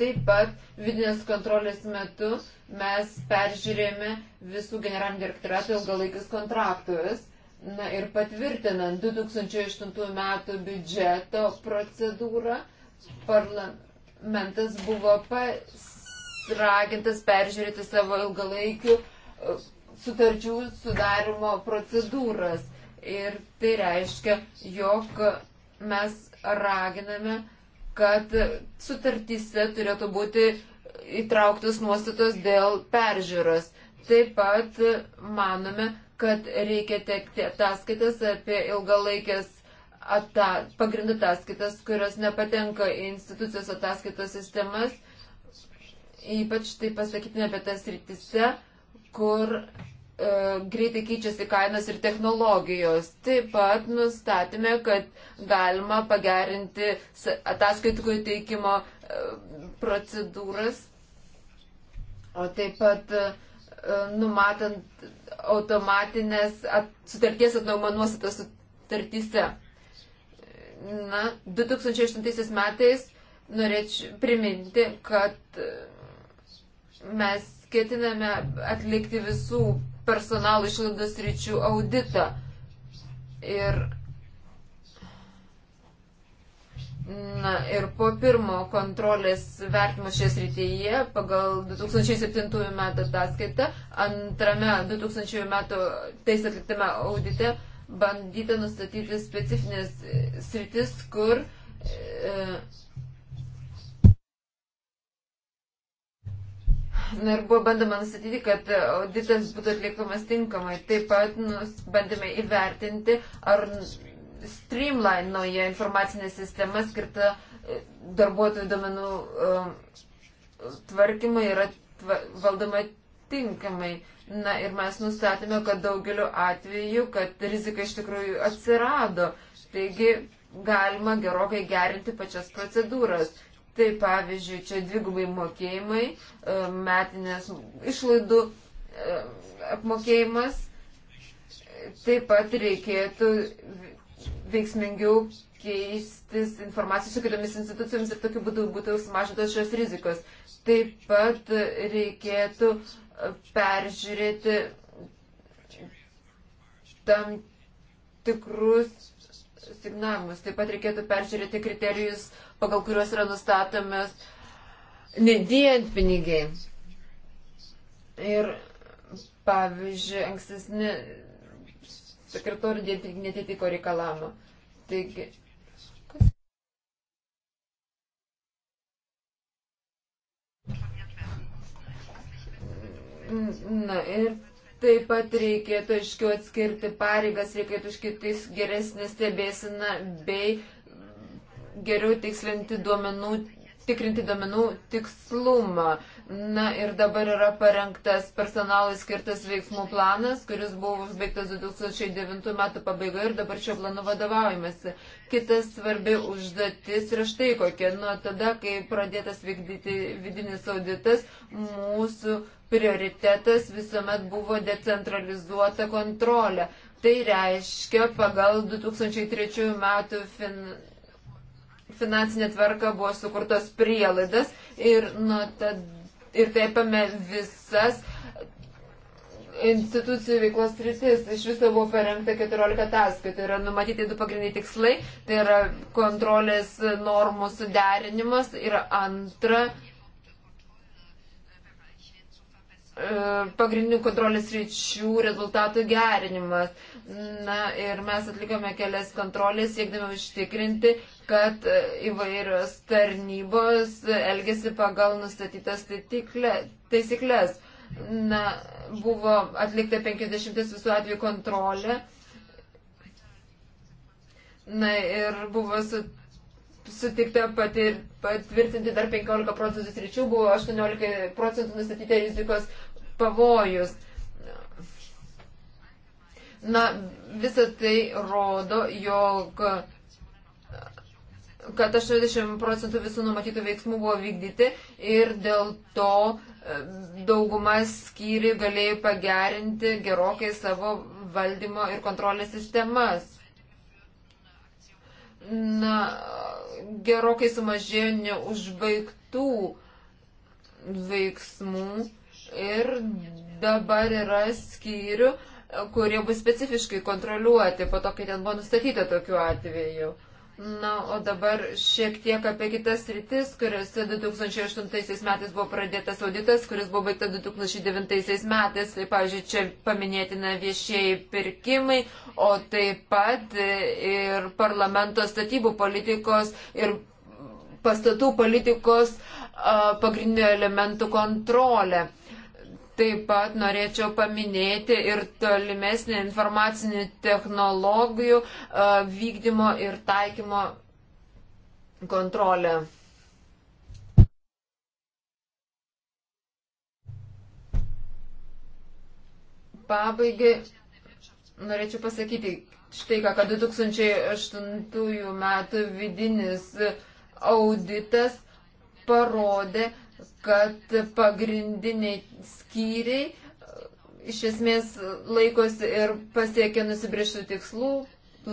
Taip pat vidinės kontrolės metu mes peržiūrėjome visų generalinių direktoratų ilgalaikius kontraktus Na ir patvirtinant 2008 metų biudžeto procedūrą, parlamentas buvo ragintas peržiūrėti savo ilgalaikių e, sutarčių sudarimo procedūras. Ir tai reiškia, jog mes raginame, kad sutartyse turėtų būti įtrauktos nuostatos dėl peržiūros. Taip pat manome, kad reikia tekti ataskaitas apie ilgalaikės ata, pagrindų ataskaitas, kurios nepatenka į institucijos ataskaitos sistemas. Ypač tai pasakytume apie tas rytise, kur e, greitai keičiasi kainos ir technologijos. Taip pat nustatėme, kad galima pagerinti ataskaitų teikimo e, procedūras. O taip pat e, numatant automatinės at, sutarties atnaumą nuostatas sutartyse. Na, 2008 metais norėčiau priminti, kad e, mes ketiname atlikti visų personalų išlaidų sričių auditą. Ir Na ir po pirmo kontrolės vertimo šioje srityje pagal 2007 metų ataskaitą, antrame 2000 metų tais atliktame audite bandyta nustatyti specifinės e, sritis, kur e, Na ir buvo bandoma nustatyti, kad auditas būtų atliekamas tinkamai. Taip pat nus, bandėme įvertinti, ar streamline nauja informacinė sistema skirta e, darbuotojų domenų e, tvarkymai yra valdoma tinkamai. Na ir mes nustatėme, kad daugeliu atveju, kad rizika iš tikrųjų atsirado. Taigi galima gerokai gerinti pačias procedūras. Tai pavyzdžiui, čia dvigubai mokėjimai, e, metinės išlaidų apmokėjimas. Taip pat reikėtų veiksmingiau keistis informaciją su kitomis institucijomis ir tokiu būdu būtų sumažintos šios rizikos. Taip pat reikėtų e, peržiūrėti tam tikrus signavimus. Taip pat reikėtų peržiūrėti kriterijus, pagal kuriuos yra nustatomas nedėjant pinigiai. Ir pavyzdžiui, ankstesni sekretorių netitiko reikalavimo. Taigi, kas? Na ir Taip pat reikėtų aiškiau atskirti pareigas, reikėtų iškitais geresnė stebėsina bei geriau tikslinti duomenų, tikrinti duomenų tikslumą. Na ir dabar yra parengtas personalui skirtas veiksmų planas, kuris buvo užbaigtas 2009 metų pabaigoje ir dabar šio planu vadovaujamasi. Kitas svarbi užduotis yra štai kokia. Nuo tada, kai pradėtas vykdyti vidinis auditas, mūsų prioritetas visuomet buvo decentralizuota kontrolė. Tai reiškia, pagal 2003 metų fin finansinė tvarka buvo sukurtos prielaidas ir nuo tada ir tai apame visas institucijų veiklos sritis. Iš viso buvo parengta 14 ataskaitų. Yra numatyti du pagrindiniai tikslai. Tai yra kontrolės normų suderinimas ir antra E, pagrindinių kontrolės ryčių rezultatų gerinimas. Na ir mes atlikome kelias kontrolės, siekdami užtikrinti, kad e, įvairios tarnybos elgesi pagal nustatytas taisyklės. Na, buvo atlikta 50 visų atvejų kontrolė. Na ir buvo su sutikta patir, patvirtinti dar 15 procentų sričių, buvo 18 procentų nustatyti rizikos pavojus. Na, visa tai rodo, jog kad 80 procentų visų numatytų veiksmų buvo vykdyti ir dėl to e, daugumas skyri galėjo pagerinti gerokai savo valdymo ir kontrolės sistemas. Na, gerokai sumažėjo neužbaigtų veiksmų ir dabar yra skyrių, kurie bus specifiškai kontroliuoti po to, kai ten buvo nustatyta tokiu atveju. Na, o dabar šiek tiek apie kitas rytis, kuriuose 2008 metais buvo pradėtas auditas, kuris buvo baigta 2009 metais. Tai, pavyzdžiui, čia paminėtina viešieji pirkimai, o taip pat ir parlamento statybų politikos ir pastatų politikos pagrindinio elementų kontrolė. Taip pat norėčiau paminėti ir tolimesnį informacinių technologijų e, vykdymo ir taikymo kontrolę. Pabaigai norėčiau pasakyti štai ką, kad 2008 metų vidinis auditas parodė, kad pagrindiniai skyriai e, iš esmės laikosi ir pasiekia nusibrieštų tikslų,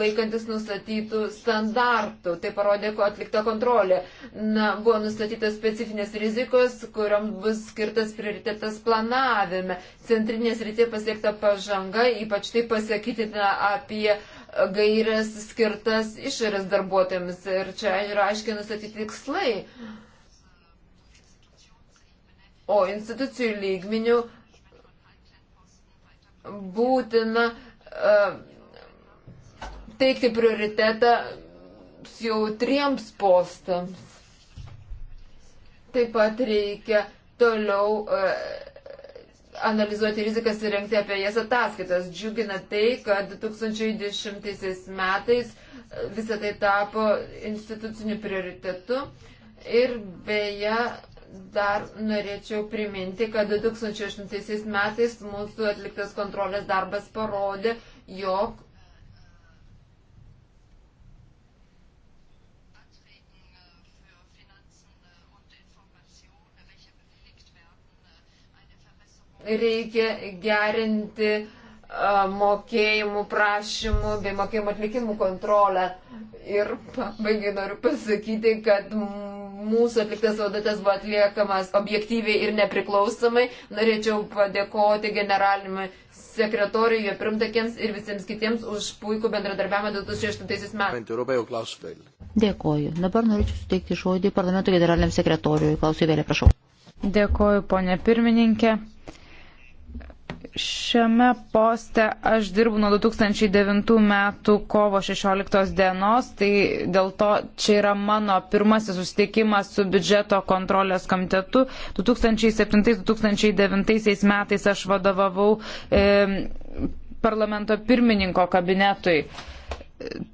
laikantis nustatytų standartų. Tai parodė, ko atlikta kontrolė. Na, buvo nustatytos specifinės rizikos, kuriam bus skirtas prioritetas planavime. Centrinės rytė pasiekta pažanga, ypač tai pasakytina apie gairias skirtas išorės darbuotojams. Ir čia yra aiškiai nustatyti tikslai. Uh, o institucijų lygmenių būtina uh, teikti prioritetą jautriems postams. Taip pat reikia toliau uh, analizuoti rizikas ir renkti apie jas ataskaitas. Džiugina tai, kad 2010 metais e, visą tai tapo instituciniu prioritetu ir beje dar norėčiau priminti, kad 2008 metais mūsų atliktas kontrolės darbas parodė, jog reikia gerinti mokėjimų prašymų bei mokėjimų atlikimų kontrolę. Ir pabaigai noriu pasakyti, kad mūsų atliktas auditas buvo atliekamas objektyviai ir nepriklausomai. Norėčiau padėkoti generalinimui sekretoriui, jo primtakiems ir visiems kitiems už puikų bendradarbiavimą 2008 metais. Dėkoju. Dabar norėčiau suteikti žodį parlamento generaliniam sekretoriui. Klausiu vėliau, prašau. Dėkoju, ponė pirmininkė. Šiame poste aš dirbu nuo 2009 metų kovo 16 dienos, tai dėl to čia yra mano pirmasis susitikimas su biudžeto kontrolės komitetu. 2007-2009 metais aš vadovavau e, parlamento pirmininko kabinetui. E,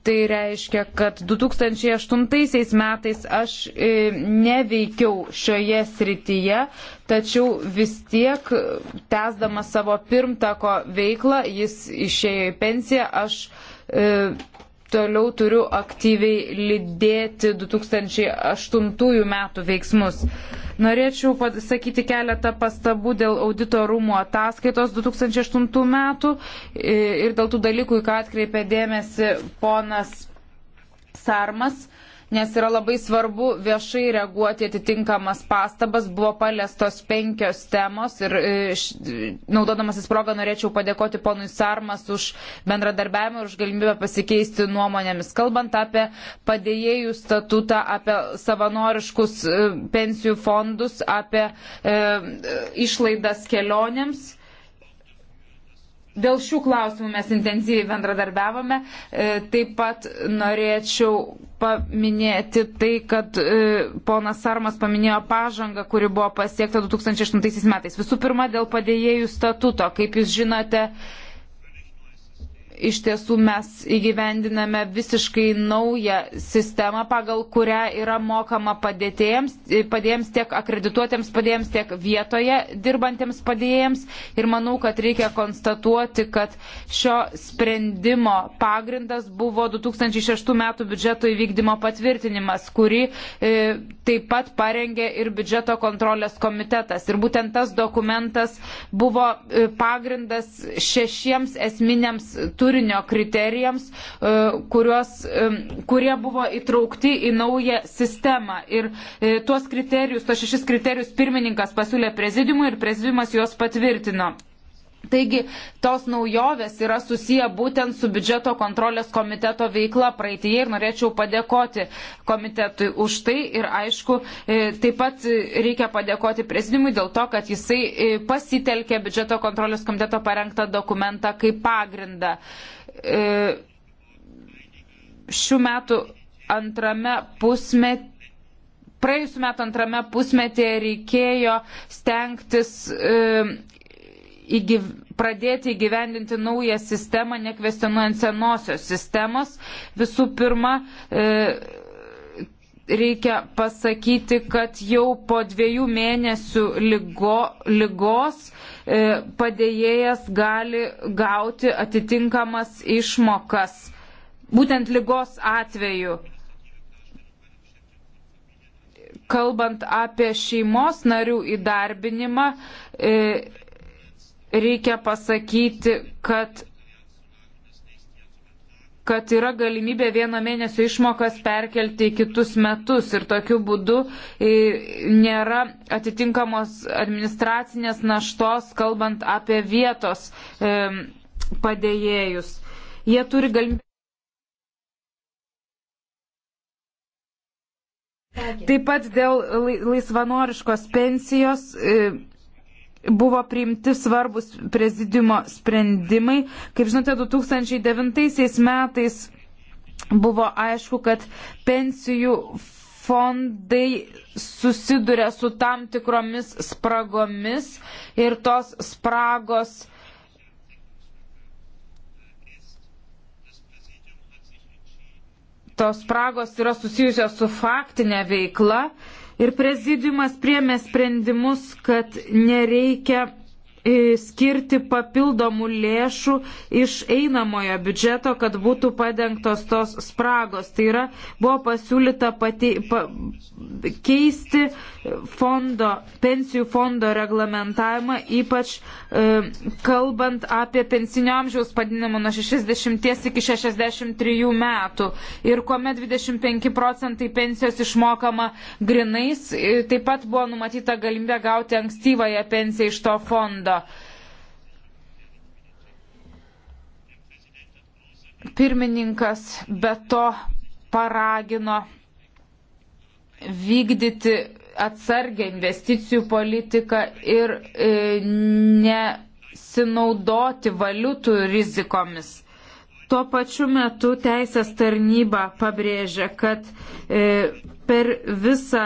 Tai reiškia, kad 2008 metais aš e, neveikiau šioje srityje, tačiau vis tiek, tęsdamas savo pirmtako veiklą, jis išėjo į pensiją, aš e, toliau turiu aktyviai lydėti 2008 metų veiksmus. Norėčiau pasakyti keletą pastabų dėl audito rūmų ataskaitos 2008 metų ir dėl tų dalykų, į ką atkreipė dėmesį ponas Sarmas nes yra labai svarbu viešai reaguoti atitinkamas pastabas. Buvo paliestos penkios temos ir e, naudodamasis progą norėčiau padėkoti ponui Sarmas už bendradarbiavimą ir už galimybę pasikeisti nuomonėmis. Kalbant apie padėjėjų statutą, apie savanoriškus e, pensijų fondus, apie e, e išlaidas kelionėms Dėl šių klausimų mes intensyviai bendradarbiavome. E, taip pat norėčiau paminėti tai, kad e, ponas Sarmas paminėjo pažangą, kuri buvo pasiekta 2008 metais. Visų pirma, dėl padėjėjų statuto. Kaip jūs žinote, iš tiesų mes įgyvendiname visiškai naują sistemą, pagal kurią yra mokama padėtėjams, padėjams tiek akredituotiems padėjams, tiek vietoje dirbantiems padėjams. Ir manau, kad reikia konstatuoti, kad šio sprendimo pagrindas buvo 2006 metų biudžeto įvykdymo patvirtinimas, kurį e, taip pat parengė ir biudžeto kontrolės komitetas. Ir būtent tas dokumentas buvo e, pagrindas šešiems esminiams turėjimams turinio kriterijams, e, kuriuos, e, kurie buvo įtraukti į naują sistemą. Ir e, tuos kriterijus, tos šešis kriterijus pirmininkas pasiūlė prezidimui ir prezidimas juos patvirtino. Taigi tos naujovės yra susiję būtent su biudžeto kontrolės komiteto veikla praeitie ir norėčiau padėkoti komitetui už tai ir aišku e, taip pat reikia padėkoti prezidimui dėl to, kad jisai e, pasitelkė biudžeto kontrolės komiteto parengtą dokumentą kaip pagrindą. E, šių metų antrame pusmetį praėjusiu metu antrame pusmetyje reikėjo stengtis e, įgyv... pradėti įgyvendinti naują sistemą, nekvestionuojant senosios sistemos. Visų pirma, e, reikia pasakyti, kad jau po dviejų mėnesių lygo, lygos e, padėjėjas gali gauti atitinkamas išmokas. Būtent lygos atveju kalbant apie šeimos narių įdarbinimą, e, reikia pasakyti, kad kad yra galimybė vieno mėnesio išmokas perkelti į kitus metus ir tokiu būdu e, nėra atitinkamos administracinės naštos, kalbant apie vietos e, padėjėjus. Jie turi galimybę. Taip pat dėl laisvanoriškos pensijos. E, buvo priimti svarbus prezidimo sprendimai. Kaip žinote, 2009 metais buvo aišku, kad pensijų fondai susiduria su tam tikromis spragomis ir tos spragos Tos spragos yra susijusios su faktinė veikla Ir prezidiumas priemė sprendimus, kad nereikia skirti papildomų lėšų iš einamojo biudžeto, kad būtų padengtos tos spragos. Tai yra, buvo pasiūlyta pati, pa, keisti fondo, pensijų fondo reglamentavimą, ypač e, kalbant apie pensinio amžiaus padinimą nuo 60 iki 63 metų. Ir kuomet 25 procentai pensijos išmokama grinais, e, taip pat buvo numatyta galimybė gauti ankstyvąją pensiją iš to fondo pagrindo. Pirmininkas be to paragino vykdyti atsargę investicijų politiką ir e, nesinaudoti valiutų rizikomis. Tuo pačiu metu teisės tarnyba pabrėžia, kad e, per visą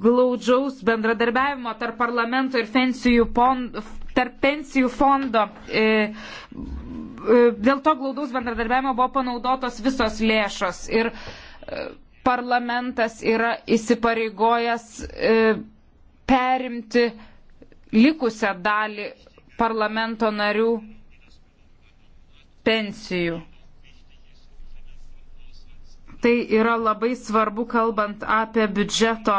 glaudžiaus bendradarbiavimo tarp parlamento ir pensijų, pond, tarp pensijų fondo. E, e, dėl to glaudaus bendradarbiavimo buvo panaudotos visos lėšos ir e, parlamentas yra įsipareigojęs e, perimti likusią dalį parlamento narių pensijų. Tai yra labai svarbu, kalbant apie biudžeto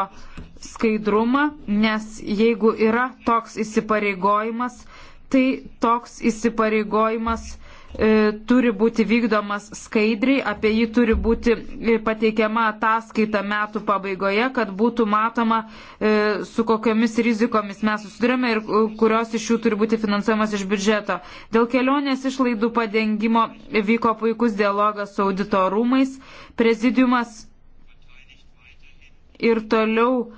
skaidrumą, nes jeigu yra toks įsipareigojimas, tai toks įsipareigojimas E, turi būti vykdomas skaidriai, apie jį turi būti e, pateikiama ataskaita metų pabaigoje, kad būtų matoma, e, su kokiamis rizikomis mes susidurėme ir kurios iš jų turi būti finansuojamas iš biudžeto. Dėl kelionės išlaidų padengimo vyko puikus dialogas su auditorumais. Prezidiumas ir toliau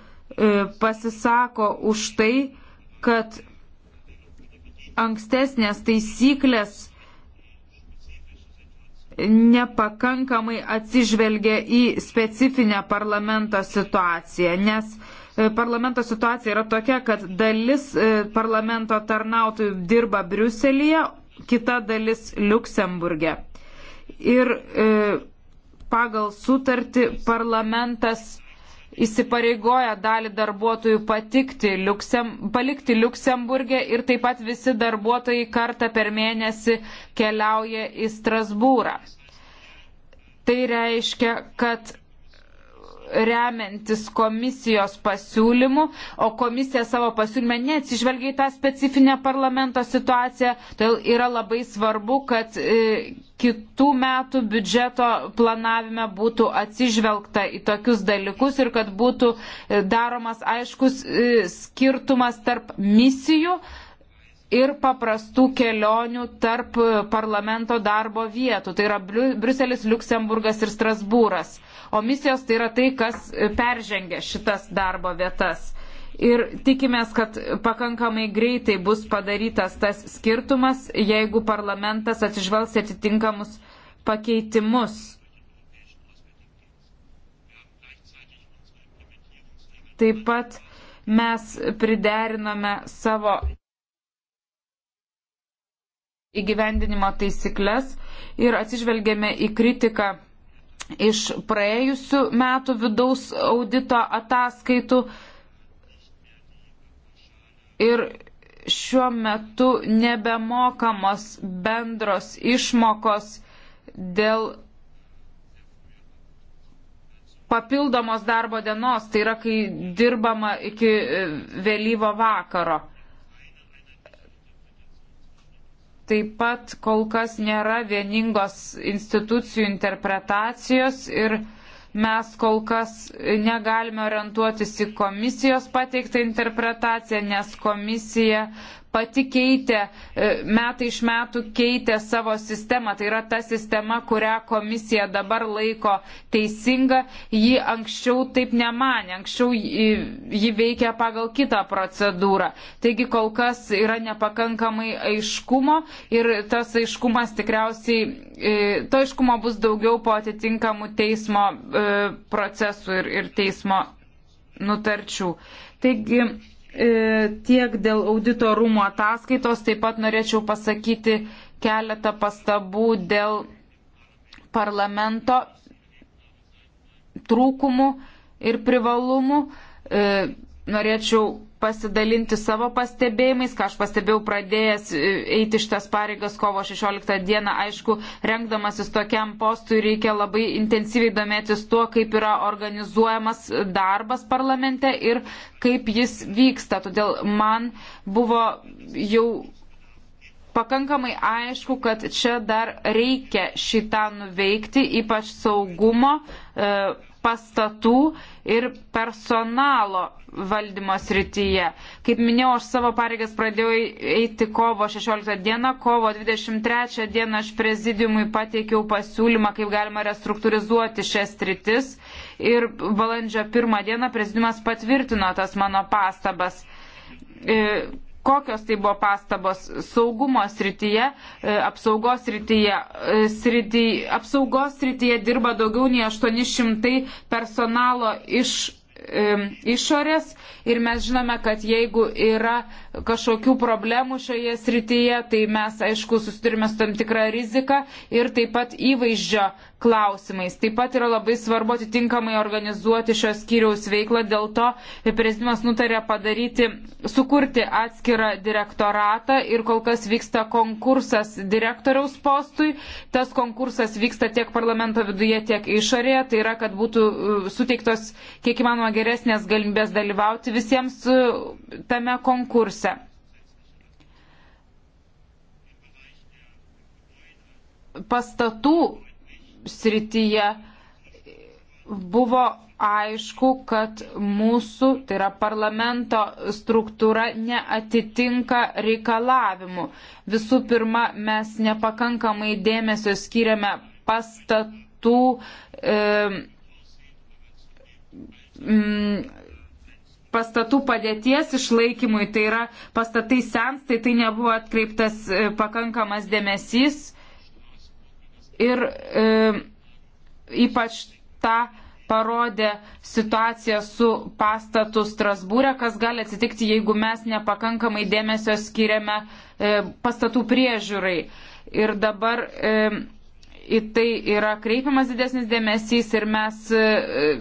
pasisako už tai, kad ankstesnės taisyklės nepakankamai atsižvelgia į specifinę parlamento situaciją, nes e, parlamento situacija yra tokia, kad dalis e, parlamento tarnautojų dirba Briuselėje, kita dalis Luksemburgė. Ir e, pagal sutartį parlamentas įsipareigoja dalį darbuotojų patikti, liuksem, palikti Luksemburgė ir taip pat visi darbuotojai kartą per mėnesį keliauja į Strasbūrą. Tai reiškia, kad remiantis komisijos pasiūlymu, o komisija savo pasiūlymę neatsižvelgia į tą specifinę parlamento situaciją, todėl yra labai svarbu, kad e, kitų metų biudžeto planavime būtų atsižvelgta į tokius dalykus ir kad būtų e, daromas aiškus e, skirtumas tarp misijų ir paprastų kelionių tarp parlamento darbo vietų. Tai yra Briuselis, Luksemburgas ir Strasbūras o misijos tai yra tai, kas peržengia šitas darbo vietas. Ir tikimės, kad pakankamai greitai bus padarytas tas skirtumas, jeigu parlamentas atsižvelgs atitinkamus pakeitimus. Taip pat mes priderinome savo įgyvendinimo taisyklės ir atsižvelgėme į kritiką iš praėjusių metų vidaus audito ataskaitų. Ir šiuo metu nebemokamos bendros išmokos dėl papildomos darbo dienos, tai yra, kai dirbama iki e, vėlyvo vakaro. Taip pat kol kas nėra vieningos institucijų interpretacijos ir mes kol kas negalime orientuotis į komisijos pateiktą interpretaciją, nes komisija pati keitė, e, metai iš metų keitė savo sistemą. Tai yra ta sistema, kurią komisija dabar laiko teisinga. Ji anksčiau taip nemanė, anksčiau ji veikia pagal kitą procedūrą. Taigi kol kas yra nepakankamai aiškumo ir tas aiškumas tikriausiai, e, to aiškumo bus daugiau po atitinkamų teismo e, procesų ir, ir teismo nutarčių. Taigi, E, tiek dėl audito rūmų ataskaitos, taip pat norėčiau pasakyti keletą pastabų dėl parlamento trūkumų ir privalumų. E, norėčiau pasidalinti savo pastebėjimais, ką aš pastebėjau pradėjęs e, eiti šitas pareigas kovo 16 dieną. Aišku, rengdamasis tokiam postui reikia labai intensyviai domėtis tuo, kaip yra organizuojamas darbas parlamente ir kaip jis vyksta. Todėl man buvo jau pakankamai aišku, kad čia dar reikia šitą nuveikti, ypač saugumo. E, pastatų ir personalo valdymo srityje. Kaip minėjau, aš savo pareigas pradėjau eiti kovo 16 dieną, kovo 23 dieną aš prezidiumui pateikiau pasiūlymą, kaip galima restruktūrizuoti šias sritis ir balandžio 1 dieną prezidiumas patvirtino tas mano pastabas e, kokios tai buvo pastabos saugumo srityje, e, apsaugos srityje, e, srity, apsaugos srityje dirba daugiau nei 800 personalo iš e, išorės ir mes žinome, kad jeigu yra kažkokių problemų šioje srityje, tai mes aišku susidurime su tam tikra rizika ir taip pat įvaizdžio klausimais. Taip pat yra labai svarbu atitinkamai organizuoti šios skyriaus veiklą, dėl to prezidimas nutarė padaryti, sukurti atskirą direktoratą ir kol kas vyksta konkursas direktoriaus postui. Tas konkursas vyksta tiek parlamento viduje, tiek išorėje, tai yra, kad būtų uh, suteiktos kiek įmanoma geresnės galimybės dalyvauti visiems uh, tame konkurse. pastatų srityje buvo aišku, kad mūsų, tai yra parlamento struktūra, neatitinka reikalavimų. Visų pirma, mes nepakankamai dėmesio skiriame pastatų. E, m, pastatų padėties išlaikymui, tai yra pastatai sens, tai tai nebuvo atkreiptas e, pakankamas dėmesys ir e, ypač tą parodė situacija su pastatu Strasbūrė, kas gali atsitikti, jeigu mes nepakankamai dėmesio skiriame e, pastatų priežiūrai. Ir dabar e, į tai yra kreipiamas didesnis dėmesys ir mes e,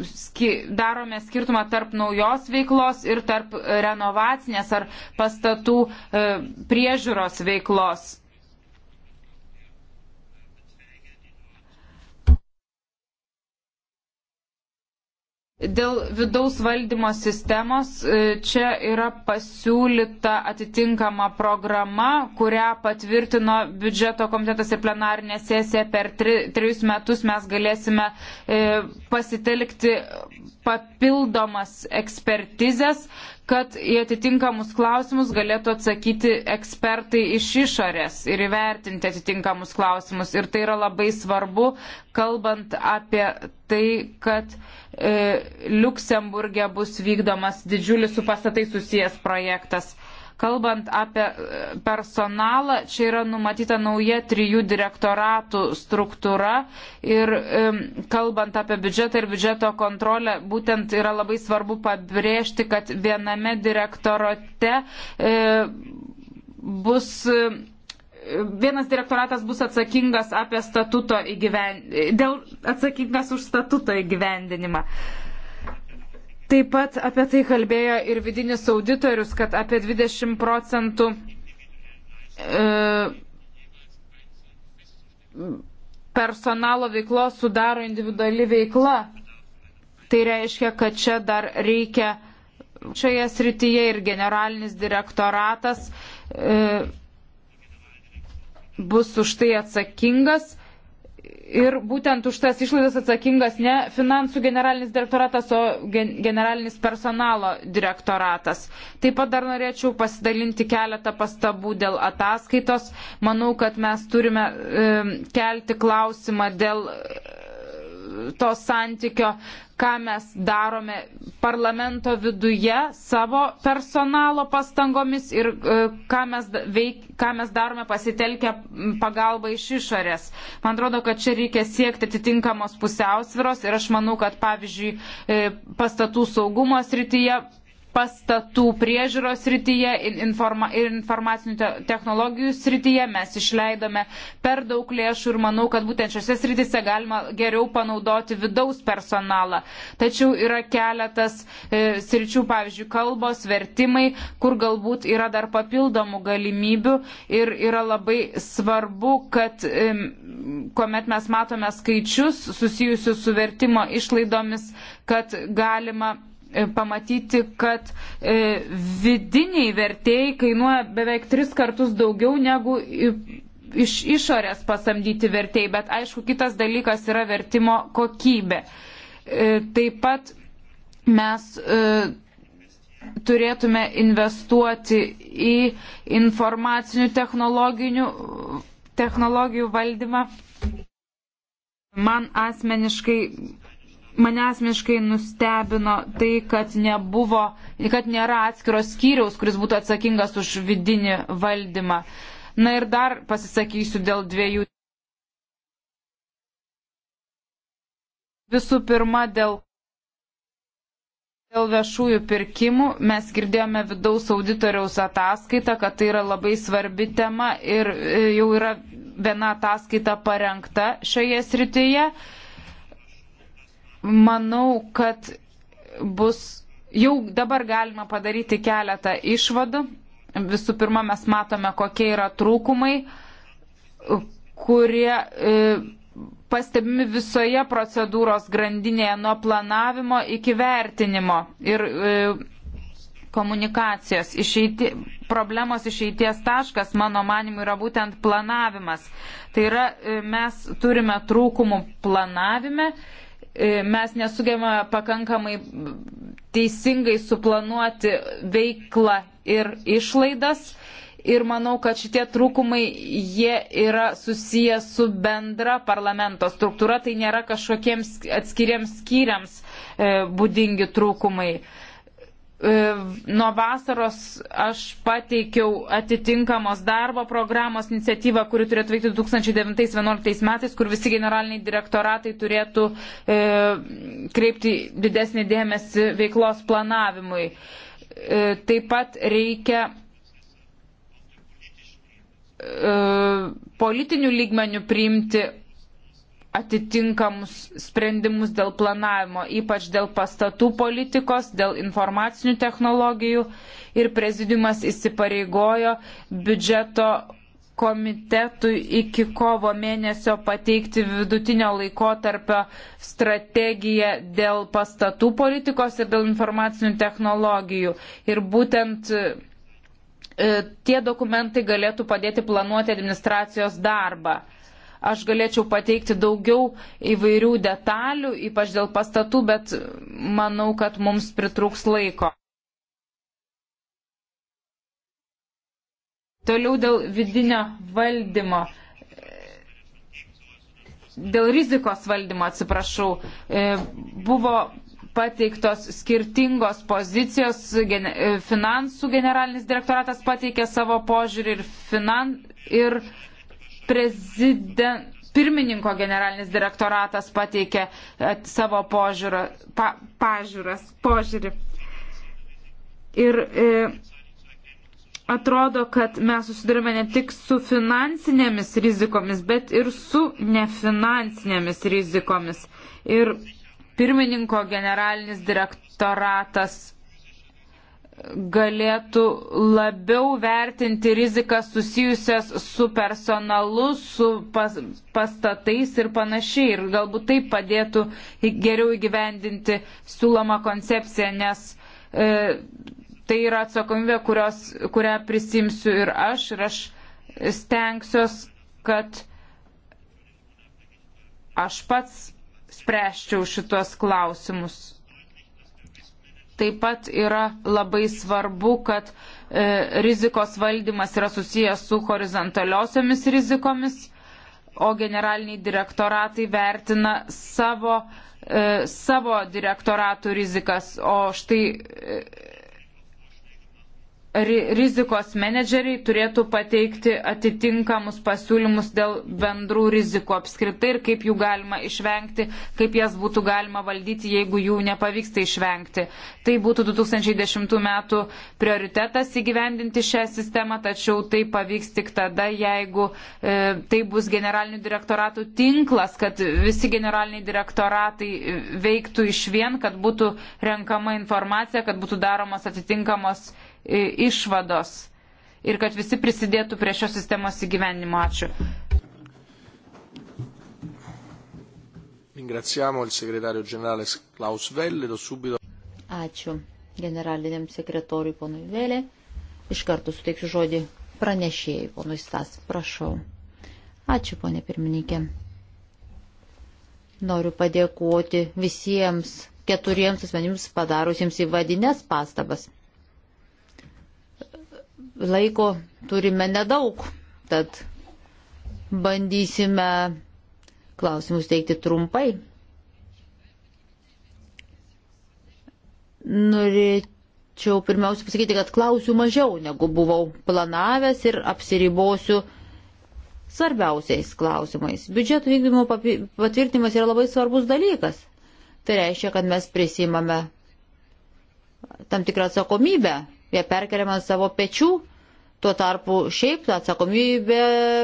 ski, darome skirtumą tarp naujos veiklos ir tarp renovacinės ar pastatų e, priežiūros veiklos. Dėl vidaus valdymo sistemos e, čia yra pasiūlyta atitinkama programa, kurią patvirtino biudžeto komitetas ir plenarinė sesija. Per tri, trejus metus mes galėsime e, pasitelkti papildomas ekspertizės, kad į atitinkamus klausimus galėtų atsakyti ekspertai iš išorės ir įvertinti atitinkamus klausimus. Ir tai yra labai svarbu, kalbant apie tai, kad e, Luksemburgė bus vykdomas didžiulis su pastatai susijęs projektas. Kalbant apie e, personalą, čia yra numatyta nauja trijų direktoratų struktūra ir e, kalbant apie biudžetą ir biudžeto kontrolę, būtent yra labai svarbu pabrėžti, kad viename direktorate e, bus vienas direktoratas bus atsakingas apie statuto įgyven... dėl atsakingas už statuto įgyvendinimą. Taip pat apie tai kalbėjo ir vidinis auditorius, kad apie 20 procentų e, personalo veiklos sudaro individuali veikla. Tai reiškia, kad čia dar reikia šioje srityje ir generalinis direktoratas. E, bus už tai atsakingas. Ir būtent už tas išlaidas atsakingas ne finansų generalinis direktoratas, o gen generalinis personalo direktoratas. Taip pat dar norėčiau pasidalinti keletą pastabų dėl ataskaitos. Manau, kad mes turime e, kelti klausimą dėl e, to santykio ką mes darome parlamento viduje savo personalo pastangomis ir e, ką mes, veik, ką mes darome pasitelkę pagalbą iš išorės. Man atrodo, kad čia reikia siekti atitinkamos pusiausviros ir aš manau, kad pavyzdžiui e, pastatų saugumo srityje pastatų priežiūros srityje ir, informa ir informacinių te technologijų srityje. Mes išleidome per daug lėšų ir manau, kad būtent šiose srityse galima geriau panaudoti vidaus personalą. Tačiau yra keletas e, sričių, pavyzdžiui, kalbos, vertimai, kur galbūt yra dar papildomų galimybių ir yra labai svarbu, kad e, kuomet mes matome skaičius susijusius su vertimo išlaidomis, kad galima E, pamatyti, kad e, vidiniai vertėjai kainuoja beveik tris kartus daugiau negu iš išorės pasamdyti vertėjai, bet aišku, kitas dalykas yra vertimo kokybė. E, taip pat mes turėtume investuoti į informacinių technologijų valdymą. Man asmeniškai Mane asmeniškai nustebino tai, kad, nebuvo, kad nėra atskiros skyriaus, kuris būtų atsakingas už vidinį valdymą. Na ir dar pasisakysiu dėl dviejų. Visų pirma, dėl, dėl viešųjų pirkimų mes girdėjome vidaus auditoriaus ataskaitą, kad tai yra labai svarbi tema ir e, jau yra viena ataskaita parengta šioje srityje manau, kad bus jau dabar galima padaryti keletą išvadų. Visų pirma, mes matome, kokie yra trūkumai, kurie e, pastebimi visoje procedūros grandinėje nuo planavimo iki vertinimo ir e, komunikacijos. Išeiti, problemos išeities taškas, mano manimu, yra būtent planavimas. Tai yra, e, mes turime trūkumų planavime E, mes nesugebame pakankamai teisingai suplanuoti veiklą ir išlaidas. Ir manau, kad šitie trūkumai, jie yra susiję su bendra parlamento struktūra, tai nėra kažkokiems atskiriems skyriams e, būdingi trūkumai. E, E, nuo vasaros aš pateikiau atitinkamos darbo programos iniciatyvą, kuri turėtų veikti 2009-2011 metais, kur visi generaliniai direktoratai turėtų e, kreipti didesnį dėmesį veiklos planavimui. E, taip pat reikia e, politinių lygmenių priimti atitinkamus sprendimus dėl planavimo, ypač dėl pastatų politikos, dėl informacinių technologijų ir prezidiumas įsipareigojo biudžeto komitetui iki kovo mėnesio pateikti vidutinio laikotarpio strategiją dėl pastatų politikos ir dėl informacinių technologijų. Ir būtent e, tie dokumentai galėtų padėti planuoti administracijos darbą. Aš galėčiau pateikti daugiau įvairių detalių, ypač dėl pastatų, bet manau, kad mums pritrūks laiko. Toliau dėl vidinio valdymo. Dėl rizikos valdymo, atsiprašau, e, buvo pateiktos skirtingos pozicijos, e, finansų generalinis direktoratas pateikė savo požiūrį ir, finan, ir e, prezident, pirmininko generalinis direktoratas pateikė e, savo požiūrą, pa, pažiūras, požiūrį. Ir e, atrodo, kad mes susidurime ne tik su finansinėmis rizikomis, bet ir su nefinansinėmis rizikomis. Ir pirmininko generalinis direktoratas galėtų labiau vertinti rizikas susijusias su personalu, su pas, pastatais ir panašiai. Ir galbūt tai padėtų geriau įgyvendinti siūlomą koncepciją, nes e, tai yra atsakomybė, kurios, kurią prisimsiu ir aš. Ir aš stengsiuos, kad aš pats spręščiau šitos klausimus. Taip pat yra labai svarbu, kad e, rizikos valdymas yra susijęs su horizontaliosiomis rizikomis, o generaliniai direktoratai vertina savo, e, savo direktoratų rizikas, o štai e, rizikos menedžeriai turėtų pateikti atitinkamus pasiūlymus dėl bendrų rizikų apskritai ir kaip jų galima išvengti, kaip jas būtų galima valdyti, jeigu jų nepavyksta išvengti. Tai būtų 2010 metų prioritetas įgyvendinti šią sistemą, tačiau tai pavyks tik tada, jeigu e, tai bus generalinių direktoratų tinklas, kad visi generaliniai direktoratai e, veiktų iš vien, kad būtų renkama informacija, kad būtų daromos atitinkamos išvados ir kad visi prisidėtų prie šios sistemos įgyvenimo. Ačiū. Ringraziamo il segretario generale Klaus Velle, do subito. Ačiū generaliniam sekretoriui ponui Vėlė. Iš karto suteiksiu žodį pranešėjai ponui Stas. Prašau. Ačiū ponė pirmininkė. Noriu padėkoti visiems keturiems asmenims padarusiems įvadinės pastabas laiko turime nedaug, tad bandysime klausimus teikti trumpai. Norėčiau pirmiausia pasakyti, kad klausiu mažiau negu buvau planavęs ir apsiribosiu svarbiausiais klausimais. Biudžeto vykdymo patvirtinimas yra labai svarbus dalykas. Tai reiškia, kad mes prisimame tam tikrą atsakomybę jie perkeliama savo pečių. Tuo tarpu šiaip ta atsakomybė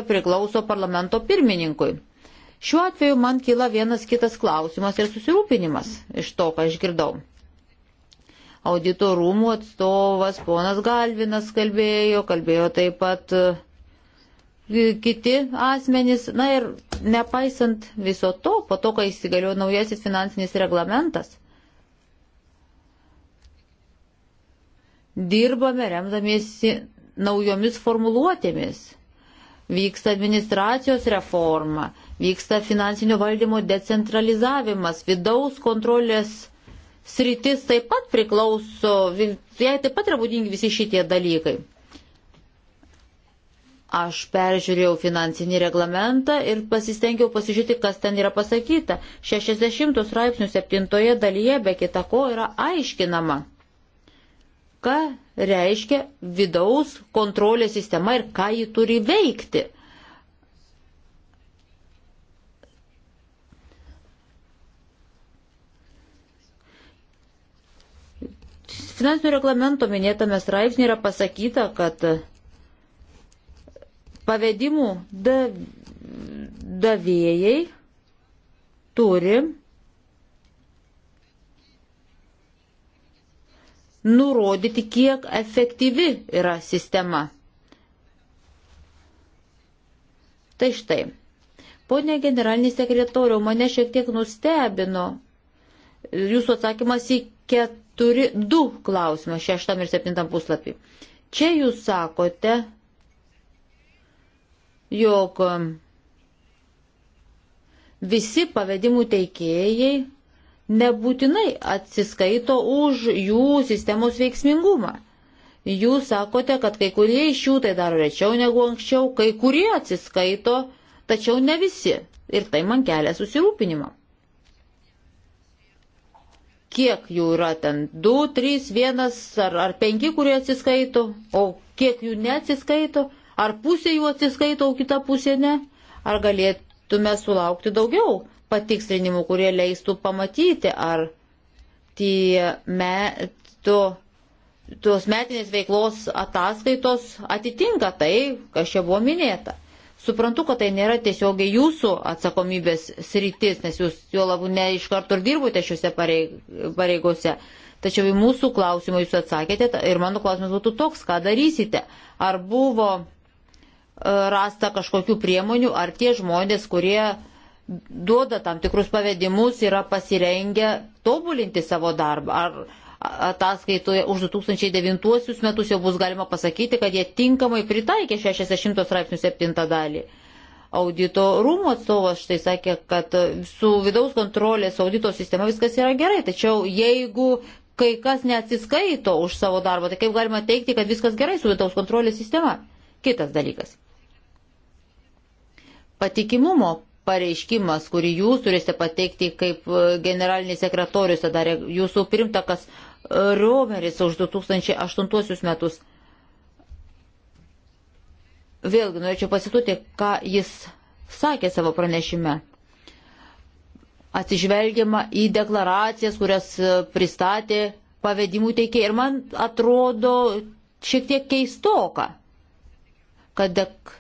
priklauso parlamento pirmininkui. Šiuo atveju man kyla vienas kitas klausimas ir susirūpinimas iš to, ką išgirdau. Audito rūmų atstovas ponas Galvinas kalbėjo, kalbėjo taip pat e, kiti asmenys. Na ir nepaisant viso to, po to, kai įsigaliojo naujasis finansinis reglamentas, dirbame remdamiesi naujomis formuluotėmis. Vyksta administracijos reforma, vyksta finansinio valdymo decentralizavimas, vidaus kontrolės sritis taip pat priklauso, jai taip pat yra būdingi visi šitie dalykai. Aš peržiūrėjau finansinį reglamentą ir pasistengiau pasižiūrėti, kas ten yra pasakyta. 60 straipsnių 7 dalyje be kita ko yra aiškinama ką reiškia vidaus kontrolės sistema ir ką ji turi veikti. Finansinio reglamento minėtame straipsnė yra pasakyta, kad pavedimų davėjai turi nurodyti, kiek efektyvi yra sistema. Tai štai. Pone generalinis sekretoriau, mane šiek tiek nustebino jūsų atsakymas į 4.2 klausimą 6 ir 7 puslapį. Čia jūs sakote, jog visi pavedimų teikėjai nebūtinai atsiskaito už jų sistemos veiksmingumą. Jūs sakote, kad kai kurie iš jų tai daro rečiau negu anksčiau, kai kurie atsiskaito, tačiau ne visi. Ir tai man kelia susirūpinimą. Kiek jų yra ten? 2, 3, 1 ar, ar 5, kurie atsiskaito, o kiek jų neatsiskaito, ar pusė jų atsiskaito, o kita pusė ne? Ar galėtume sulaukti daugiau? patikslinimų, kurie leistų pamatyti, ar tie metų, tos metinės veiklos ataskaitos atitinka tai, kas čia buvo minėta. Suprantu, kad tai nėra tiesiogiai jūsų atsakomybės sritis, nes jūs jo labu ne iš karto ir dirbote šiuose pareigose. Tačiau į mūsų klausimą jūs atsakėte ir mano klausimas būtų toks, ką darysite. Ar buvo e, rasta kažkokių priemonių, ar tie žmonės, kurie duoda tam tikrus pavedimus, yra pasirengę tobulinti savo darbą. Ar ataskaitoje už 2009 metus jau bus galima pasakyti, kad jie tinkamai pritaikė 60 straipsnių 7 dalį. Audito rūmų atstovas štai sakė, kad su vidaus kontrolės audito sistema viskas yra gerai, tačiau jeigu kai kas neatsiskaito už savo darbą, tai kaip galima teikti, kad viskas gerai su vidaus kontrolės sistema? Kitas dalykas. Patikimumo pareiškimas, kurį jūs turėsite pateikti kaip e, generalinis sekretorius, tai darė jūsų pirmtakas e, Romeris už 2008 metus. Vėlgi norėčiau pasitūti, ką jis sakė savo pranešime. Atsižvelgiama į deklaracijas, kurias e, pristatė pavedimų teikėjai. Ir man atrodo šiek tiek keistoka, kad, dek,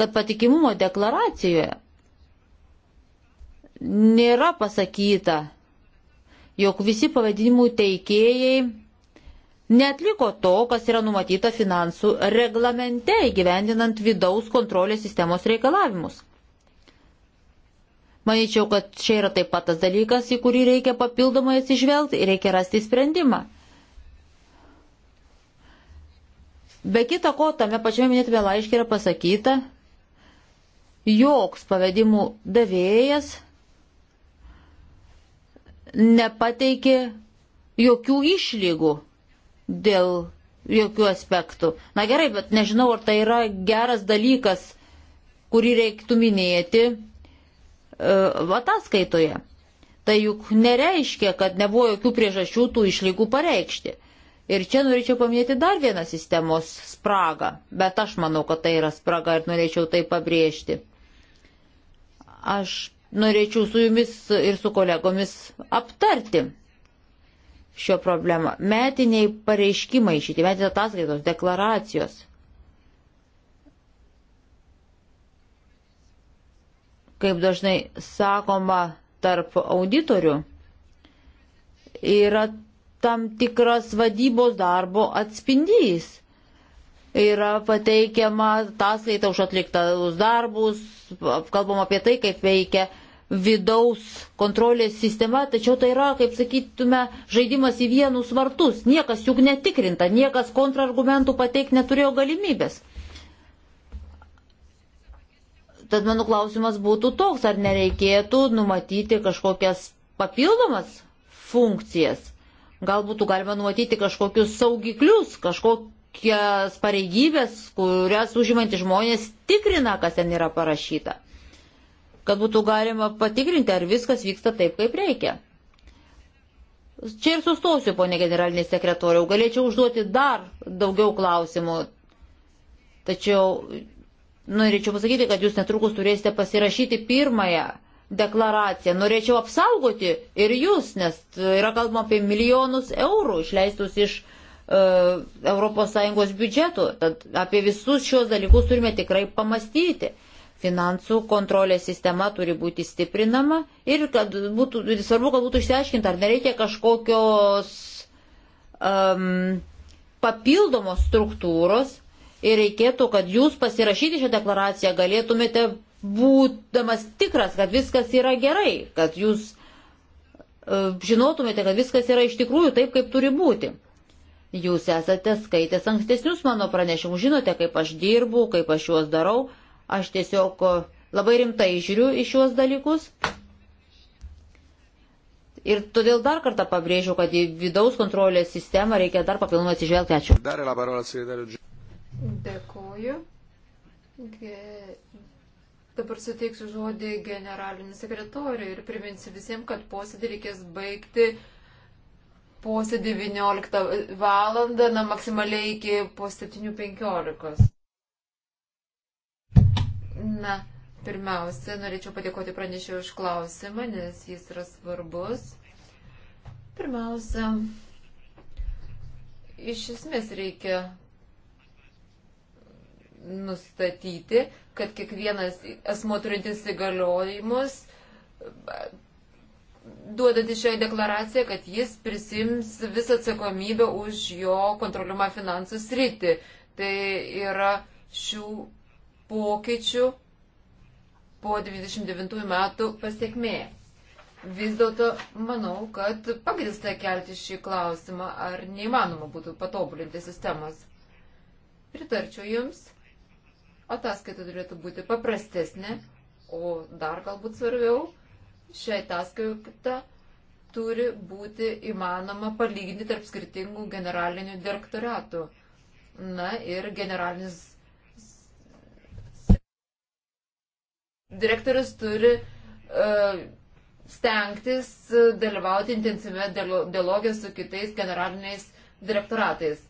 kad patikimumo deklaracijoje nėra pasakyta, jog visi pavadinimų teikėjai netliko to, kas yra numatyta finansų reglamente įgyvendinant vidaus kontrolės sistemos reikalavimus. Manyčiau, kad čia yra taip pat tas dalykas, į kurį reikia papildomai atsižvelgti ir reikia rasti sprendimą. Be kita ko, tame pačiame minėtame laiške yra pasakyta, joks pavedimų davėjas nepateikė jokių išlygų dėl jokių aspektų. Na gerai, bet nežinau, ar tai yra geras dalykas, kurį reiktų minėti e, ataskaitoje. Tai juk nereiškia, kad nebuvo jokių priežasčių tų išlygų pareikšti. Ir čia norėčiau paminėti dar vieną sistemos spragą, bet aš manau, kad tai yra spraga ir norėčiau tai pabrėžti. Aš norėčiau su jumis ir su kolegomis aptarti šio problemą. Metiniai pareiškimai, šitie metinės ataskaitos, deklaracijos. Kaip dažnai sakoma tarp auditorių, yra tam tikras vadybos darbo atspindys yra pateikiama ataskaita už atliktus darbus, kalbam apie tai, kaip veikia vidaus kontrolės sistema, tačiau tai yra, kaip sakytume, žaidimas į vienus vartus. Niekas juk netikrinta, niekas kontrargumentų pateikti neturėjo galimybės. Tad mano klausimas būtų toks, ar nereikėtų numatyti kažkokias papildomas funkcijas. Galbūt galima numatyti kažkokius saugiklius, kažkokius kokias pareigybės, kurias užimantys žmonės tikrina, kas ten yra parašyta. Kad būtų galima patikrinti, ar viskas vyksta taip, kaip reikia. Čia ir sustosiu, ponė generaliniai sekretoriau. Galėčiau užduoti dar daugiau klausimų. Tačiau norėčiau pasakyti, kad jūs netrukus turėsite pasirašyti pirmąją deklaraciją. Norėčiau apsaugoti ir jūs, nes yra kalbama apie milijonus eurų išleistus iš ES biudžetu. Tad apie visus šios dalykus turime tikrai pamastyti. Finansų kontrolės sistema turi būti stiprinama ir kad būtų, ir svarbu, kad būtų išsiaiškinta, ar nereikia kažkokios um, papildomos struktūros ir reikėtų, kad jūs pasirašyti šią deklaraciją galėtumėte būdamas tikras, kad viskas yra gerai, kad jūs e, žinotumėte, kad viskas yra iš tikrųjų taip, kaip turi būti. Jūs esate skaitęs ankstesnius mano pranešimus, žinote, kaip aš dirbu, kaip aš juos darau. Aš tiesiog e, labai rimtai žiūriu į šiuos dalykus. Ir todėl dar kartą pabrėžiu, kad į vidaus kontrolės sistemą reikia dar papilnų atsižvelgti. Ačiū. Dėkoju. Ge... Dabar suteiksiu žodį generalinį sekretorių ir priminsiu visiems, kad posėdį reikės baigti posėdį 19 val. na maksimaliai iki po 7.15. Na, pirmiausia, norėčiau padėkoti pranešėjui už klausimą, nes jis yra svarbus. Pirmiausia, iš esmės reikia nustatyti, kad kiekvienas asmo turintis įgaliojimus duodant į šią deklaraciją, kad jis prisims visą atsakomybę už jo kontroliumą finansų sritį. Tai yra šių pokyčių po 29 metų pasiekmė. Vis dėlto manau, kad pagrįsta kelti šį klausimą, ar neįmanoma būtų patobulinti sistemos. Pritarčiau Jums, ataskaita turėtų būti paprastesnė, o dar galbūt svarbiau šią ataskaitą turi būti įmanoma palyginti tarp skirtingų generalinių direktoratų. Na ir generalinis direktorius turi uh, stengtis dalyvauti intensyvę dialogę su kitais generaliniais direktoratais.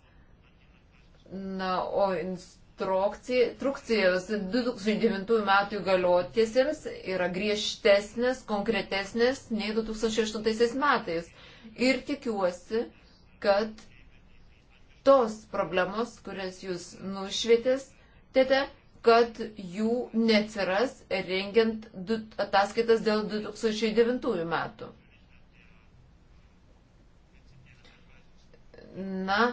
Na, o inst trukcijos 2009 metų įgaliotiesiems yra griežtesnės, konkretesnės nei 2008 metais. Ir tikiuosi, kad tos problemos, kurias jūs nušvietės, tete, kad jų neatsiras rengiant ataskaitas dėl 2009 metų. Na,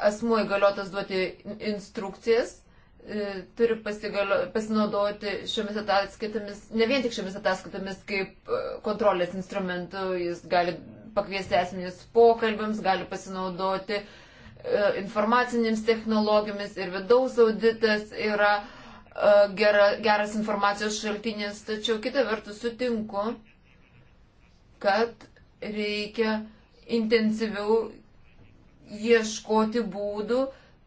asmuo įgaliotas duoti instrukcijas e, turi pasinaudoti šiomis ataskaitomis, ne vien tik šiomis ataskaitomis kaip e, kontrolės instrumentu, jis gali pakviesti esmenis pokalbiams, gali pasinaudoti e, informacinėms technologijomis ir vidaus auditas yra gera, geras informacijos šaltinis, tačiau kitą vertus sutinku, kad reikia intensyviau ieškoti būdų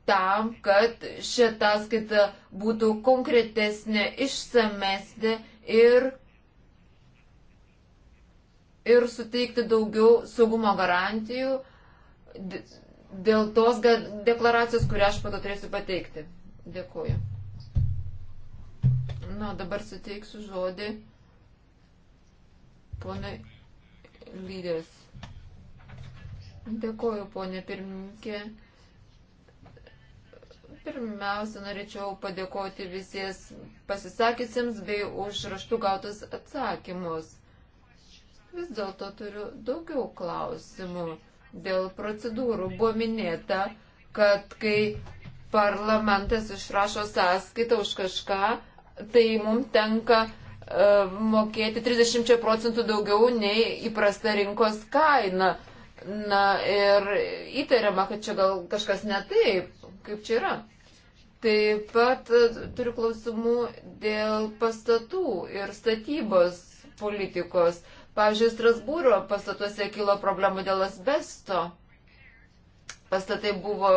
tam, kad šita skaita būtų konkretesnė, išsamesnė ir, ir suteikti daugiau saugumo garantijų dėl tos deklaracijos, kurią aš pato turėsiu pateikti. Dėkuoju. Na, dabar suteiksiu žodį ponai lyderis. Dėkoju, ponė pirmininkė. Pirmiausia, norėčiau padėkoti visies pasisakysiams bei už raštų gautus atsakymus. Vis dėlto turiu daugiau klausimų dėl procedūrų. Buvo minėta, kad kai parlamentas išrašo sąskaitą už kažką, tai mums tenka e, mokėti 30 procentų daugiau nei įprasta rinkos kaina. Na ir įtariama, kad čia gal kažkas ne taip, kaip čia yra. Taip pat e, turiu klausimų dėl pastatų ir statybos politikos. Pavyzdžiui, Strasbūro pastatuose kilo problemų dėl asbesto. Pastatai buvo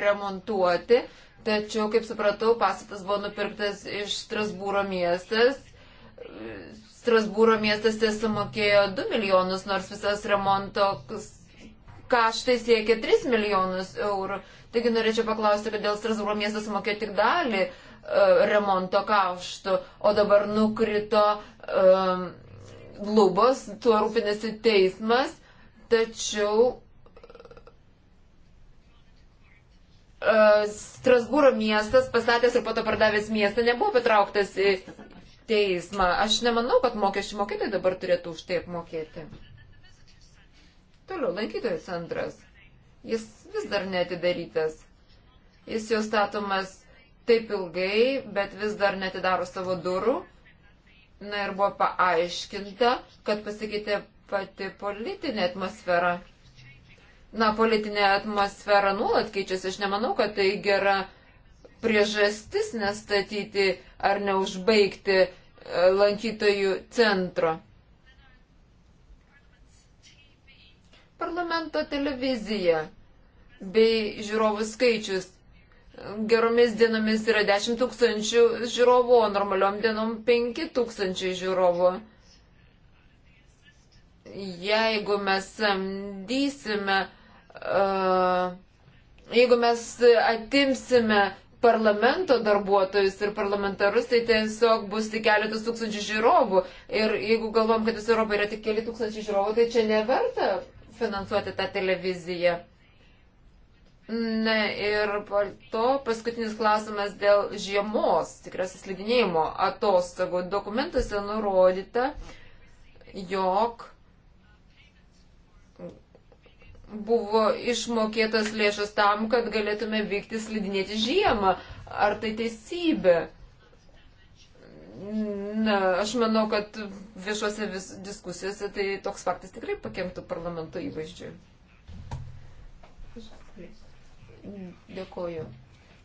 remontuoti, tačiau, kaip supratau, pastatas buvo nupirktas iš Strasbūro miestas Strasbūro miestas sumokėjo 2 milijonus, nors visas remonto kaštai siekia 3 milijonus eurų. Taigi norėčiau paklausti, kodėl Strasbūro miestas sumokėjo tik dalį e, remonto kaštų, o dabar nukrito um, e, lubos, tuo rūpinasi teismas, tačiau e, Strasbūro miestas, pastatęs ir po to pardavęs miestą, nebuvo patrauktas į, teismą. Aš nemanau, kad mokesčių mokėtojai dabar turėtų už tai apmokėti. Toliau, lankytojų centras. Jis vis dar netidarytas. Jis jau statomas taip ilgai, bet vis dar netidaro savo durų. Na ir buvo paaiškinta, kad pasikeitė pati politinė atmosfera. Na, politinė atmosfera nuolat keičiasi, aš nemanau, kad tai gera priežastis nestatyti ar neužbaigti e, lankytojų centro. Parlamento televizija bei žiūrovų skaičius. Geromis dienomis yra 10 tūkstančių žiūrovų, o normaliom dienom 5 tūkstančiai žiūrovų. Jeigu mes samdysime, uh, jeigu mes atimsime parlamento darbuotojus ir parlamentarus, tai tiesiog bus tik keletas tūkstančių žiūrovų. Ir jeigu galvom, kad visų Europoje yra tik keli tūkstančiai žiūrovų, tai čia neverta finansuoti tą televiziją. Na ir po to paskutinis klausimas dėl žiemos, tikriausiai slidinėjimo atostogų. Dokumentuose nurodyta, jog buvo išmokėtas lėšas tam, kad galėtume vykti slidinėti žiemą. Ar tai teisybė? Na, aš manau, kad viešuose vis diskusijose tai toks faktas tikrai pakenktų parlamento įvaizdžiui. Dėkoju.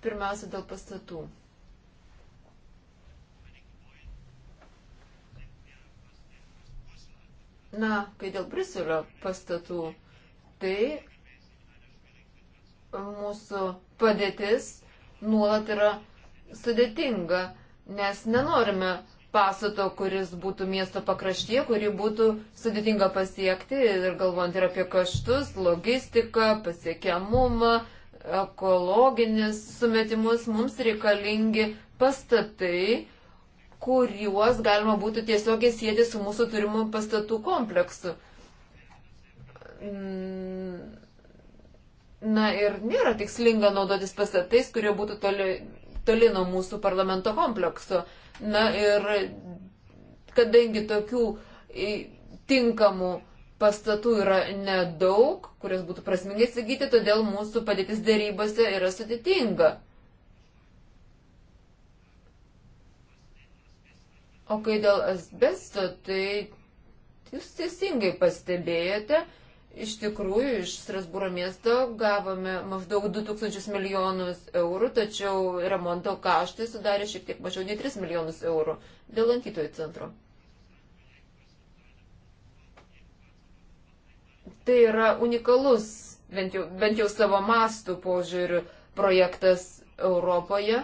Pirmiausia, dėl pastatų. Na, kai dėl Briuselio pastatų tai mūsų padėtis nuolat yra sudėtinga, nes nenorime pastato, kuris būtų miesto pakraštyje, kurį būtų sudėtinga pasiekti ir galvojant ir apie kaštus, logistiką, pasiekiamumą, ekologinis sumetimus, mums reikalingi pastatai, kuriuos galima būtų tiesiogiai sėti su mūsų turimu pastatų kompleksu. Mm, na ir nėra tikslinga naudotis pastatais, kurie būtų toli, toli nuo mūsų parlamento komplekso. Na ir kadangi tokių tinkamų pastatų yra nedaug, kurias būtų prasmingai įsigyti, todėl mūsų padėtis dėrybose yra sudėtinga. O kai dėl asbesto, tai jūs teisingai pastebėjote, Iš tikrųjų, iš Strasbūro miesto gavome maždaug 2000 milijonus eurų, tačiau remonto kaštai sudarė šiek tiek mažiau nei 3 milijonus eurų dėl lankytojų centro. Tai yra unikalus, bent jau, bent jau savo mastų požiūrių, projektas Europoje.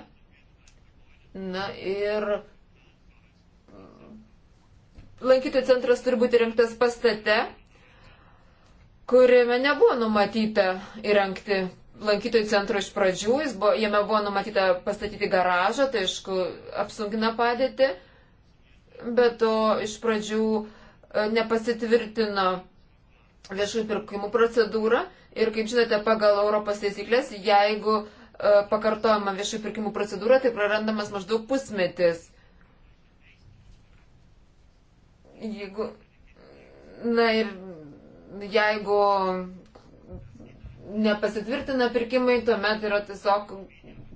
Na ir lankytojų centras turi būti rinktas pastate kuriame nebuvo numatyta įrengti lankytojų centro iš pradžių, buvo, jame buvo numatyta pastatyti garažą, tai aišku, apsunkina padėti, bet to iš pradžių e, nepasitvirtino viešųjų pirkimų procedūra ir, kaip žinote, pagal Europos teisiklės, jeigu e, pakartojama viešųjų pirkimų procedūra, tai prarandamas maždaug pusmetis. Jeigu, na ir jeigu nepasitvirtina pirkimai, tuomet yra tiesiog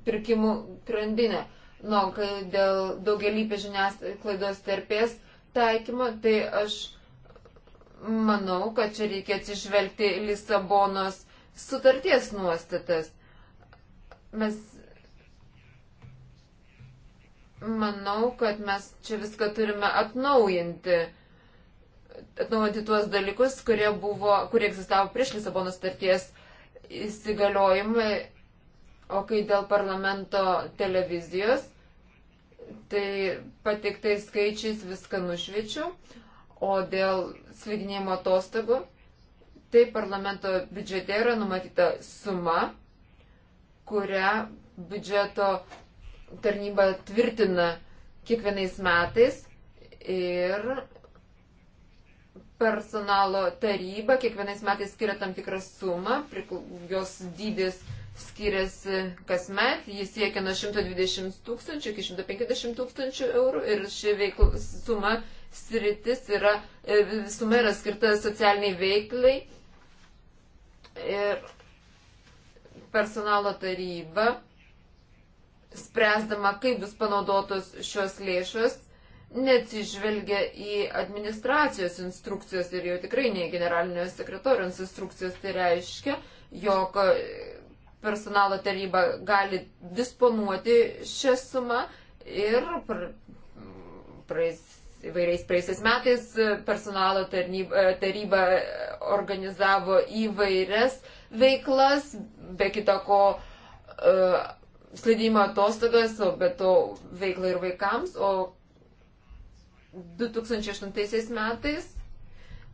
pirkimų grandinė. Nu, kai dėl daugelįpė žiniasklaidos terpės taikymo, tai aš manau, kad čia reikia atsižvelgti Lisabonos sutarties nuostatas. Mes manau, kad mes čia viską turime atnaujinti atnaujinti tuos dalykus, kurie, buvo, kurie egzistavo prieš Lisabono starties įsigaliojimą. O kai dėl parlamento televizijos, tai patiktais skaičiais viską nušvečiu. O dėl slidinėjimo atostogų, tai parlamento biudžete yra numatyta suma, kurią biudžeto tarnyba tvirtina kiekvienais metais ir personalo taryba kiekvienais metais skiria tam tikrą sumą, jos dydis skiriasi kasmet, jis siekia nuo 120 tūkstančių iki 150 tūkstančių eurų ir ši veikla, suma sritis yra, e, suma yra skirta socialiniai veiklai ir personalo taryba, spręsdama, kaip bus panaudotos šios lėšos, neatsižvelgia į administracijos instrukcijos ir jau tikrai ne generalinio sekretorijos instrukcijos. Tai reiškia, jog personalo taryba gali disponuoti šią sumą ir praeis, įvairiais praeisiais metais personalo taryba, taryba organizavo įvairias veiklas, be kitako e, slidimo atostogas, o be to veikla ir vaikams, o 2008 metais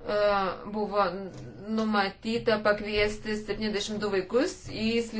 e, buvo numatyta pakviesti 72 vaikus į